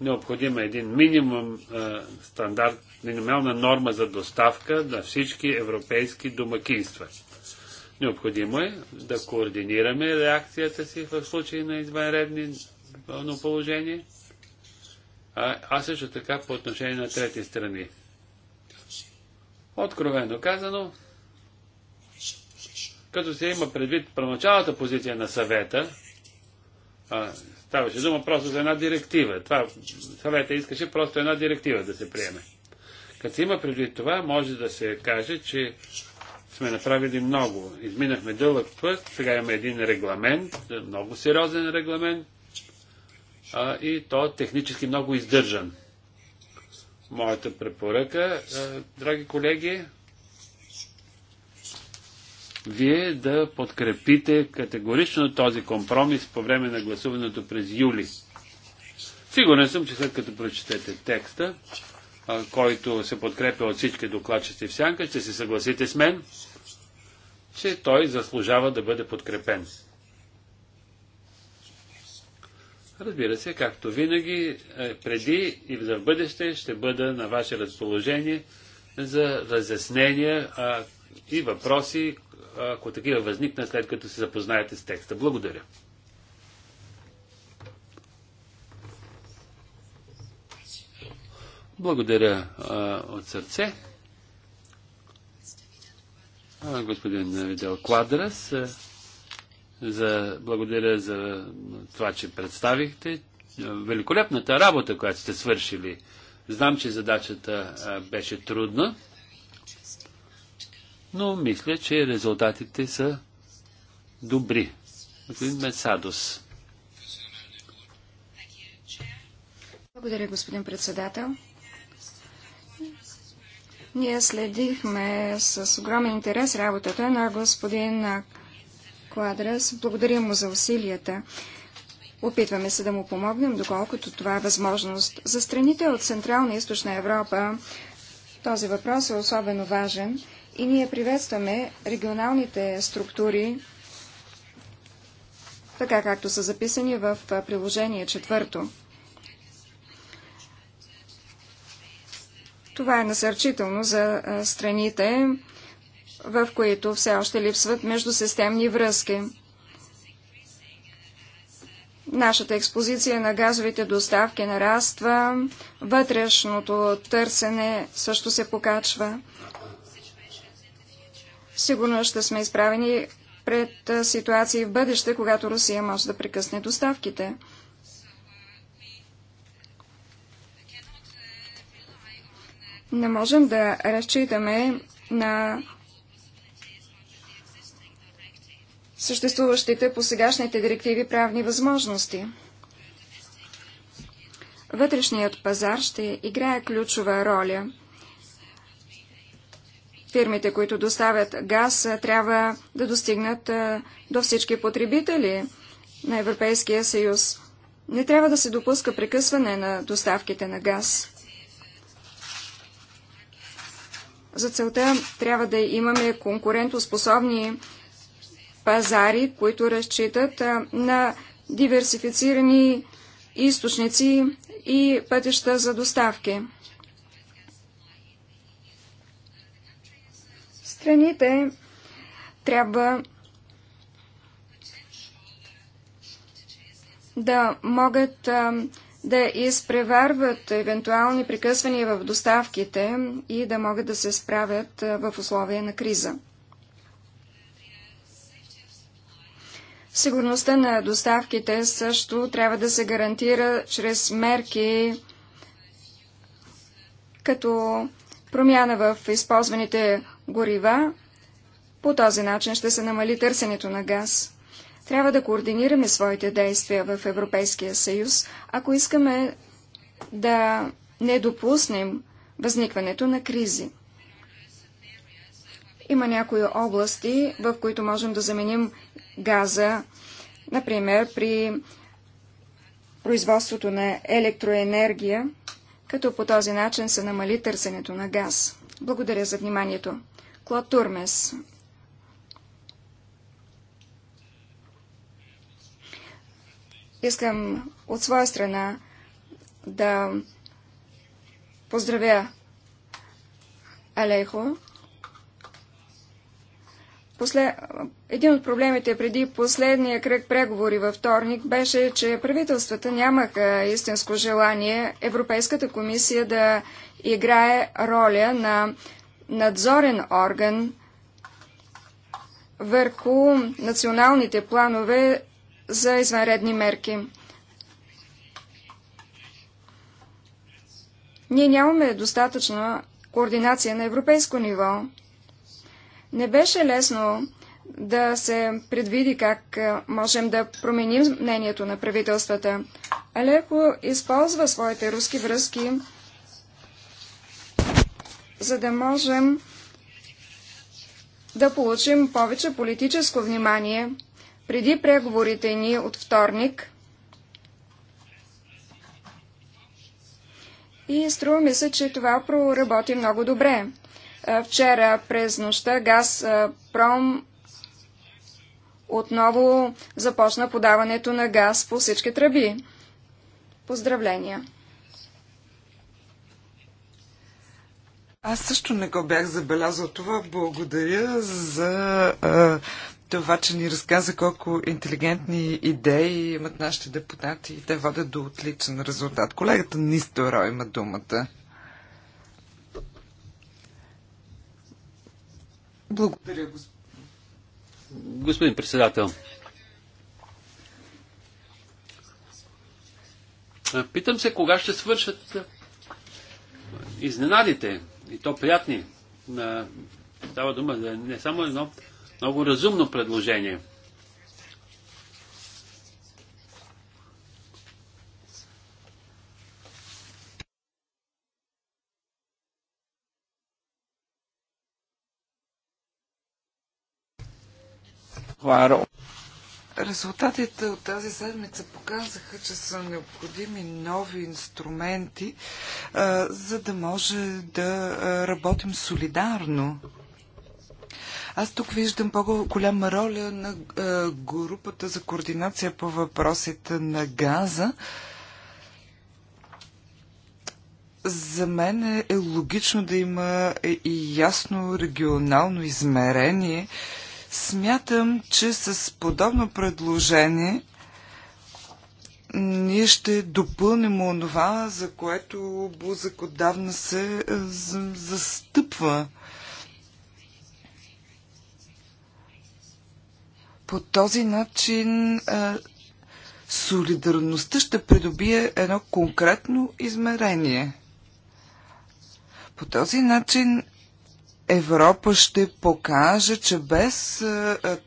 Speaker 1: Необходим е един минимум а, стандарт минимална норма за доставка на всички европейски домакинства. Необходимо е да координираме реакцията си в случай на извънредни положение, а, а също така по отношение на трети страни. Откровено казано, като се има предвид първоначалната позиция на съвета, а, ставаше дума просто за една директива. Това съвета искаше просто една директива да се приеме. Като има преди това, може да се каже, че сме направили много. Изминахме дълъг път, сега има един регламент, много сериозен регламент, а, и то е технически много издържан. Моята препоръка, а, драги колеги, вие да подкрепите категорично този компромис по време на гласуването през юли. Сигурен съм, че след като прочетете текста, който се подкрепя от всички докладчици в сянка, ще се съгласите с мен, че той заслужава да бъде подкрепен. Разбира се, както винаги, е, преди и за бъдеще ще бъда на ваше разположение за разяснения и въпроси, ако такива възникнат след като се запознаете с текста. Благодаря. Благодаря а, от сърце. А, господин Видел Квадрас, за, благодаря за това, че представихте. Великолепната работа, която сте свършили. Знам, че задачата а, беше трудна, но мисля, че резултатите са добри. Господин Месадос.
Speaker 2: Благодаря, господин председател. Ние следихме с огромен интерес работата на господин Квадрас. Благодарим му за усилията. Опитваме се да му помогнем, доколкото това е възможност. За страните от Централна и Източна Европа този въпрос е особено важен и ние приветстваме регионалните структури, така както са записани в приложение четвърто. Това е насърчително за страните, в които все още липсват междусистемни връзки. Нашата експозиция на газовите доставки нараства, вътрешното търсене също се покачва. Сигурно ще сме изправени пред ситуации в бъдеще, когато Русия може да прекъсне доставките. Не можем да разчитаме на съществуващите по сегашните директиви правни възможности. Вътрешният пазар ще играе ключова роля. Фирмите, които доставят газ, трябва да достигнат до всички потребители на Европейския съюз. Не трябва да се допуска прекъсване на доставките на газ. За целта трябва да имаме конкурентоспособни пазари, които разчитат на диверсифицирани източници и пътища за доставки. Страните трябва да могат да изпреварват евентуални прекъсвания в доставките и да могат да се справят в условия на криза. Сигурността на доставките също трябва да се гарантира чрез мерки като промяна в използваните горива. По този начин ще се намали търсенето на газ. Трябва да координираме своите действия в Европейския съюз, ако искаме да не допуснем възникването на кризи. Има някои области, в които можем да заменим газа, например при производството на електроенергия, като по този начин се намали търсенето на газ. Благодаря за вниманието. Клод Турмес Искам от своя страна да поздравя Алейхо. После... Един от проблемите преди последния кръг преговори във вторник беше, че правителствата нямаха истинско желание Европейската комисия да играе роля на надзорен орган върху националните планове за извънредни мерки. Ние нямаме достатъчна координация на европейско ниво. Не беше лесно да се предвиди как можем да променим мнението на правителствата. Алеко използва своите руски връзки, за да можем да получим повече политическо внимание преди преговорите ни от вторник и струва ми се, че това проработи много добре. Вчера през нощта Газпром отново започна подаването на газ по всички тръби. Поздравления!
Speaker 3: Аз също не го бях забелязал това. Благодаря за а, това, че ни разказа колко интелигентни идеи имат нашите депутати и те водят до отличен резултат. Колегата Нистеро има думата. Благодаря, господин. Господин
Speaker 1: председател, питам се кога ще свършат изненадите, и то приятни. Става дума за не само едно много разумно предложение.
Speaker 3: Резултатите от тази седмица показаха, че са необходими нови инструменти, за да може да работим солидарно. Аз тук виждам по-голяма роля на е, групата за координация по въпросите на газа. За мен е, е логично да има е, и ясно регионално измерение. Смятам, че с подобно предложение ние ще допълним онова, за което Бузък отдавна се застъпва. По този начин солидарността ще придобие едно конкретно измерение. По този начин Европа ще покаже, че без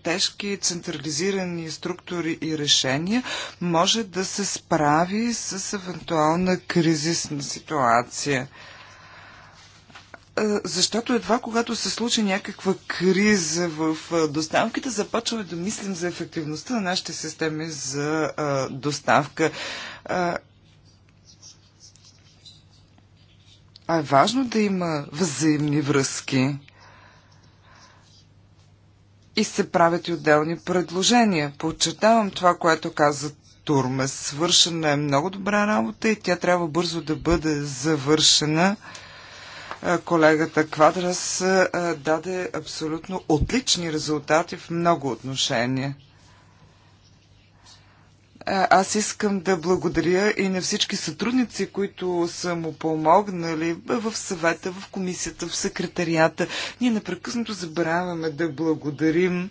Speaker 3: тежки централизирани структури и решения може да се справи с евентуална кризисна ситуация защото едва когато се случи някаква криза в доставките, започваме да мислим за ефективността на нашите системи за доставка. А е важно да има взаимни връзки и се правят и отделни предложения. Подчертавам това, което каза Турмес. Свършена е много добра работа и тя трябва бързо да бъде завършена. Е, колегата Квадрас е, е, даде абсолютно отлични резултати в много отношения. Аз искам да благодаря и на всички сътрудници, които са му помогнали в съвета, в комисията, в секретарията. Ние непрекъснато забравяме да благодарим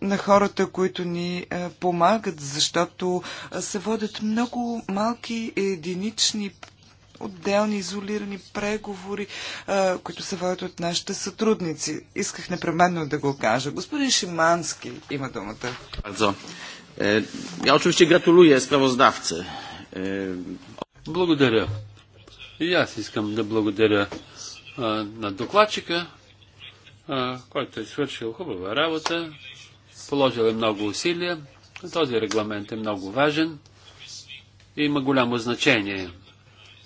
Speaker 3: на хората, които ни помагат, защото се водят много малки единични отделни изолирани преговори, а, които се водят от нашите сътрудници. Исках непременно да го кажа. Господин Шимански има думата.
Speaker 1: Е, е, благодаря. И аз искам да благодаря а, на докладчика, а, който е свършил хубава работа, положил е много усилия. Този регламент е много важен и има голямо значение.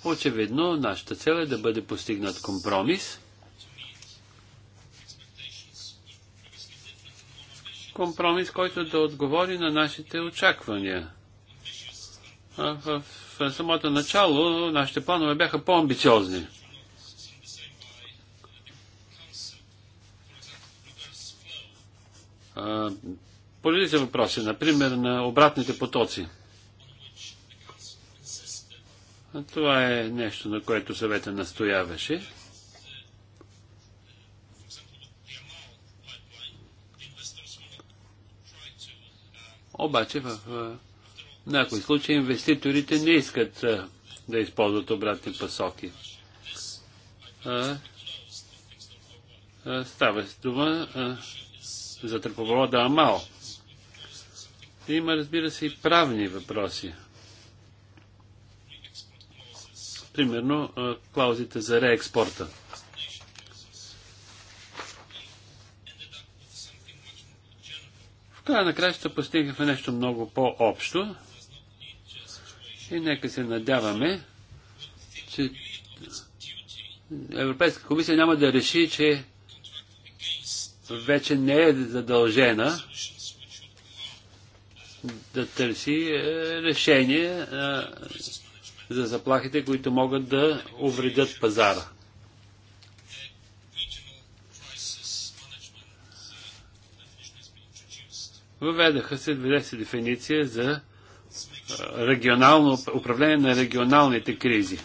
Speaker 1: Очевидно, нашата цел е да бъде постигнат компромис. Компромис, който да отговори на нашите очаквания. А в, в самото начало нашите планове бяха по-амбициозни. Поради се въпроси, например, на обратните потоци. Това е нещо, на което съвета настояваше. Обаче в, в някои случаи инвеститорите не искат а, да използват обратни пасоки. А, а, става се дума за тръпопровода Амао. Има, разбира се, и правни въпроси. примерно клаузите за реекспорта. В края на ще постигнахме нещо много по-общо и нека се надяваме, че Европейска комисия няма да реши, че вече не е задължена да търси е, решение е, за заплахите, които могат да увредят пазара. Въведаха се две се дефиниция за регионално, управление на регионалните кризи.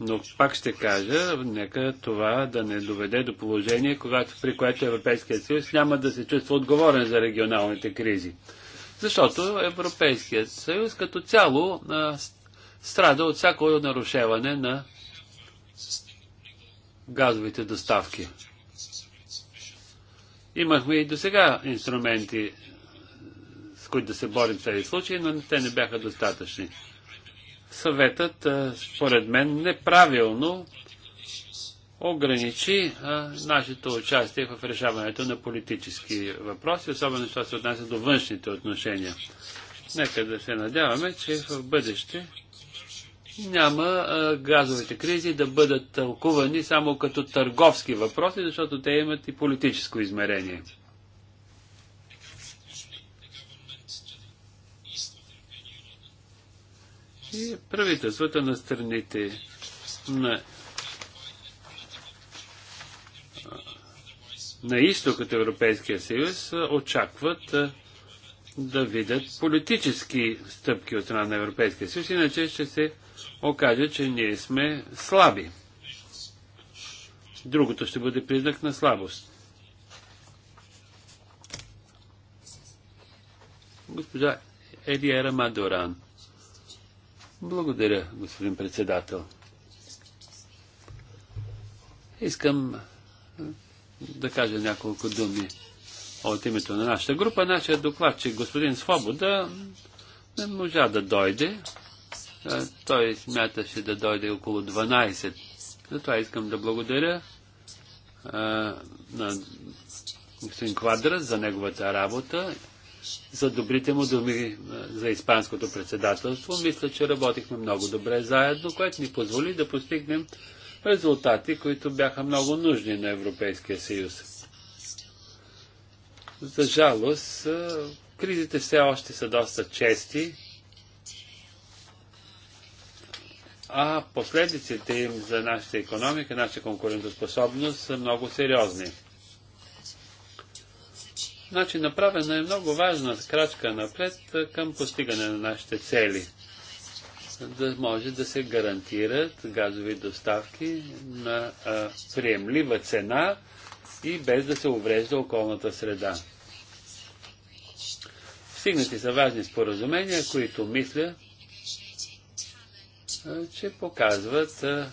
Speaker 1: Но пак ще кажа, нека това да не доведе до положение, когато, при което Европейският съюз няма да се чувства отговорен за регионалните кризи. Защото Европейският съюз като цяло а, страда от всяко нарушаване на газовите доставки. Имахме и до сега инструменти, с които да се борим в тези случаи, но те не бяха достатъчни. Съветът, според мен, неправилно ограничи а, нашето участие в решаването на политически въпроси, особено що се отнася до външните отношения. Нека да се надяваме, че в бъдеще няма а, газовите кризи да бъдат тълкувани само като търговски въпроси, защото те имат и политическо измерение. И правителствата на страните на на изток от Европейския съюз очакват да видят политически стъпки от страна на Европейския съюз, иначе ще се окаже, че ние сме слаби. Другото ще бъде признак на слабост. Госпожа Едиера Мадоран. Благодаря, господин председател. Искам да кажа няколко думи от името на нашата група. Нашия докладчик, господин Свобода, не можа да дойде. Той смяташе да дойде около 12. Затова искам да благодаря на господин Квадра за неговата работа, за добрите му думи за Испанското председателство. Мисля, че работихме много добре заедно, което ни позволи да постигнем резултати, които бяха много нужни на Европейския съюз. За жалост, кризите все още са доста чести, а последиците им за нашата економика, нашата конкурентоспособност са много сериозни. Значи направена е много важна крачка напред към постигане на нашите цели – да може да се гарантират газови доставки на а, приемлива цена и без да се уврежда околната среда. Стигнати са важни споразумения, които мисля, а, че показват а,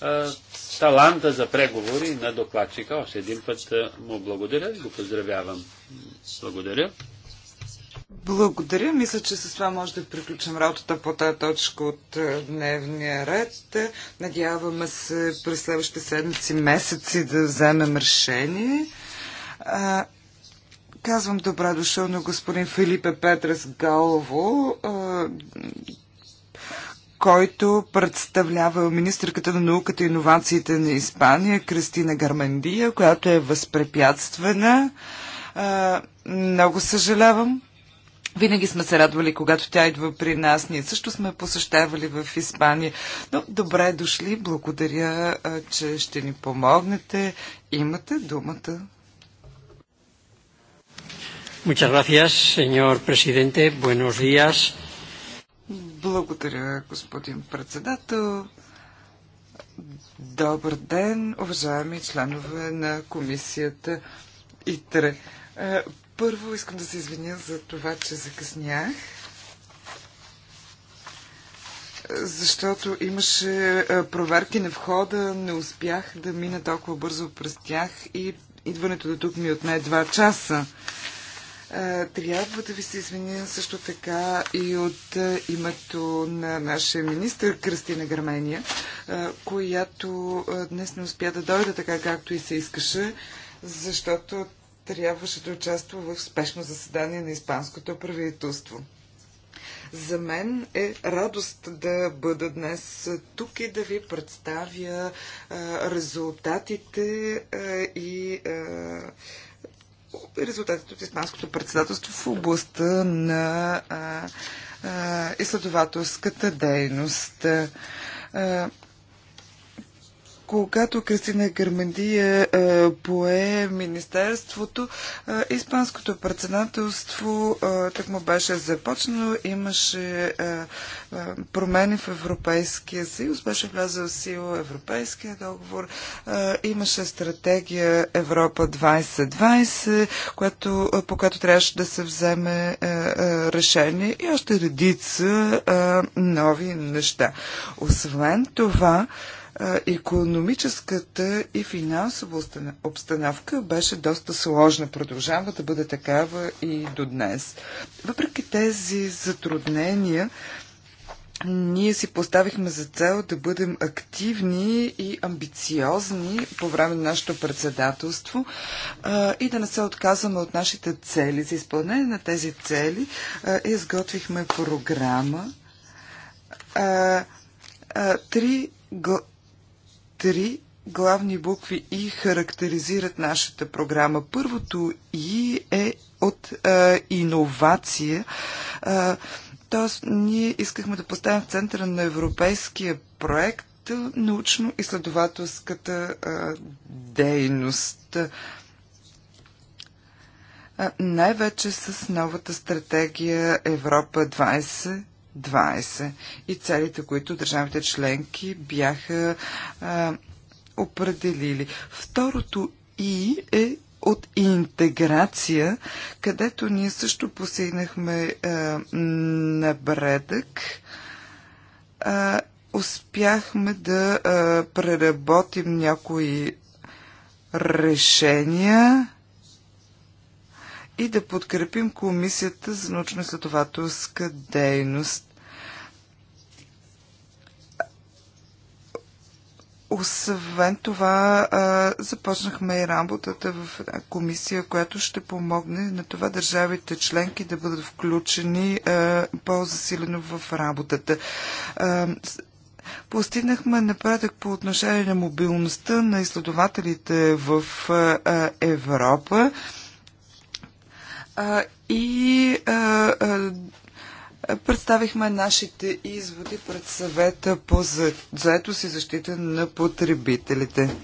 Speaker 1: а, таланта за преговори на докладчика. Още един път а, му благодаря и го поздравявам. Благодаря.
Speaker 3: Благодаря. Мисля, че с това може да приключим работата по тази точка от е, дневния ред. Надяваме се през следващите седмици, месеци да вземем решение. казвам добра дошъл на господин Филипе Петрес Галово, който представлява министърката на науката и иновациите на Испания, Кристина Гармандия, която е възпрепятствена. много съжалявам. Винаги сме се радвали, когато тя идва при нас. Ние също сме посещавали в Испания. Но добре дошли. Благодаря, че ще ни помогнете. Имате думата.
Speaker 2: Muchas gracias, señor presidente. Buenos días.
Speaker 3: Благодаря, господин председател. Добър ден, уважаеми членове на комисията ИТРЕ. Първо искам да се извиня за това, че закъснях, защото имаше проверки на входа, не успях да мина толкова бързо през тях и идването до тук ми отне 2 часа. Трябва да ви се извиня също така и от името на нашия министр Кръстина Гърмения, която днес не успя да дойде така, както и се искаше, защото трябваше да участва в спешно заседание на Испанското правителство. За мен е радост да бъда днес тук и да ви представя резултатите и резултатите от Испанското председателство в областта на изследователската дейност когато Кристина Германдия е, пое Министерството, е, Испанското председателство е, так му беше започнало, имаше промени в Европейския съюз, беше влязъл в сила Европейския договор, имаше стратегия Европа 2020, която, по която трябваше да се вземе решение и още редица нови неща. Освен това, економическата и финансова обстановка беше доста сложна. Продължава да бъде такава и до днес. Въпреки тези затруднения, ние си поставихме за цел да бъдем активни и амбициозни по време на нашето председателство а, и да не се отказваме от нашите цели. За изпълнение на тези цели а, изготвихме програма. А, а, три три главни букви И характеризират нашата програма. Първото И е от а, иновация. А, Тоест, ние искахме да поставим в центъра на европейския проект научно-изследователската дейност. най-вече с новата стратегия Европа 20 20 и целите, които държавите членки бяха а, определили. Второто И е от интеграция, където ние също посигнахме а, напредък. А, успяхме да а, преработим някои решения и да подкрепим Комисията за научно следователска дейност. Освен това, а, започнахме и работата в комисия, която ще помогне на това държавите членки да бъдат включени по-засилено в работата. А, Постигнахме напредък по отношение на мобилността на изследователите в а, Европа и Представихме нашите изводи пред съвета по заетост и защита на потребителите.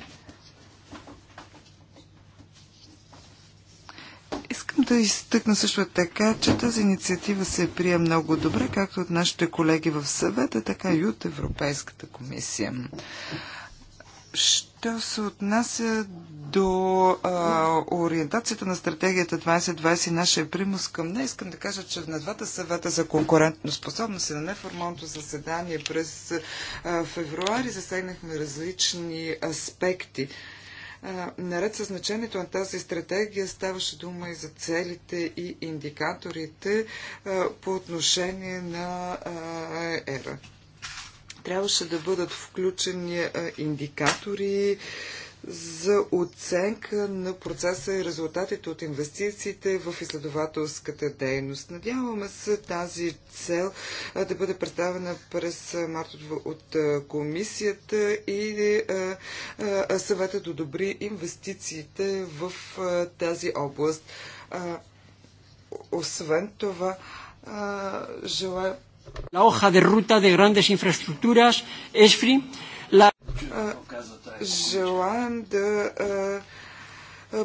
Speaker 3: Искам да изтъкна също така, че тази инициатива се прие много добре, както от нашите колеги в съвета, така и от Европейската комисия. Ще Що се отнася до а, ориентацията на стратегията 2020 нашия примус към нея, искам да кажа, че на двата съвета за конкурентоспособност и на неформалното заседание през а, февруари засегнахме различни аспекти. А, наред със значението на тази стратегия ставаше дума и за целите и индикаторите а, по отношение на а, ера трябваше да бъдат включени индикатори за оценка на процеса и резултатите от инвестициите в изследователската дейност. Надяваме се тази цел да бъде представена през март от комисията и съвета да добри инвестициите в тази област. Освен това, желая La hoja de ruta de grandes infraestructuras, ESFRI, la... Желаем да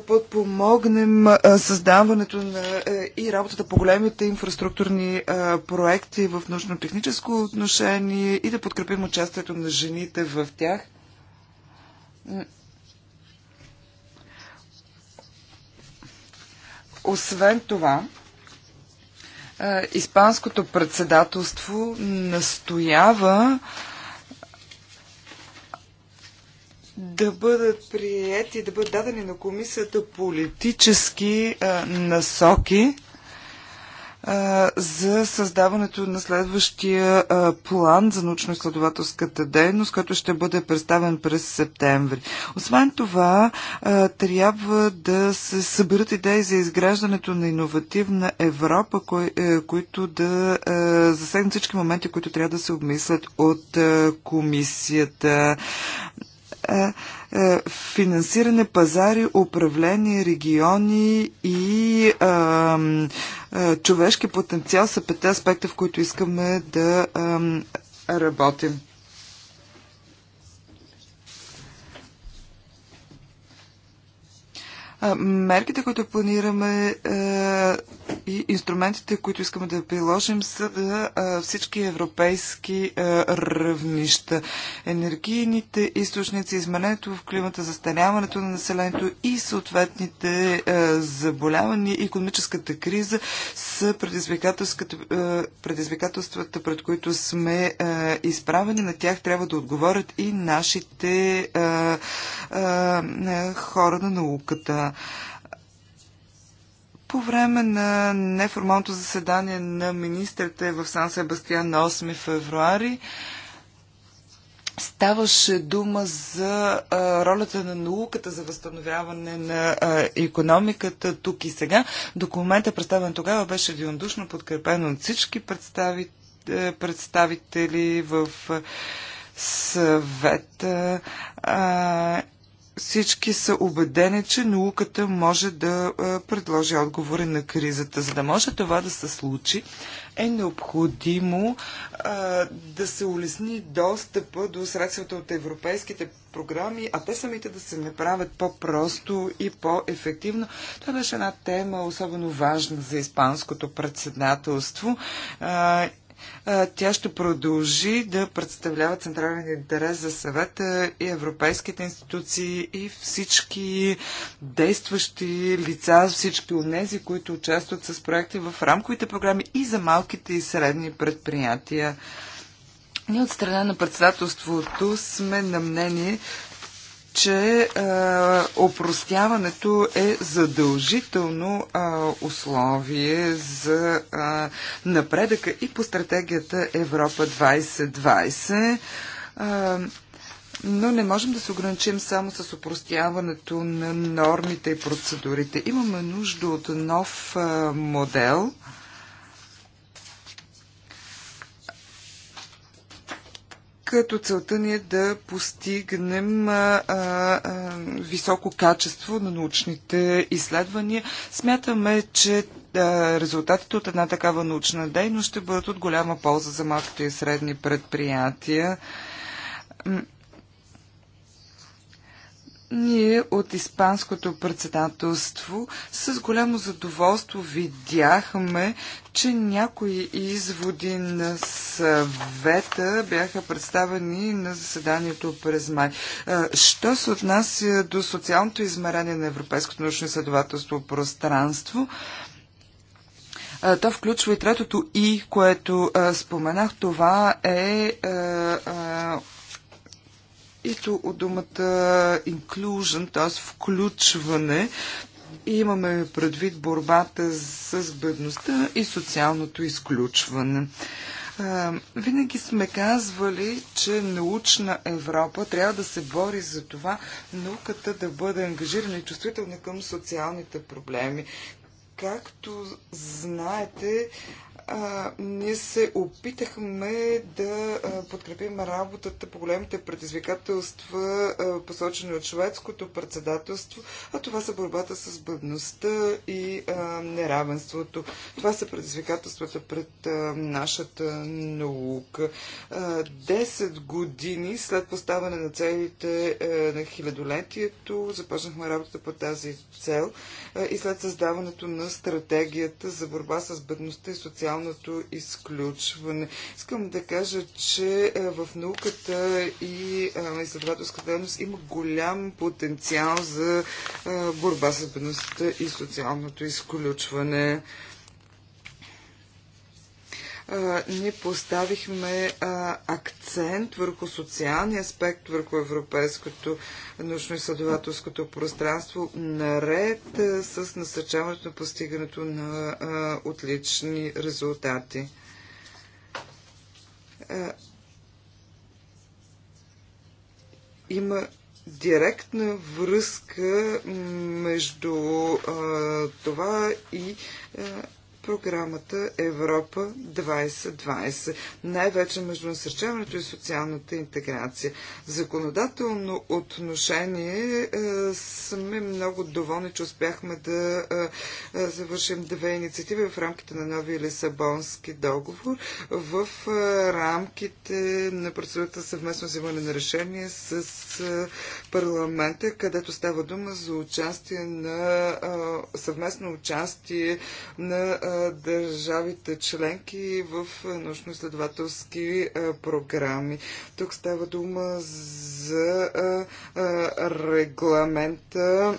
Speaker 3: подпомогнем създаването на и работата по големите инфраструктурни проекти в научно-техническо отношение и да подкрепим участието на жените в тях. Освен това, Испанското председателство настоява да бъдат приети, да бъдат дадени на комисията политически а, насоки за създаването на следващия план за научно-изследователската дейност, който ще бъде представен през септември. Освен това, трябва да се съберат идеи за изграждането на иновативна Европа, кои, е, които да засегнат всички моменти, които трябва да се обмислят от комисията финансиране, пазари, управление, региони и а, човешки потенциал са петте аспекта, в които искаме да работим. Мерките, които планираме е, и инструментите, които искаме да приложим, са да всички европейски равнища. Енергийните източници, изменението в климата, застаряването на населението и съответните заболявания, економическата криза са предизвикателствата, пред които сме изправени. На тях трябва да отговорят и нашите хора на науката. По време на неформалното заседание на министрите в Сан Себастьян на 8 февруари ставаше дума за а, ролята на науката за възстановяване на а, економиката тук и сега. Документът, представен тогава, беше единодушно подкрепен от всички представи, е, представители в съвета. А, всички са убедени, че науката може да е, предложи отговори на кризата. За да може това да се случи, е необходимо а, е, да се улесни достъпа до средствата от европейските програми, а те самите да се направят по-просто и по-ефективно. Това беше една тема особено важна за Испанското председателство а, е, тя ще продължи да представлява централен интерес за съвета и европейските институции и всички действащи лица, всички нези, които участват с проекти в рамковите програми и за малките и средни предприятия. Ние от страна на председателството сме на мнение, че а, е, опростяването е задължително а, е, условие за а, е, напредъка и по стратегията Европа 2020. А, но не можем да се ограничим само с опростяването на нормите и процедурите. Имаме нужда от нов а, модел. А, като целта ни е да постигнем а, а, високо качество на научните изследвания. Смятаме, че а, резултатите от една такава научна дейност ще бъдат от голяма полза за малките и средни предприятия. Ние от Испанското председателство с голямо задоволство видяхме, че някои изводи на съвета бяха представени на заседанието през май. Що се отнася до социалното измерение на Европейското научно-изследователство пространство, то включва и третото и, което споменах. Това е Ито от думата inclusion, т.е. включване, имаме предвид борбата с бедността и социалното изключване. Винаги сме казвали, че научна Европа трябва да се бори за това науката да бъде ангажирана и чувствителна към социалните проблеми. Както знаете, а, ние се опитахме да а, подкрепим работата по големите предизвикателства, а, посочени от шведското председателство, а това са борбата с бъдността и а, неравенството. Това са предизвикателствата пред а, нашата наука. Десет години след поставане на целите а, на хилядолетието започнахме работата по тази цел а, и след създаването на стратегията за борба с бъдността и социалната социалното изключване. Искам да кажа, че е, в науката и е, изследователската дейност има голям потенциал за е, борба с бедността и социалното изключване ние поставихме а, акцент върху социалния аспект, върху европейското научно-изследователското пространство, наред а, с насърчаването на постигането на а, отлични резултати. А, има директна връзка между а, това и а, програмата Европа 2020, най-вече между насърчаването и социалната интеграция. законодателно отношение е, сме много доволни, че успяхме да е, е, завършим две инициативи в рамките на новия Лисабонски договор, в рамките на процедурата съвместно взимане на решение с парламента, където става дума за участие на съвместно участие на държавите членки в научно-изследователски програми. Тук става дума за регламента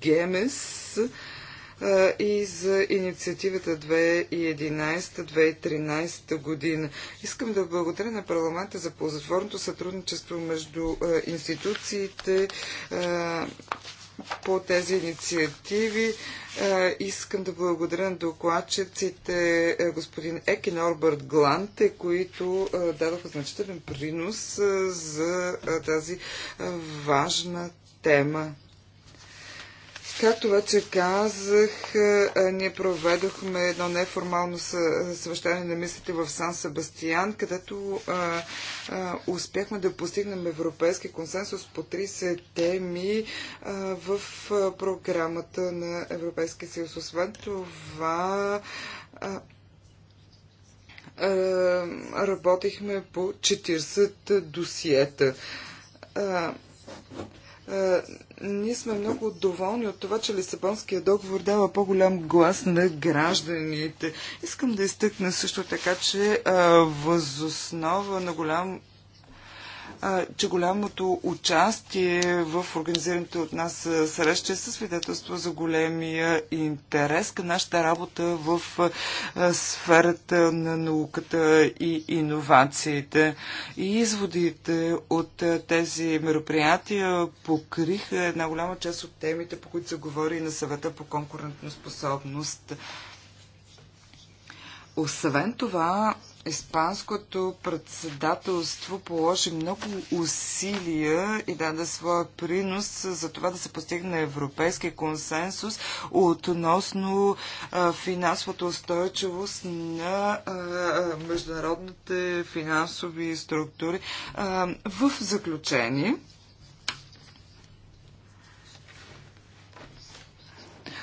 Speaker 3: ГЕМЕС и за инициативата 2011-2013 година. Искам да благодаря на парламента за ползотворното сътрудничество между институциите по тези инициативи. Е, искам да благодаря на докладчиците е, господин Ек и Норбърт Гланте, които е, дадоха значителен принос за тази важна тема. Както вече казах, е, е, ние проведохме едно неформално съвещание на мислите в Сан Себастиян, където а, е, а, успяхме да постигнем европейски консенсус по 30 теми а, в програмата на Европейския съюз. Освен това, работихме по 40 досиета е, ние сме много доволни от това, че Лисабонския договор дава по-голям глас на гражданите. Искам да изтъкна също така, че е, възоснова на голям че голямото участие в организираните от нас срещи са свидетелство за големия интерес към нашата работа в сферата на науката и иновациите. И изводите от тези мероприятия покриха една голяма част от темите, по които се говори на съвета по конкурентоспособност. способност. Освен това, Испанското председателство положи много усилия и даде своя принос за това да се постигне европейски консенсус относно финансовата устойчивост на международните финансови структури. В заключение,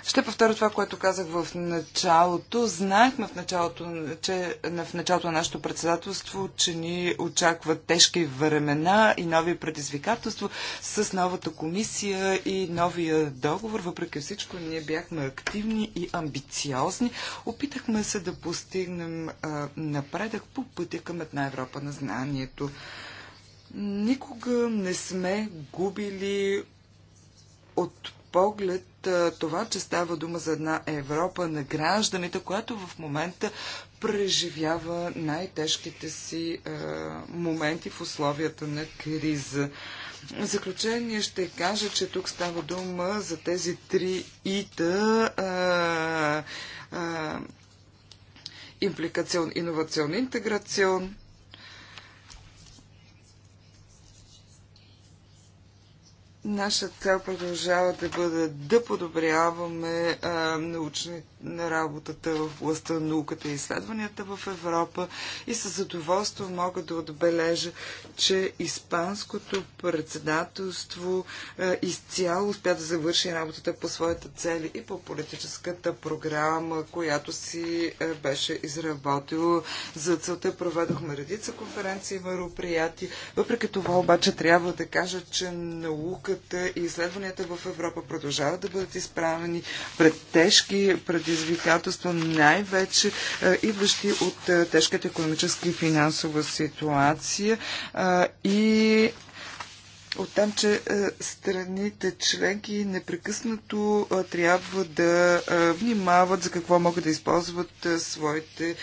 Speaker 3: Ще повторя това, което казах в началото. Знаехме в началото, че в началото на нашето председателство, че ни очакват тежки времена и нови предизвикателства с новата комисия и новия договор. Въпреки всичко, ние бяхме активни и амбициозни. Опитахме се да постигнем а, напредък по пътя към една Европа на знанието. Никога не сме губили от поглед това, че става дума за една Европа на гражданите, която в момента преживява най-тежките си е, моменти в условията на криза. В заключение ще кажа, че тук става дума за тези три ита. Е, е, импликацион, иновацион, интеграцион Наша цел продължава да бъде да подобряваме а, научни, на работата в областта на науката и изследванията в Европа и със задоволство мога да отбележа, че Испанското председателство а, изцяло успя да завърши работата по своите цели и по политическата програма, която си а, беше изработила. За целта проведохме редица конференции и мероприятия. Въпреки това обаче трябва да кажа, че науката науката и изследванията в Европа продължават да бъдат изправени пред тежки предизвикателства, най-вече е, идващи от е, тежката економическа и финансова ситуация е, и от там, че е, страните членки непрекъснато е, трябва да е, внимават за какво могат да използват своите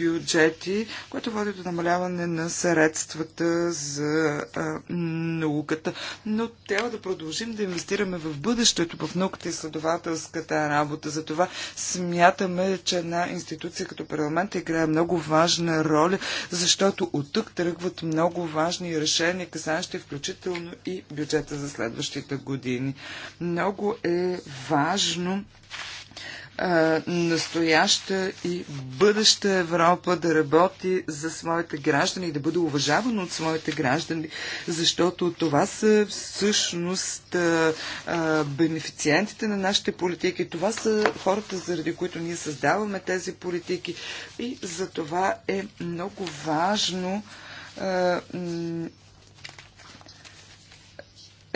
Speaker 3: бюджети, което води до намаляване на средствата за науката. Но трябва да продължим да инвестираме в бъдещето, в науката и следователската работа. Затова смятаме, че една институция като парламент играе много важна роля, защото от тук тръгват много важни решения, касаещи включително включително и бюджета за следващите години. Много е важно настояща и бъдеща Европа да работи за своите граждани и да бъде уважавана от своите граждани, защото това са всъщност бенефициентите на нашите политики. Това са хората, заради които ние създаваме тези политики и за това е много важно а,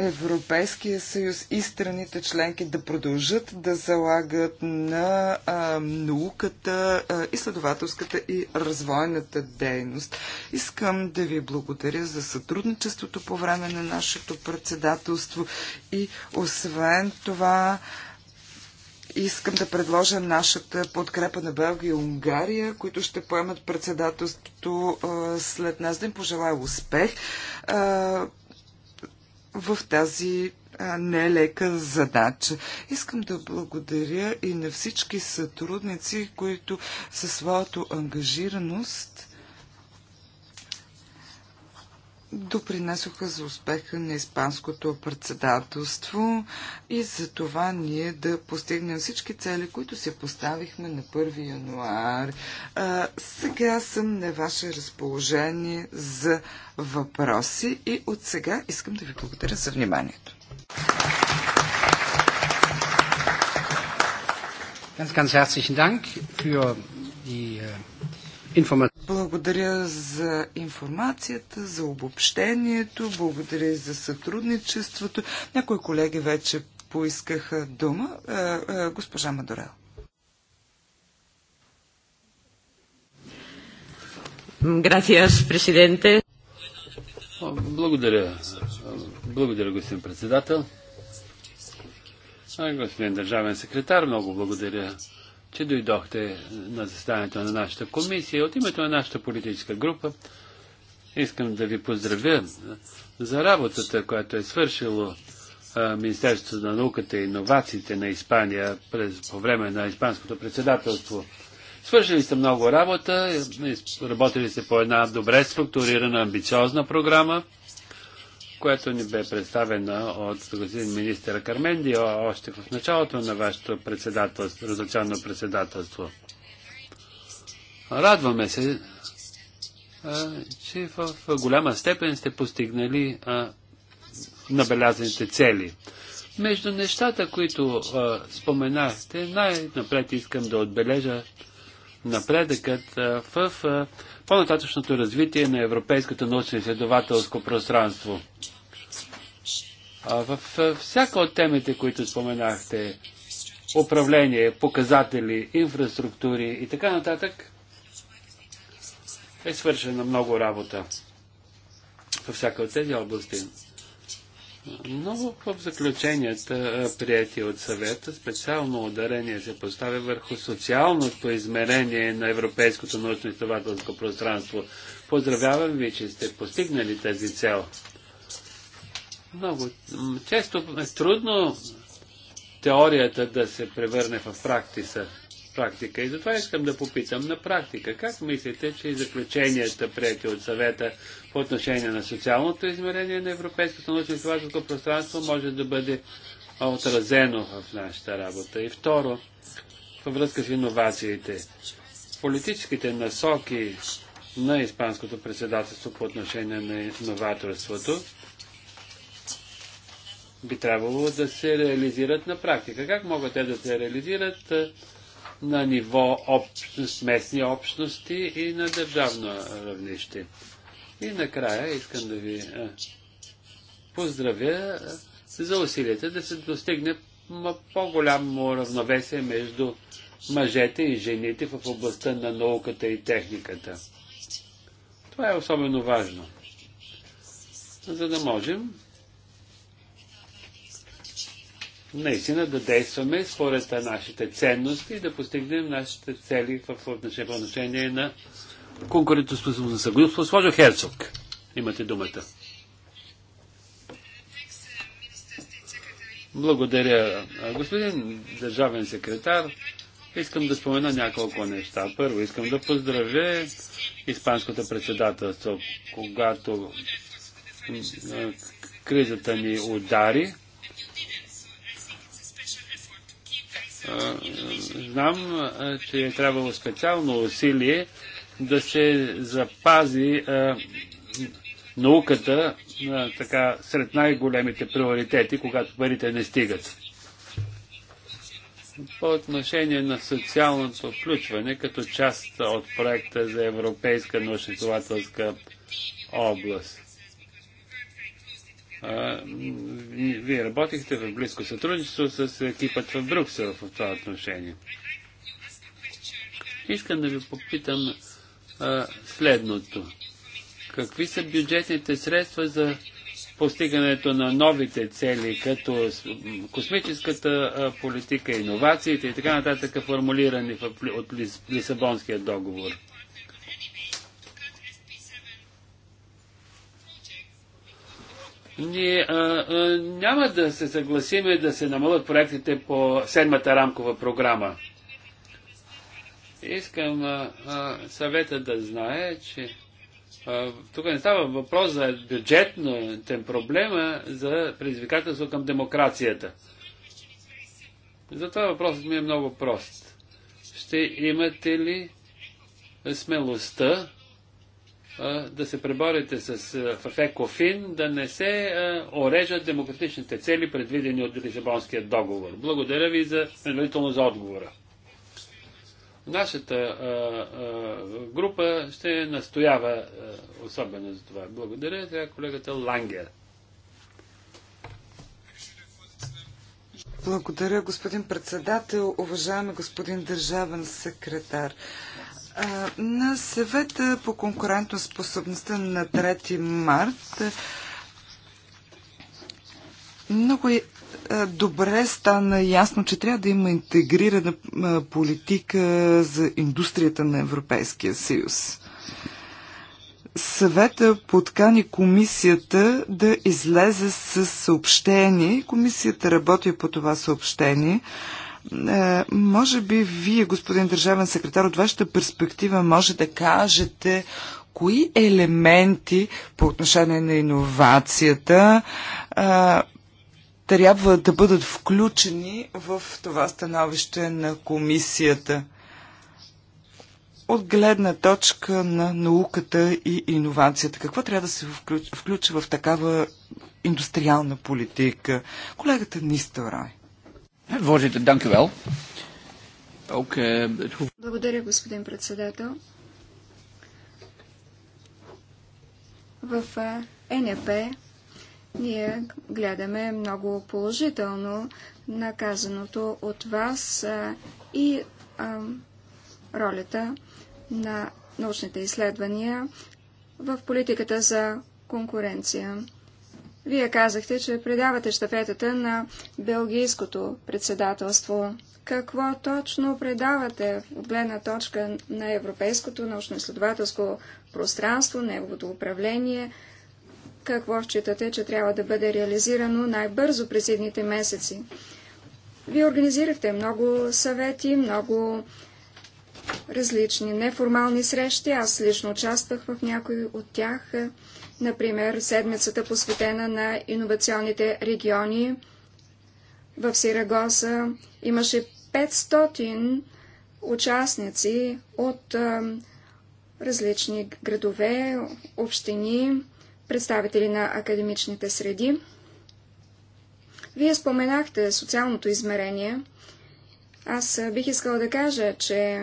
Speaker 3: Европейския съюз и страните членки да продължат да залагат на а, науката, а, изследователската и развойната дейност. Искам да ви благодаря за сътрудничеството по време на нашето председателство и освен това искам да предложа нашата подкрепа на Белгия и Унгария, които ще поемат председателството след нас. Да им пожелая успех в тази нелека задача. Искам да благодаря и на всички сътрудници, които със своята ангажираност допринесоха за успеха на Испанското председателство и за това ние да постигнем всички цели, които се поставихме на 1 януар. А, сега съм на ваше разположение за въпроси и от сега искам да ви благодаря за вниманието. Ganz, ganz herzlichen Dank für die äh, Information. Благодаря за информацията, за обобщението, благодаря и за сътрудничеството. Някои колеги вече поискаха дума. Е, е, госпожа Мадорел. Gracias, presidente.
Speaker 1: Благодаря. Благодаря, господин председател. Господин държавен секретар, много благодаря че дойдохте на заседанието на нашата комисия. От името на нашата политическа група искам да ви поздравя за работата, която е свършило Министерството на науката и иновациите на Испания през, по време на Испанското председателство. Свършили сте много работа, работили сте по една добре структурирана, амбициозна програма която ни бе представена от господин министър Карменди още в началото на вашето председателство, резолюционно председателство. Радваме се, че в голяма степен сте постигнали набелязаните цели. Между нещата, които споменахте, най-напред искам да отбележа напредъкът в по-нататъчното развитие на европейското научно-изследователско пространство. В всяка от темите, които споменахте, управление, показатели, инфраструктури и така нататък, е свършена много работа във всяка от тези области. Много в заключенията, прияти от съвета, специално ударение се поставя върху социалното измерение на европейското научно-изследователско пространство. Поздравявам ви, че сте постигнали тази цел. Много често е трудно теорията да се превърне в практика практика. И затова искам да попитам на практика. Как мислите, че и заключенията, прияти от съвета по отношение на социалното измерение на европейското научно-изследователско пространство, може да бъде отразено в нашата работа? И второ, във връзка с иновациите, политическите насоки на Испанското председателство по отношение на новаторството, би трябвало да се реализират на практика. Как могат те да се реализират на ниво общност, местни общности и на държавно равнище. И накрая искам да ви поздравя за усилията да се достигне по-голямо равновесие между мъжете и жените в областта на науката и техниката. Това е особено важно, за да можем наистина да действаме според нашите ценности и да постигнем нашите цели в отношение на конкурентоспособността. Госпожо Херцог, имате думата. Благодаря. Господин държавен секретар, искам да спомена няколко неща. Първо, искам да поздравя Испанското председателство, когато кризата ни удари. знам, че е трябвало специално усилие да се запази науката така, сред най-големите приоритети, когато парите не стигат. По отношение на социалното включване, като част от проекта за Европейска научно-изследователска област. Вие работихте в близко сътрудничество с екипът в Брюксел в това отношение. Искам да ви попитам а, следното. Какви са бюджетните средства за постигането на новите цели, като космическата политика, иновациите и така нататък, формулирани от Лисабонския договор? Ние а, а, няма да се съгласиме да се намалят проектите по седмата рамкова програма. Искам а, а, съвета да знае, че а, тук не става въпрос за бюджетно проблема, за предизвикателство към демокрацията. Затова въпросът ми е много прост. Ще имате ли смелостта да се преборите с, фафе Кофин, да не се орежат демократичните цели, предвидени от Лисабонския договор. Благодаря ви за, предварително за отговора. Нашата група ще настоява особено за това. Благодаря. Сега колегата Лангер.
Speaker 3: Благодаря, господин председател, уважаеми господин държавен секретар. На съвета по конкурентоспособността на 3 март много е, добре стана ясно, че трябва да има интегрирана политика за индустрията на Европейския съюз. Съвета подкани комисията да излезе с съобщение. Комисията работи по това съобщение. Е, може би вие, господин държавен секретар, от вашата перспектива може да кажете кои елементи по отношение на иновацията е, трябва да бъдат включени в това становище на комисията от гледна точка на науката и иновацията. Какво трябва да се включи, в такава индустриална политика? Колегата Нистерай. Voorzitter, dank u wel. Ook, uh, het hoeft...
Speaker 2: Благодаря, господин председател. В uh, е, НЕП ние гледаме много положително наказаното от вас е, и е, ролята на научните изследвания в политиката за конкуренция. Вие казахте, че предавате щафетата на Белгийското председателство. Какво точно предавате от гледна точка на Европейското научно-изследователско пространство, неговото управление? Какво считате, че трябва да бъде реализирано най-бързо през едните месеци? Вие организирахте много съвети, много различни неформални срещи. Аз лично участвах в някои от тях. Например, седмицата посветена на иновационните региони. В Сирагоса имаше 500 участници от различни градове, общини, представители на академичните среди. Вие споменахте социалното измерение. Аз бих искала да кажа, че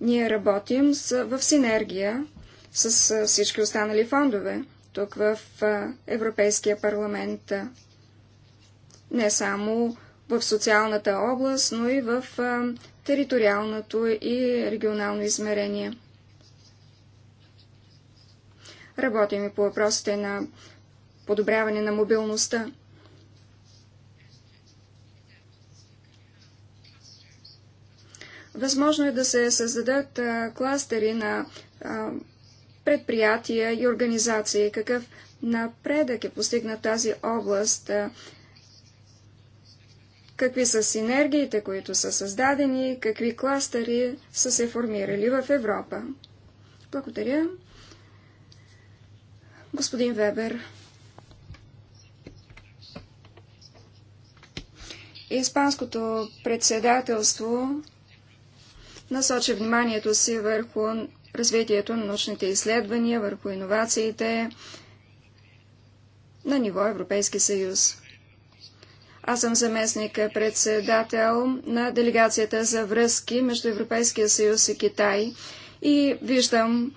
Speaker 2: ние работим в синергия с всички останали фондове тук в Европейския парламент. Не само в социалната област, но и в териториалното и регионално измерение. Работим и по въпросите на подобряване на мобилността. Възможно е да се създадат кластери на предприятия и организации. Какъв напредък е постигнат тази област? Какви са синергиите, които са създадени? Какви кластери са се формирали в Европа? Благодаря. Господин Вебер. Испанското председателство насочи вниманието си върху развитието на научните изследвания върху иновациите на ниво Европейски съюз. Аз съм заместник председател на делегацията за връзки между Европейския съюз и Китай и виждам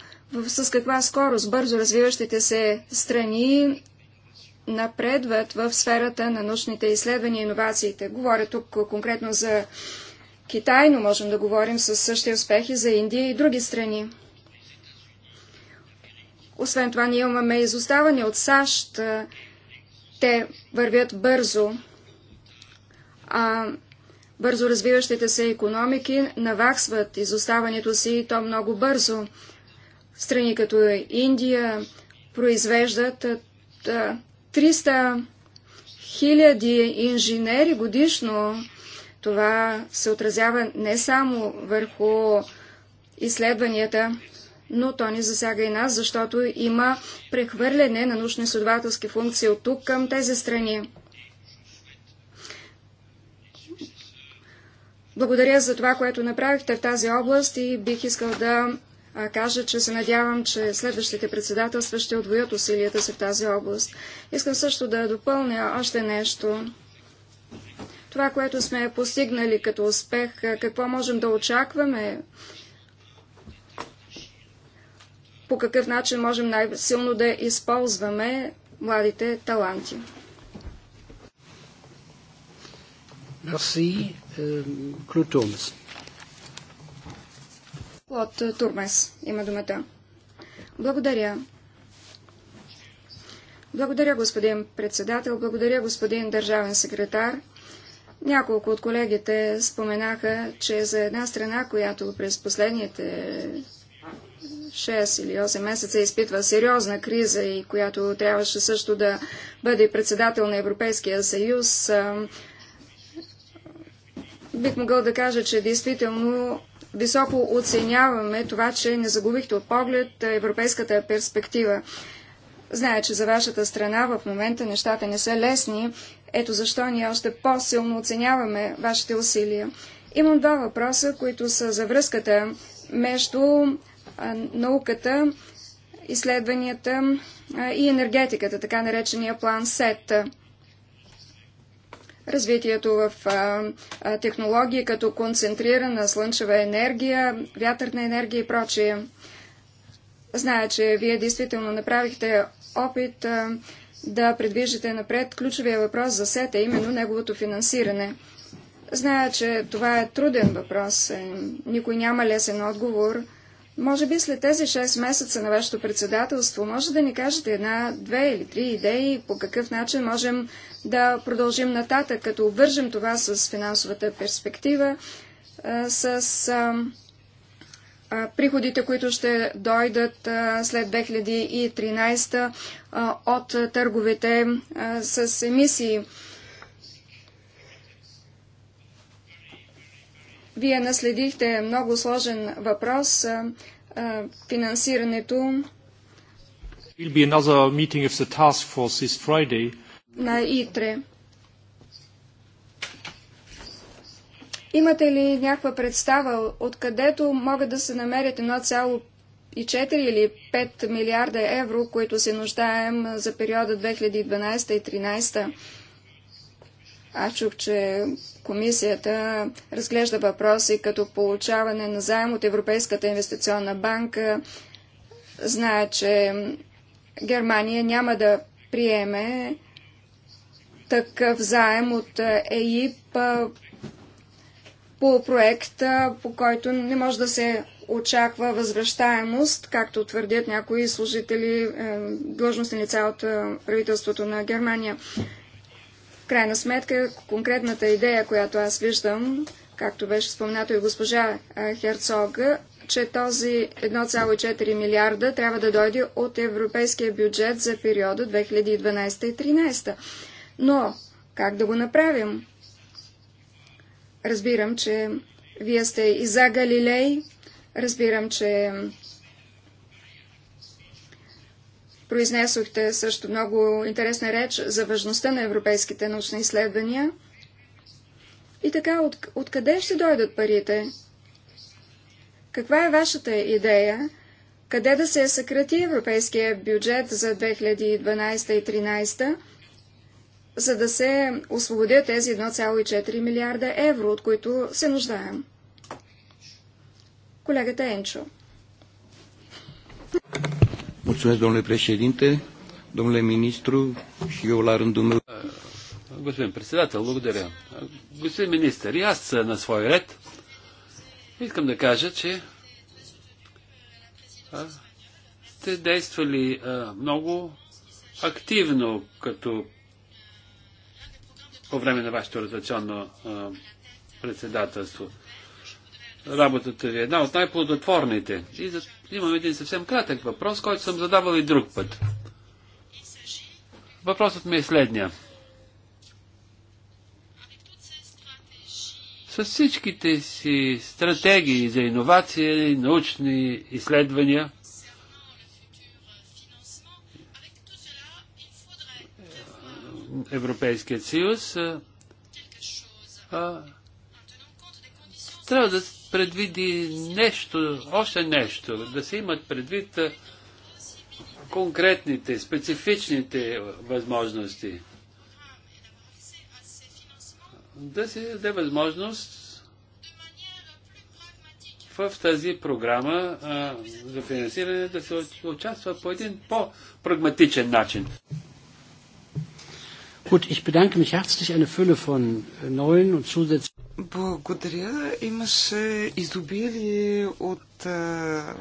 Speaker 2: с каква скорост бързо развиващите се страни напредват в сферата на научните изследвания и иновациите. Говоря тук конкретно за Китай, но можем да говорим с същия успех и за Индия и други страни. Освен това, ние имаме изоставане от САЩ. Те вървят бързо. А бързо развиващите се економики наваксват изоставането си и то много бързо. Страни като Индия произвеждат 300 хиляди инженери годишно. Това се отразява не само върху изследванията, но то ни засяга и нас, защото има прехвърляне на научно-изследователски функции от тук към тези страни. Благодаря за това, което направихте в тази област и бих искал да кажа, че се надявам, че следващите председателства ще отвоят усилията си в тази област. Искам също да допълня още нещо. Това, което сме постигнали като успех, какво можем да очакваме по какъв начин можем най-силно да използваме младите таланти.
Speaker 1: Мерси, euh, Клод Турмес.
Speaker 2: Клод Турмес има думата. Благодаря. Благодаря, господин председател, благодаря, господин държавен секретар. Няколко от колегите споменаха, че за една страна, която през последните 6 или 8 месеца изпитва сериозна криза и която трябваше също да бъде председател на Европейския съюз, бих могъл да кажа, че действително високо оценяваме това, че не загубихте от поглед европейската перспектива. Зная, че за вашата страна в момента нещата не са лесни. Ето защо ние още по-силно оценяваме вашите усилия. Имам два въпроса, които са за връзката между науката, изследванията и енергетиката, така наречения план СЕТ. Развитието в технологии като концентрирана слънчева енергия, вятърна енергия и прочие. Зная, че вие действително направихте опит да предвиждате напред ключовия въпрос за СЕТ, а именно неговото финансиране. Зная, че това е труден въпрос. Е, никой няма лесен отговор – може би след тези 6 месеца на вашето председателство може да ни кажете една, две или три идеи по какъв начин можем да продължим нататък, като обвържем това с финансовата перспектива, с приходите, които ще дойдат след 2013 от търговете с емисии. Вие наследихте много сложен въпрос а, а, финансирането. На ИТРЕ. Имате ли някаква представа, откъдето могат да се намерят 1,4 или 5 милиарда евро, които се нуждаем за периода 2012 и 2013? Аз чух, че комисията разглежда въпроси като получаване на заем от Европейската инвестиционна банка. Знае, че Германия няма да приеме такъв заем от ЕИП по проект, по който не може да се очаква възвръщаемост, както твърдят някои служители, е, длъжностни лица от е, правителството на Германия крайна сметка конкретната идея, която аз виждам, както беше спомнато и госпожа Херцога, че този 1,4 милиарда трябва да дойде от европейския бюджет за периода 2012 и 2013. Но как да го направим? Разбирам, че вие сте и за Галилей, разбирам, че Произнесохте също много интересна реч за важността на европейските научни изследвания. И така, от, откъде ще дойдат парите? Каква е вашата идея? Къде да се съкрати европейския бюджет за 2012 и 2013, за да се освободят тези 1,4 милиарда евро, от които се нуждаем? Колегата Енчо.
Speaker 1: Mulțumesc, domnule președinte, domnule ministru și eu la rândul meu. Господин председател, благодаря. Господин министр, и аз на свой ред искам да кажа, че а, сте действали а, много активно като по време на вашето ротационно председателство. Работата ви е една от най-плодотворните. И за... имам един съвсем кратък въпрос, който съм задавал и друг път. Въпросът ми е следния. С всичките си стратегии за иновации, научни изследвания, Европейският съюз а, а, трябва да предвиди нещо, още нещо, да се имат предвид конкретните, специфичните възможности. Да се даде възможност в тази програма а, за финансиране да се участва по един по-прагматичен начин.
Speaker 3: Gut, ich bedanke mich herzlich. Eine Fülle von äh, neuen und zusätzlichen. Благодаря. Имаше изобилие от а,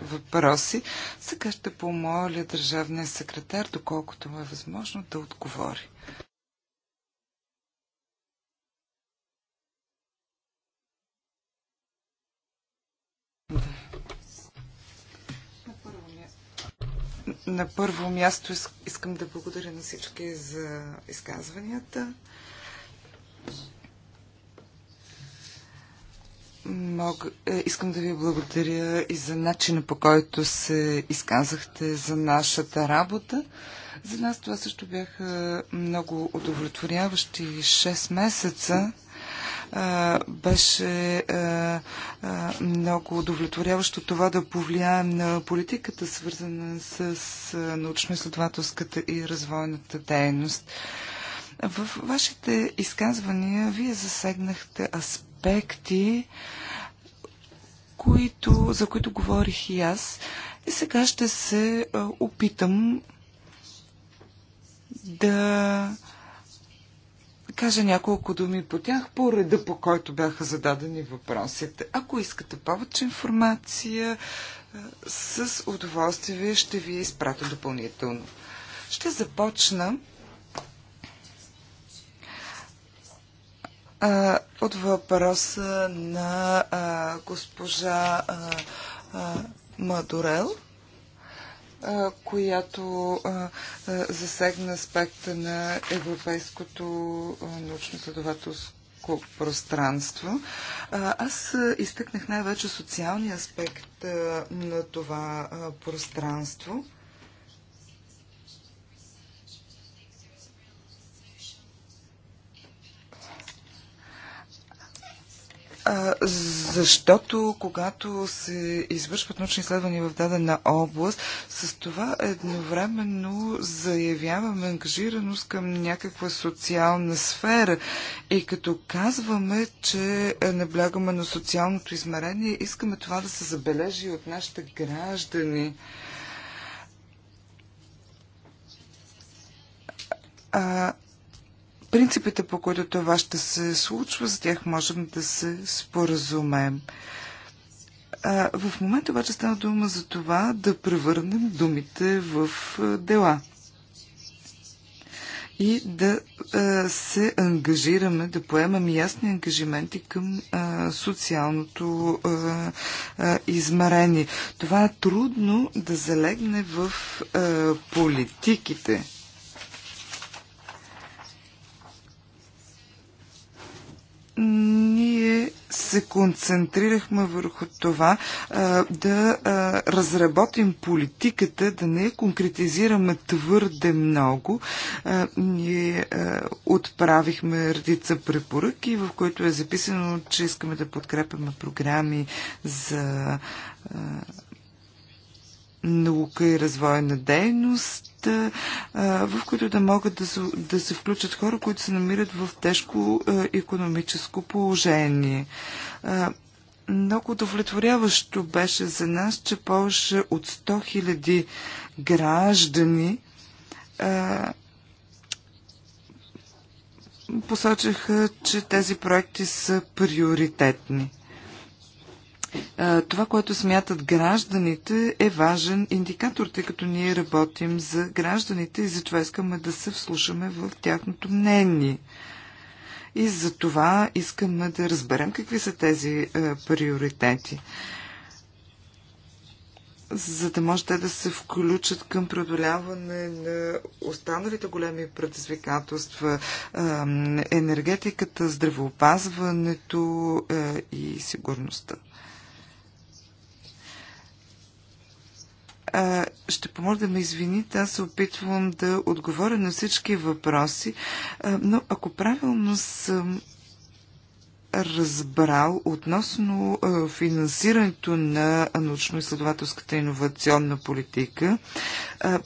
Speaker 3: въпроси. Сега ще помоля държавния секретар, доколкото му е възможно, да отговори. На първо място искам да благодаря на всички за изказванията. Мог, е, искам да ви благодаря и за начина по който се изказахте за нашата работа. За нас това също бяха много удовлетворяващи 6 месеца. Беше много удовлетворяващо това да повлияем на политиката, свързана с научно-изследователската и развойната дейност. В вашите изказвания вие засегнахте аспект аспекти, които, за които говорих и аз. И сега ще се опитам да кажа няколко думи по тях, по реда по който бяха зададени въпросите. Ако искате повече информация, с удоволствие ще ви изпратя допълнително. Ще започна А, от въпроса на а, госпожа а, Мадурел, а, която а, засегна аспекта на европейското научно-следователство пространство. Аз изтъкнах най-вече социалния аспект на това пространство. А, защото когато се извършват научни изследвания в дадена област, с това едновременно заявяваме ангажираност към някаква социална сфера. И като казваме, че е, наблягаме на социалното измерение, искаме това да се забележи от нашите граждани. А, принципите, по които това ще се случва, за тях можем да се споразумеем. В момента обаче стана дума за това да превърнем думите в дела и да а, се ангажираме, да поемаме ясни ангажименти към а, социалното а, а, измерение. Това е трудно да залегне в а, политиките. ние се концентрирахме върху това а, да а, разработим политиката, да не я конкретизираме твърде много. А, ние а, отправихме редица препоръки, в които е записано, че искаме да подкрепяме програми за а, наука и на дейност в които да могат да се, да се включат хора, които се намират в тежко економическо положение. Много удовлетворяващо беше за нас, че повече от 100 000 граждани посочиха, че тези проекти са приоритетни това, което смятат гражданите, е важен индикатор, тъй като ние работим за гражданите и затова искаме да се вслушаме в тяхното мнение. И за това искаме да разберем какви са тези е, приоритети, за да може те да се включат към преодоляване на останалите големи предизвикателства е, енергетиката, здравеопазването е, и сигурността. А, ще помоля да ме извините, аз се опитвам да отговоря на всички въпроси, а, но ако правилно съм разбрал относно финансирането на научно-изследователската иновационна политика.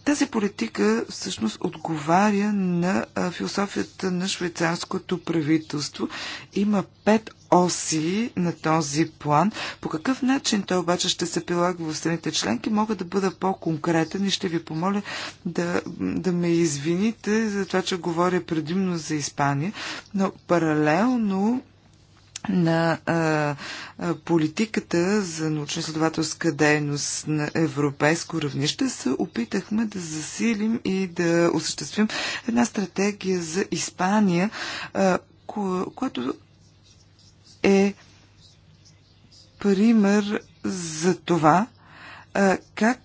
Speaker 3: Тази политика всъщност отговаря на философията на швейцарското правителство. Има пет оси на този план. По какъв начин той обаче ще се прилага в страните членки, мога да бъда по-конкретен и ще ви помоля да, да ме извините за това, че говоря предимно за Испания, но паралелно на а, политиката за научно следователска дейност на европейско равнище се опитахме да засилим и да осъществим една стратегия за Испания, а, ко- която е пример за това а, как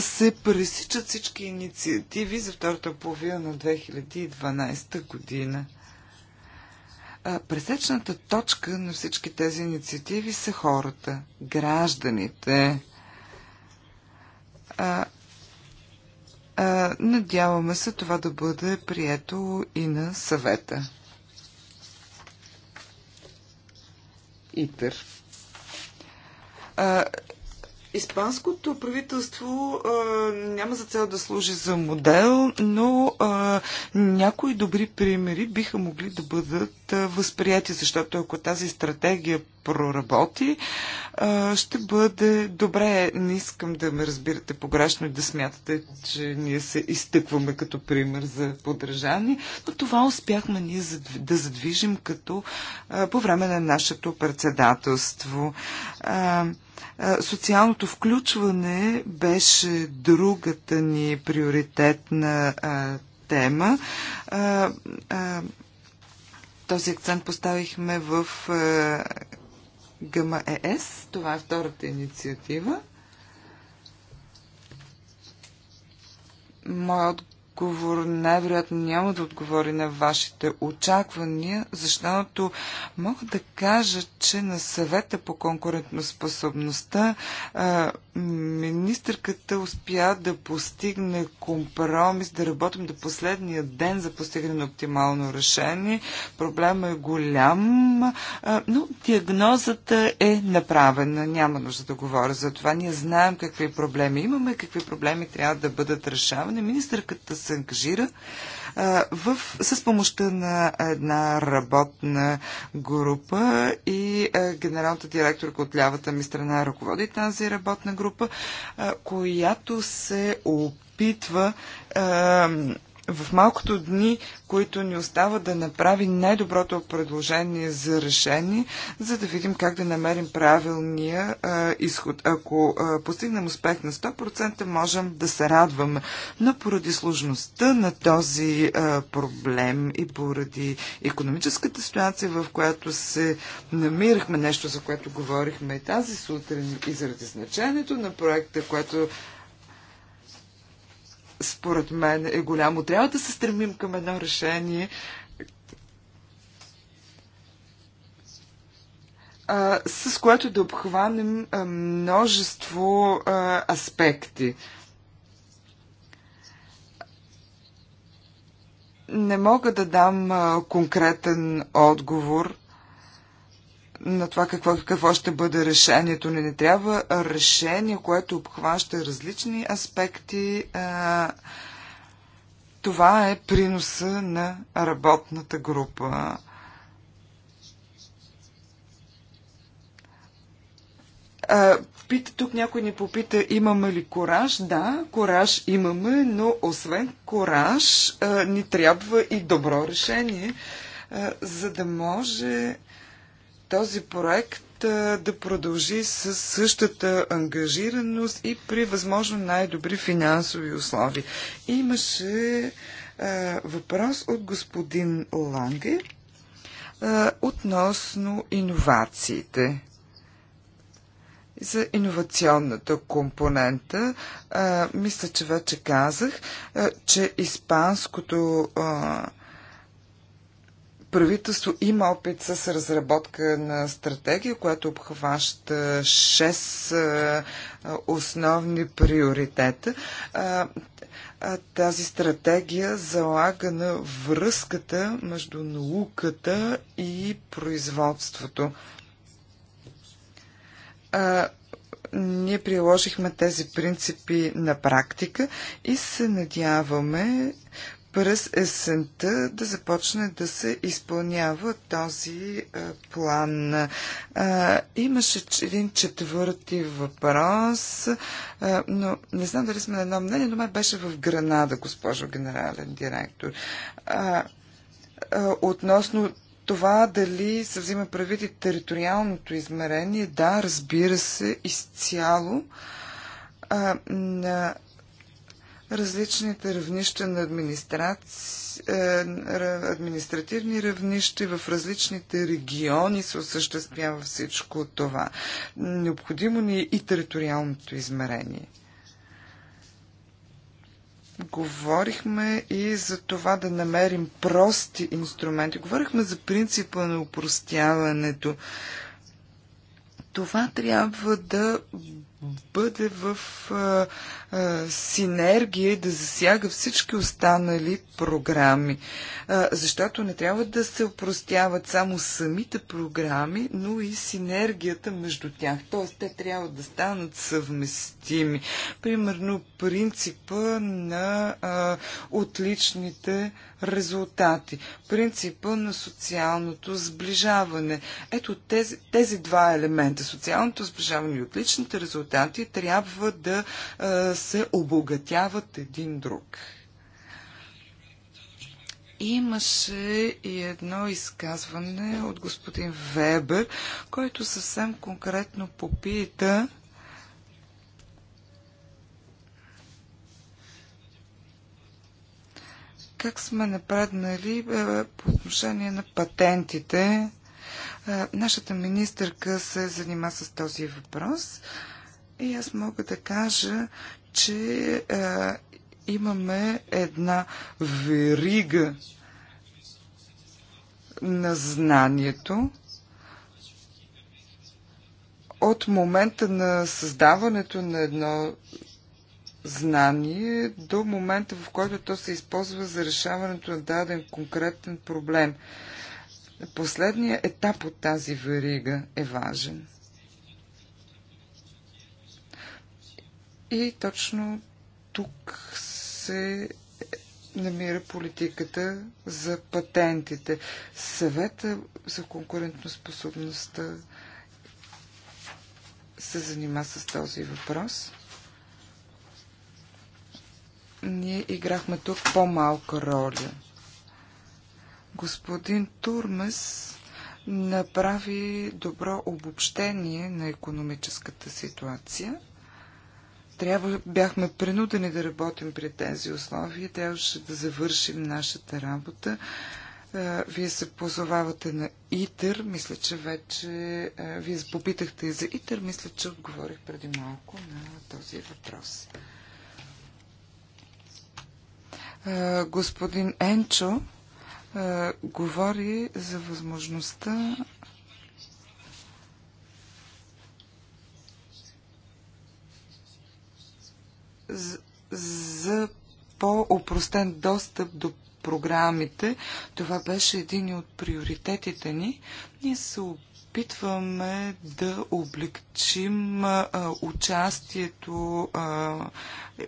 Speaker 3: се пресичат всички инициативи за втората половина на 2012 година. Пресечната точка на всички тези инициативи са хората, гражданите. Надяваме се това да бъде прието и на съвета. ИТЕР. Испанското правителство а, няма за цел да служи за модел, но а, някои добри примери биха могли да бъдат а, възприяти, защото ако тази стратегия проработи, а, ще бъде добре. Не искам да ме разбирате погрешно и да смятате, че ние се изтъкваме като пример за подражание, но това успяхме ние да задвижим като а, по време на нашето председателство. А, е, социалното включване беше другата ни приоритетна е, тема. Е, този акцент поставихме в ГМЕС. ЕС. Това е втората инициатива. Моят отговор най-вероятно няма да отговори на вашите очаквания, защото мога да кажа, че на съвета по конкурентоспособността министърката успя да постигне компромис, да работим до последния ден за постигане на оптимално решение. Проблема е голям, но диагнозата е направена. Няма нужда да говоря за това. Ние знаем какви проблеми имаме, какви проблеми трябва да бъдат решавани. Министърката се се ангажира в, с помощта на една работна група и генералната директорка от лявата ми страна ръководи тази работна група, която се опитва в малкото дни, които ни остава да направи най-доброто предложение за решение, за да видим как да намерим правилния а, изход. Ако а, постигнем успех на 100%, можем да се радваме. Но поради сложността на този а, проблем и поради економическата ситуация, в която се намирахме, нещо за което говорихме и тази сутрин, и заради значението на проекта, което според мен е голямо. Трябва да се стремим към едно решение, с което да обхванем множество аспекти. Не мога да дам конкретен отговор на това какво, какво ще бъде решението. Не, не трябва решение, което обхваща различни аспекти. А, това е приноса на работната група. Пита, тук някой ни попита, имаме ли кораж? Да, кораж имаме, но освен кораж ни трябва и добро решение, за да може този проект да продължи с същата ангажираност и при възможно най-добри финансови условия. Имаше въпрос от господин Ланге относно иновациите. За иновационната компонента, мисля, че вече казах, че испанското а, правителство има опит с разработка на стратегия, която обхваща 6 основни приоритета. Тази стратегия залага на връзката между науката и производството ние приложихме тези принципи на практика и се надяваме през есента да започне да се изпълнява този а, план. А, имаше един четвърти въпрос, а, но не знам дали сме на едно мнение, но май беше в Гранада, госпожо генерален директор. А, а, относно това дали се взима правит и териториалното измерение, да, разбира се, изцяло а, на различните равнища на е, административни равнища в различните региони се осъществява всичко това. Необходимо ни е и териториалното измерение. Говорихме и за това да намерим прости инструменти. Говорихме за принципа на упростяването. Това трябва да бъде в а, а, синергия и да засяга всички останали програми. А, защото не трябва да се опростяват само самите програми, но и синергията между тях. Тоест, те трябва да станат съвместими. Примерно, принципа на а, отличните а, резултати. Принципа на социалното сближаване. Ето тези, тези два елемента, социалното сближаване и отличните резултати, трябва да а, е, се обогатяват един друг. Имаше и едно изказване от господин Вебер, който съвсем конкретно попита как сме напреднали е, по отношение на патентите. Е, нашата министърка се занима с този въпрос и аз мога да кажа, че е, имаме една верига на знанието, от момента на създаването на едно знание до момента, в който то се използва за решаването на даден конкретен проблем. Последният етап от тази верига е важен. И точно тук се намира политиката за патентите, съвета за конкурентоспособността се занима с този въпрос ние играхме тук по-малка роля. Господин Турмес направи добро обобщение на економическата ситуация. Трябва, бяхме принудени да работим при тези условия, трябваше да завършим нашата работа. Е, вие се позовавате на ИТЕР, мисля, че вече... Е, вие попитахте и за ИТЕР, мисля, че отговорих преди малко на този въпрос. Е, господин Енчо е, говори за възможността за, по-опростен достъп до програмите. Това беше един от приоритетите ни. Ние се опитваме опитваме да облегчим участието, е,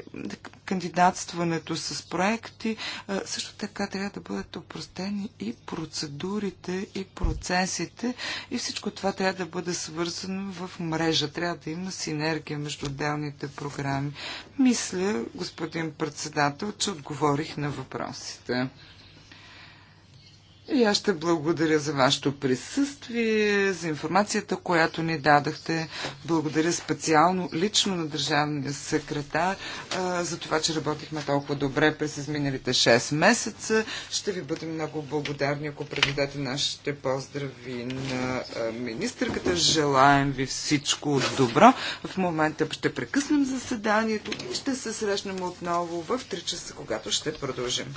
Speaker 3: кандидатстването с проекти. Също така трябва да бъдат опростени и процедурите, и процесите. И всичко това трябва да бъде свързано в мрежа. Трябва да има синергия между отделните програми. Мисля, господин председател, че отговорих на въпросите. И аз ще благодаря за вашето присъствие, за информацията, която ни дадахте. Благодаря специално, лично на държавния секретар, за това, че работихме толкова добре през изминалите 6 месеца. Ще ви бъдем много благодарни, ако предадете нашите поздрави на министърката. Желаем ви всичко добро. В момента ще прекъснем заседанието и ще се срещнем отново в 3 часа, когато ще продължим.